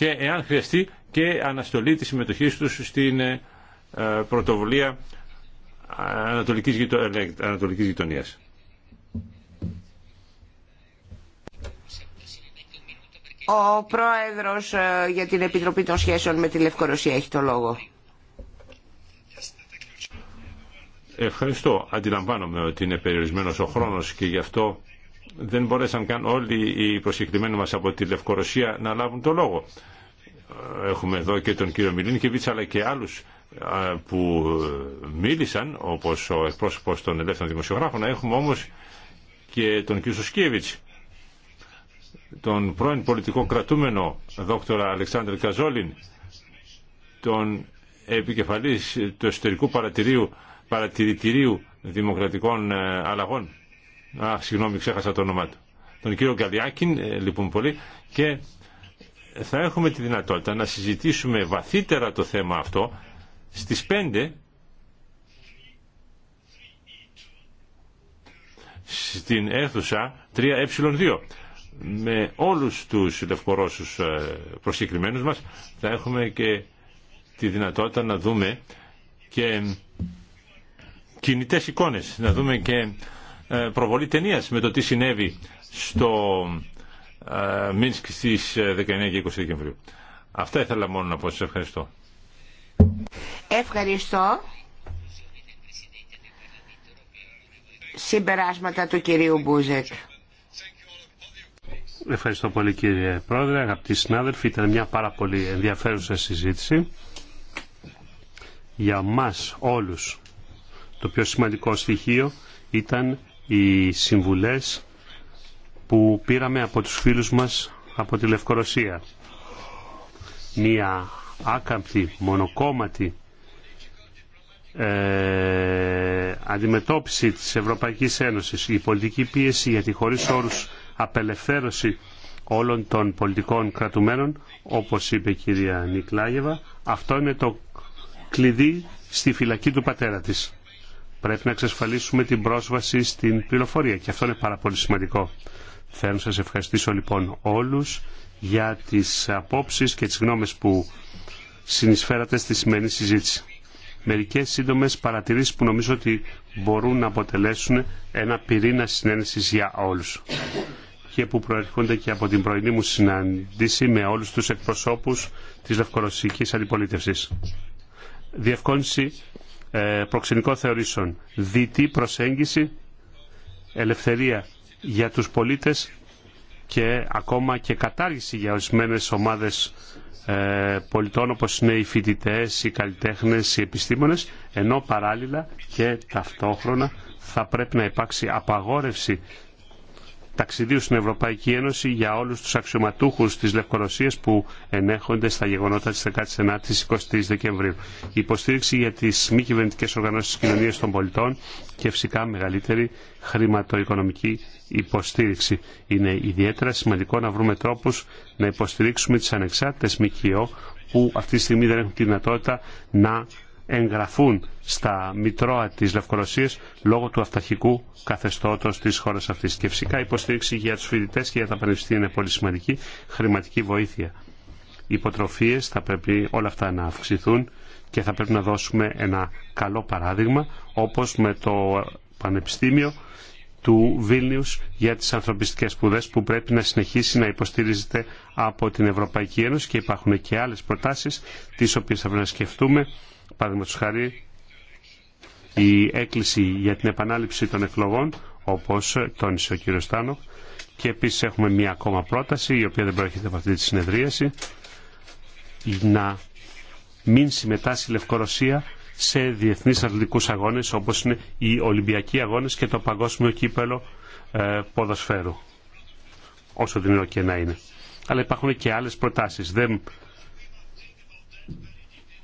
και εάν χρειαστεί και αναστολή της συμμετοχής τους στην ε, ε, πρωτοβουλία ε, Ανατολικής, γειτο... Ανατολικής Γειτονίας. Ο Πρόεδρος για την Επιτροπή των Σχέσεων με τη Λευκορωσία έχει το λόγο. Ευχαριστώ. Αντιλαμβάνομαι ότι είναι περιορισμένος ο χρόνος και γι' αυτό δεν μπορέσαν καν όλοι οι προσκεκλημένοι μας από τη Λευκορωσία να λάβουν το λόγο έχουμε εδώ και τον κύριο Μιλίνκεβιτς αλλά και άλλους που μίλησαν όπως ο εκπρόσωπος των ελεύθερων δημοσιογράφων έχουμε όμως και τον κύριο Σουσκίεβιτς τον πρώην πολιτικό κρατούμενο δόκτωρα Αλεξάνδρ Καζόλιν τον επικεφαλής του εσωτερικού παρατηρίου, παρατηρητηρίου δημοκρατικών ε, αλλαγών αχ, συγγνώμη ξέχασα το όνομά του τον κύριο Γκαλιάκιν, λοιπόν πολύ και θα έχουμε τη δυνατότητα να συζητήσουμε βαθύτερα το θέμα αυτό στις 5 στην αίθουσα 3Ε2 με όλους τους λευκορώσους ε, προσκεκριμένους μας θα έχουμε και τη δυνατότητα να δούμε και κινητές εικόνες, να δούμε και ε, προβολή ταινίας με το τι συνέβη στο Μίνσκ στι 19 ε, και 20 Δεκεμβρίου. Αυτά ήθελα μόνο να πω. Σας ευχαριστώ. Ευχαριστώ. Συμπεράσματα του κυρίου Μπούζεκ. Ευχαριστώ πολύ κύριε Πρόεδρε, αγαπητοί συνάδελφοι. Ήταν μια πάρα πολύ ενδιαφέρουσα συζήτηση. Για μας όλους το πιο σημαντικό στοιχείο ήταν οι συμβουλές που πήραμε από τους φίλους μας από τη Λευκορωσία. Μία άκαμπτη, μονοκόμματη ε, αντιμετώπιση της Ευρωπαϊκής Ένωσης, η πολιτική πίεση για τη χωρίς όρους απελευθέρωση όλων των πολιτικών κρατουμένων, όπως είπε η κυρία Νικλάγεβα, αυτό είναι το κλειδί στη φυλακή του πατέρα της. Πρέπει να εξασφαλίσουμε την πρόσβαση στην πληροφορία και αυτό είναι πάρα πολύ σημαντικό. Θέλω να σας ευχαριστήσω λοιπόν όλους για τις απόψεις και τις γνώμες που συνεισφέρατε στη σημερινή συζήτηση. Μερικές σύντομες παρατηρήσεις που νομίζω ότι μπορούν να αποτελέσουν ένα πυρήνα συνένεσης για όλους και που προερχόνται και από την πρωινή μου συναντήση με όλους τους εκπροσώπους της λευκορωσικής αντιπολίτευσης. Διευκόνηση ε, προξενικών θεωρήσεων, διτή προσέγγιση, ελευθερία για τους πολίτες και ακόμα και κατάργηση για ορισμένε ομάδες ε, πολιτών όπως είναι οι φοιτητέ, οι καλλιτέχνες, οι επιστήμονες ενώ παράλληλα και ταυτόχρονα θα πρέπει να υπάρξει απαγόρευση ταξιδίου στην Ευρωπαϊκή Ένωση για όλους τους αξιωματούχου της Λευκορωσία που ενέχονται στα γεγονότα της 19 η 20 η Δεκεμβρίου. Η υποστήριξη για τις μη κυβερνητικέ οργανώσεις τη κοινωνίας των πολιτών και φυσικά μεγαλύτερη χρηματοοικονομική υποστήριξη. Είναι ιδιαίτερα σημαντικό να βρούμε τρόπου, να υποστηρίξουμε τι ανεξάρτητες ΜΚΟ που αυτή τη στιγμή δεν έχουν τη δυνατότητα να εγγραφούν στα μητρώα της Λευκορωσίας λόγω του αυταρχικού καθεστώτος της χώρας αυτής. Και φυσικά η υποστήριξη για τους φοιτητές και για τα πανεπιστήμια είναι πολύ σημαντική, χρηματική βοήθεια. Οι υποτροφίες θα πρέπει όλα αυτά να αυξηθούν και θα πρέπει να δώσουμε ένα καλό παράδειγμα όπως με το Πανεπιστήμιο του Βίλνιους για τις ανθρωπιστικές σπουδές που πρέπει να συνεχίσει να υποστηρίζεται από την Ευρωπαϊκή Ένωση και υπάρχουν και άλλε προτάσει τι οποίε θα πρέπει να σκεφτούμε Παραδείγματο χάρη, η έκκληση για την επανάληψη των εκλογών, όπω τόνισε ο κύριο Στάνο, και επίση έχουμε μία ακόμα πρόταση, η οποία δεν προέρχεται από αυτή τη συνεδρίαση, να μην συμμετάσχει η Λευκορωσία σε διεθνεί αθλητικού αγώνε, όπω είναι οι Ολυμπιακοί Αγώνε και το Παγκόσμιο Κύπελο ε, Ποδοσφαίρου. Όσο δυνατό και να είναι. Αλλά υπάρχουν και άλλε προτάσει. Δεν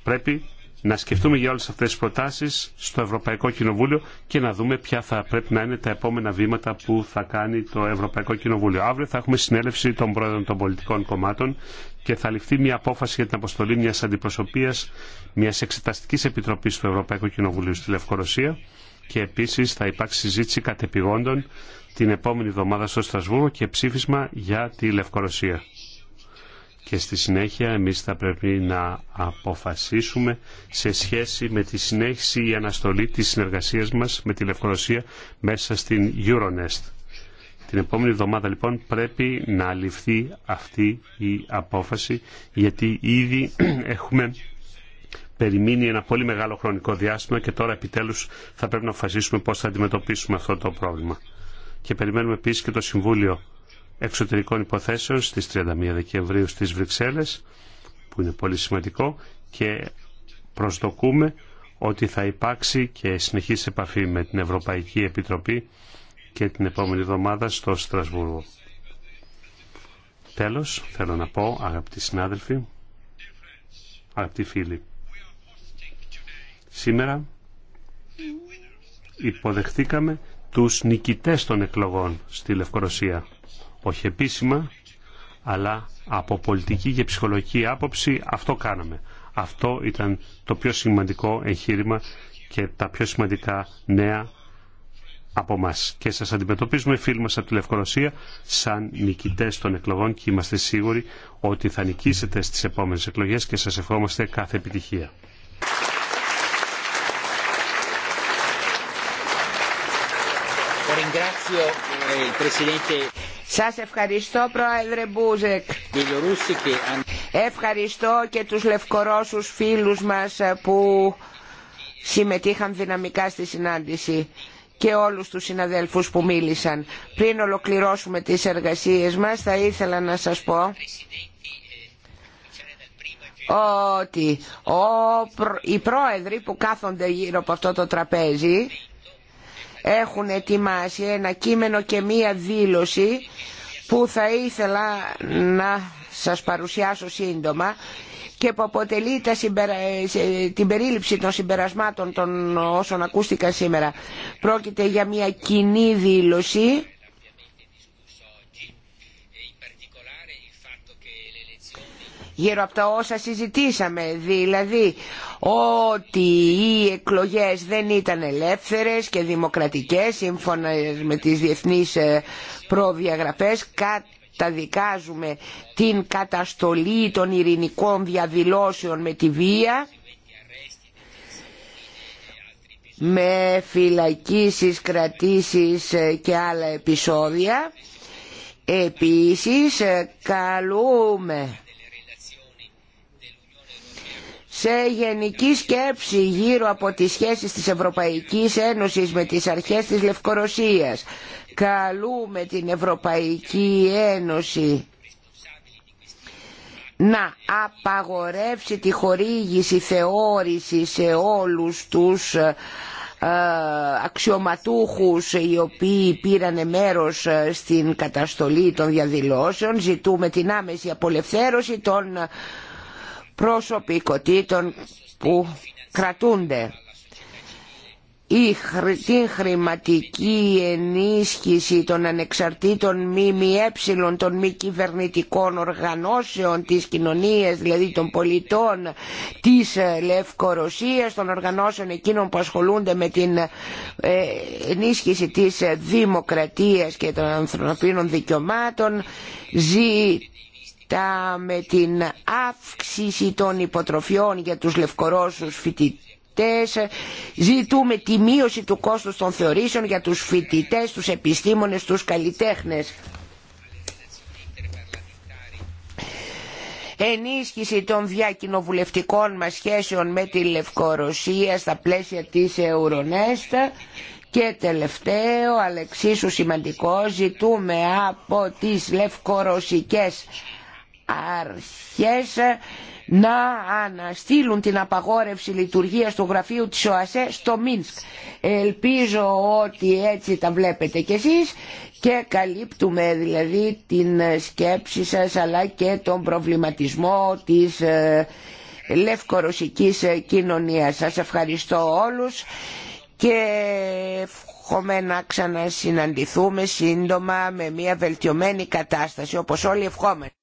πρέπει να σκεφτούμε για όλες αυτές τις προτάσεις στο Ευρωπαϊκό Κοινοβούλιο και να δούμε ποια θα πρέπει να είναι τα επόμενα βήματα που θα κάνει το Ευρωπαϊκό Κοινοβούλιο. Αύριο θα έχουμε συνέλευση των πρόεδρων των πολιτικών κομμάτων και θα ληφθεί μια απόφαση για την αποστολή μιας αντιπροσωπείας μιας εξεταστικής επιτροπής του Ευρωπαϊκού Κοινοβουλίου στη Λευκορωσία και επίσης θα υπάρξει συζήτηση κατεπηγόντων την επόμενη εβδομάδα στο Στρασβούργο και ψήφισμα για τη Λευκορωσία και στη συνέχεια εμείς θα πρέπει να αποφασίσουμε σε σχέση με τη συνέχιση ή αναστολή της συνεργασίας μας με τη Λευκορωσία μέσα στην Euronest. Την επόμενη εβδομάδα λοιπόν πρέπει να ληφθεί αυτή η απόφαση γιατί ήδη [CLEARS THROAT] έχουμε περιμείνει ένα πολύ μεγάλο χρονικό διάστημα και τώρα επιτέλους θα πρέπει να αποφασίσουμε πώς θα αντιμετωπίσουμε αυτό το πρόβλημα. Και περιμένουμε επίσης και το Συμβούλιο Εξωτερικών Υποθέσεων στις 31 Δεκεμβρίου στις Βρυξέλλες, που είναι πολύ σημαντικό και προσδοκούμε ότι θα υπάρξει και συνεχής επαφή με την Ευρωπαϊκή Επιτροπή και την επόμενη εβδομάδα στο Στρασβούργο. Τέλος, θέλω να πω, αγαπητοί συνάδελφοι, αγαπητοί φίλοι, σήμερα υποδεχτήκαμε τους νικητές των εκλογών στη Λευκορωσία όχι επίσημα, αλλά από πολιτική και ψυχολογική άποψη αυτό κάναμε. Αυτό ήταν το πιο σημαντικό εγχείρημα και τα πιο σημαντικά νέα από εμά. Και σας αντιμετωπίζουμε, φίλοι μας από τη Λευκορωσία, σαν νικητές των εκλογών και είμαστε σίγουροι ότι θα νικήσετε στις επόμενες εκλογές και σας ευχόμαστε κάθε επιτυχία. Σας ευχαριστώ Πρόεδρε Μπούζεκ. Ευχαριστώ και τους λευκορώσους φίλους μας που συμμετείχαν δυναμικά στη συνάντηση και όλους τους συναδέλφους που μίλησαν. Πριν ολοκληρώσουμε τις εργασίες μας θα ήθελα να σας πω ότι οι πρόεδροι που κάθονται γύρω από αυτό το τραπέζι έχουν ετοιμάσει ένα κείμενο και μία δήλωση που θα ήθελα να σας παρουσιάσω σύντομα και που αποτελεί τα την περίληψη των συμπερασμάτων των όσων ακούστηκαν σήμερα. Πρόκειται για μια κοινή δήλωση γύρω από τα όσα συζητήσαμε, δηλαδή ότι οι εκλογές δεν ήταν ελεύθερες και δημοκρατικές σύμφωνα με τις διεθνείς ε, προδιαγραφές καταδικάζουμε την καταστολή των ειρηνικών διαδηλώσεων με τη βία με φυλακίσεις, κρατήσεις ε, και άλλα επεισόδια Επίσης ε, καλούμε σε γενική σκέψη γύρω από τις σχέσεις της Ευρωπαϊκής Ένωσης με τις αρχές της Λευκορωσίας. Καλούμε την Ευρωπαϊκή Ένωση να απαγορεύσει τη χορήγηση θεώρηση σε όλους τους ε, αξιωματούχους οι οποίοι πήραν μέρος ε, στην καταστολή των διαδηλώσεων. Ζητούμε την άμεση απολευθέρωση των προσωπικότητων που κρατούνται η χρηματική ενίσχυση των ανεξαρτήτων ΜΜΕ, των μη κυβερνητικών οργανώσεων, της κοινωνίας, δηλαδή των πολιτών της ε, Λευκορωσίας, των οργανώσεων εκείνων που ασχολούνται με την ε, ενίσχυση της ε, δημοκρατίας και των ανθρωπίνων δικαιωμάτων, ζητάμε την αύξηση των υποτροφιών για τους Λευκορώσους φοιτητές ε, ζητούμε τη μείωση του κόστου των θεωρήσεων για τους φοιτητές, τους επιστήμονες, τους καλλιτέχνες. ενίσχυση των διακοινοβουλευτικών μας σχέσεων με τη Λευκορωσία στα πλαίσια της Euronest και τελευταίο αλλά εξίσου σημαντικό ζητούμε από τις λευκορωσικές αρχές να αναστείλουν την απαγόρευση λειτουργίας του γραφείου της ΟΑΣΕ στο Μίνσκ. Ελπίζω ότι έτσι τα βλέπετε κι εσείς και καλύπτουμε δηλαδή την σκέψη σας αλλά και τον προβληματισμό της ε, λευκορωσικής ε, κοινωνίας. Σας ευχαριστώ όλους και εύχομαι να ξανασυναντηθούμε σύντομα με μια βελτιωμένη κατάσταση όπως όλοι ευχόμαστε.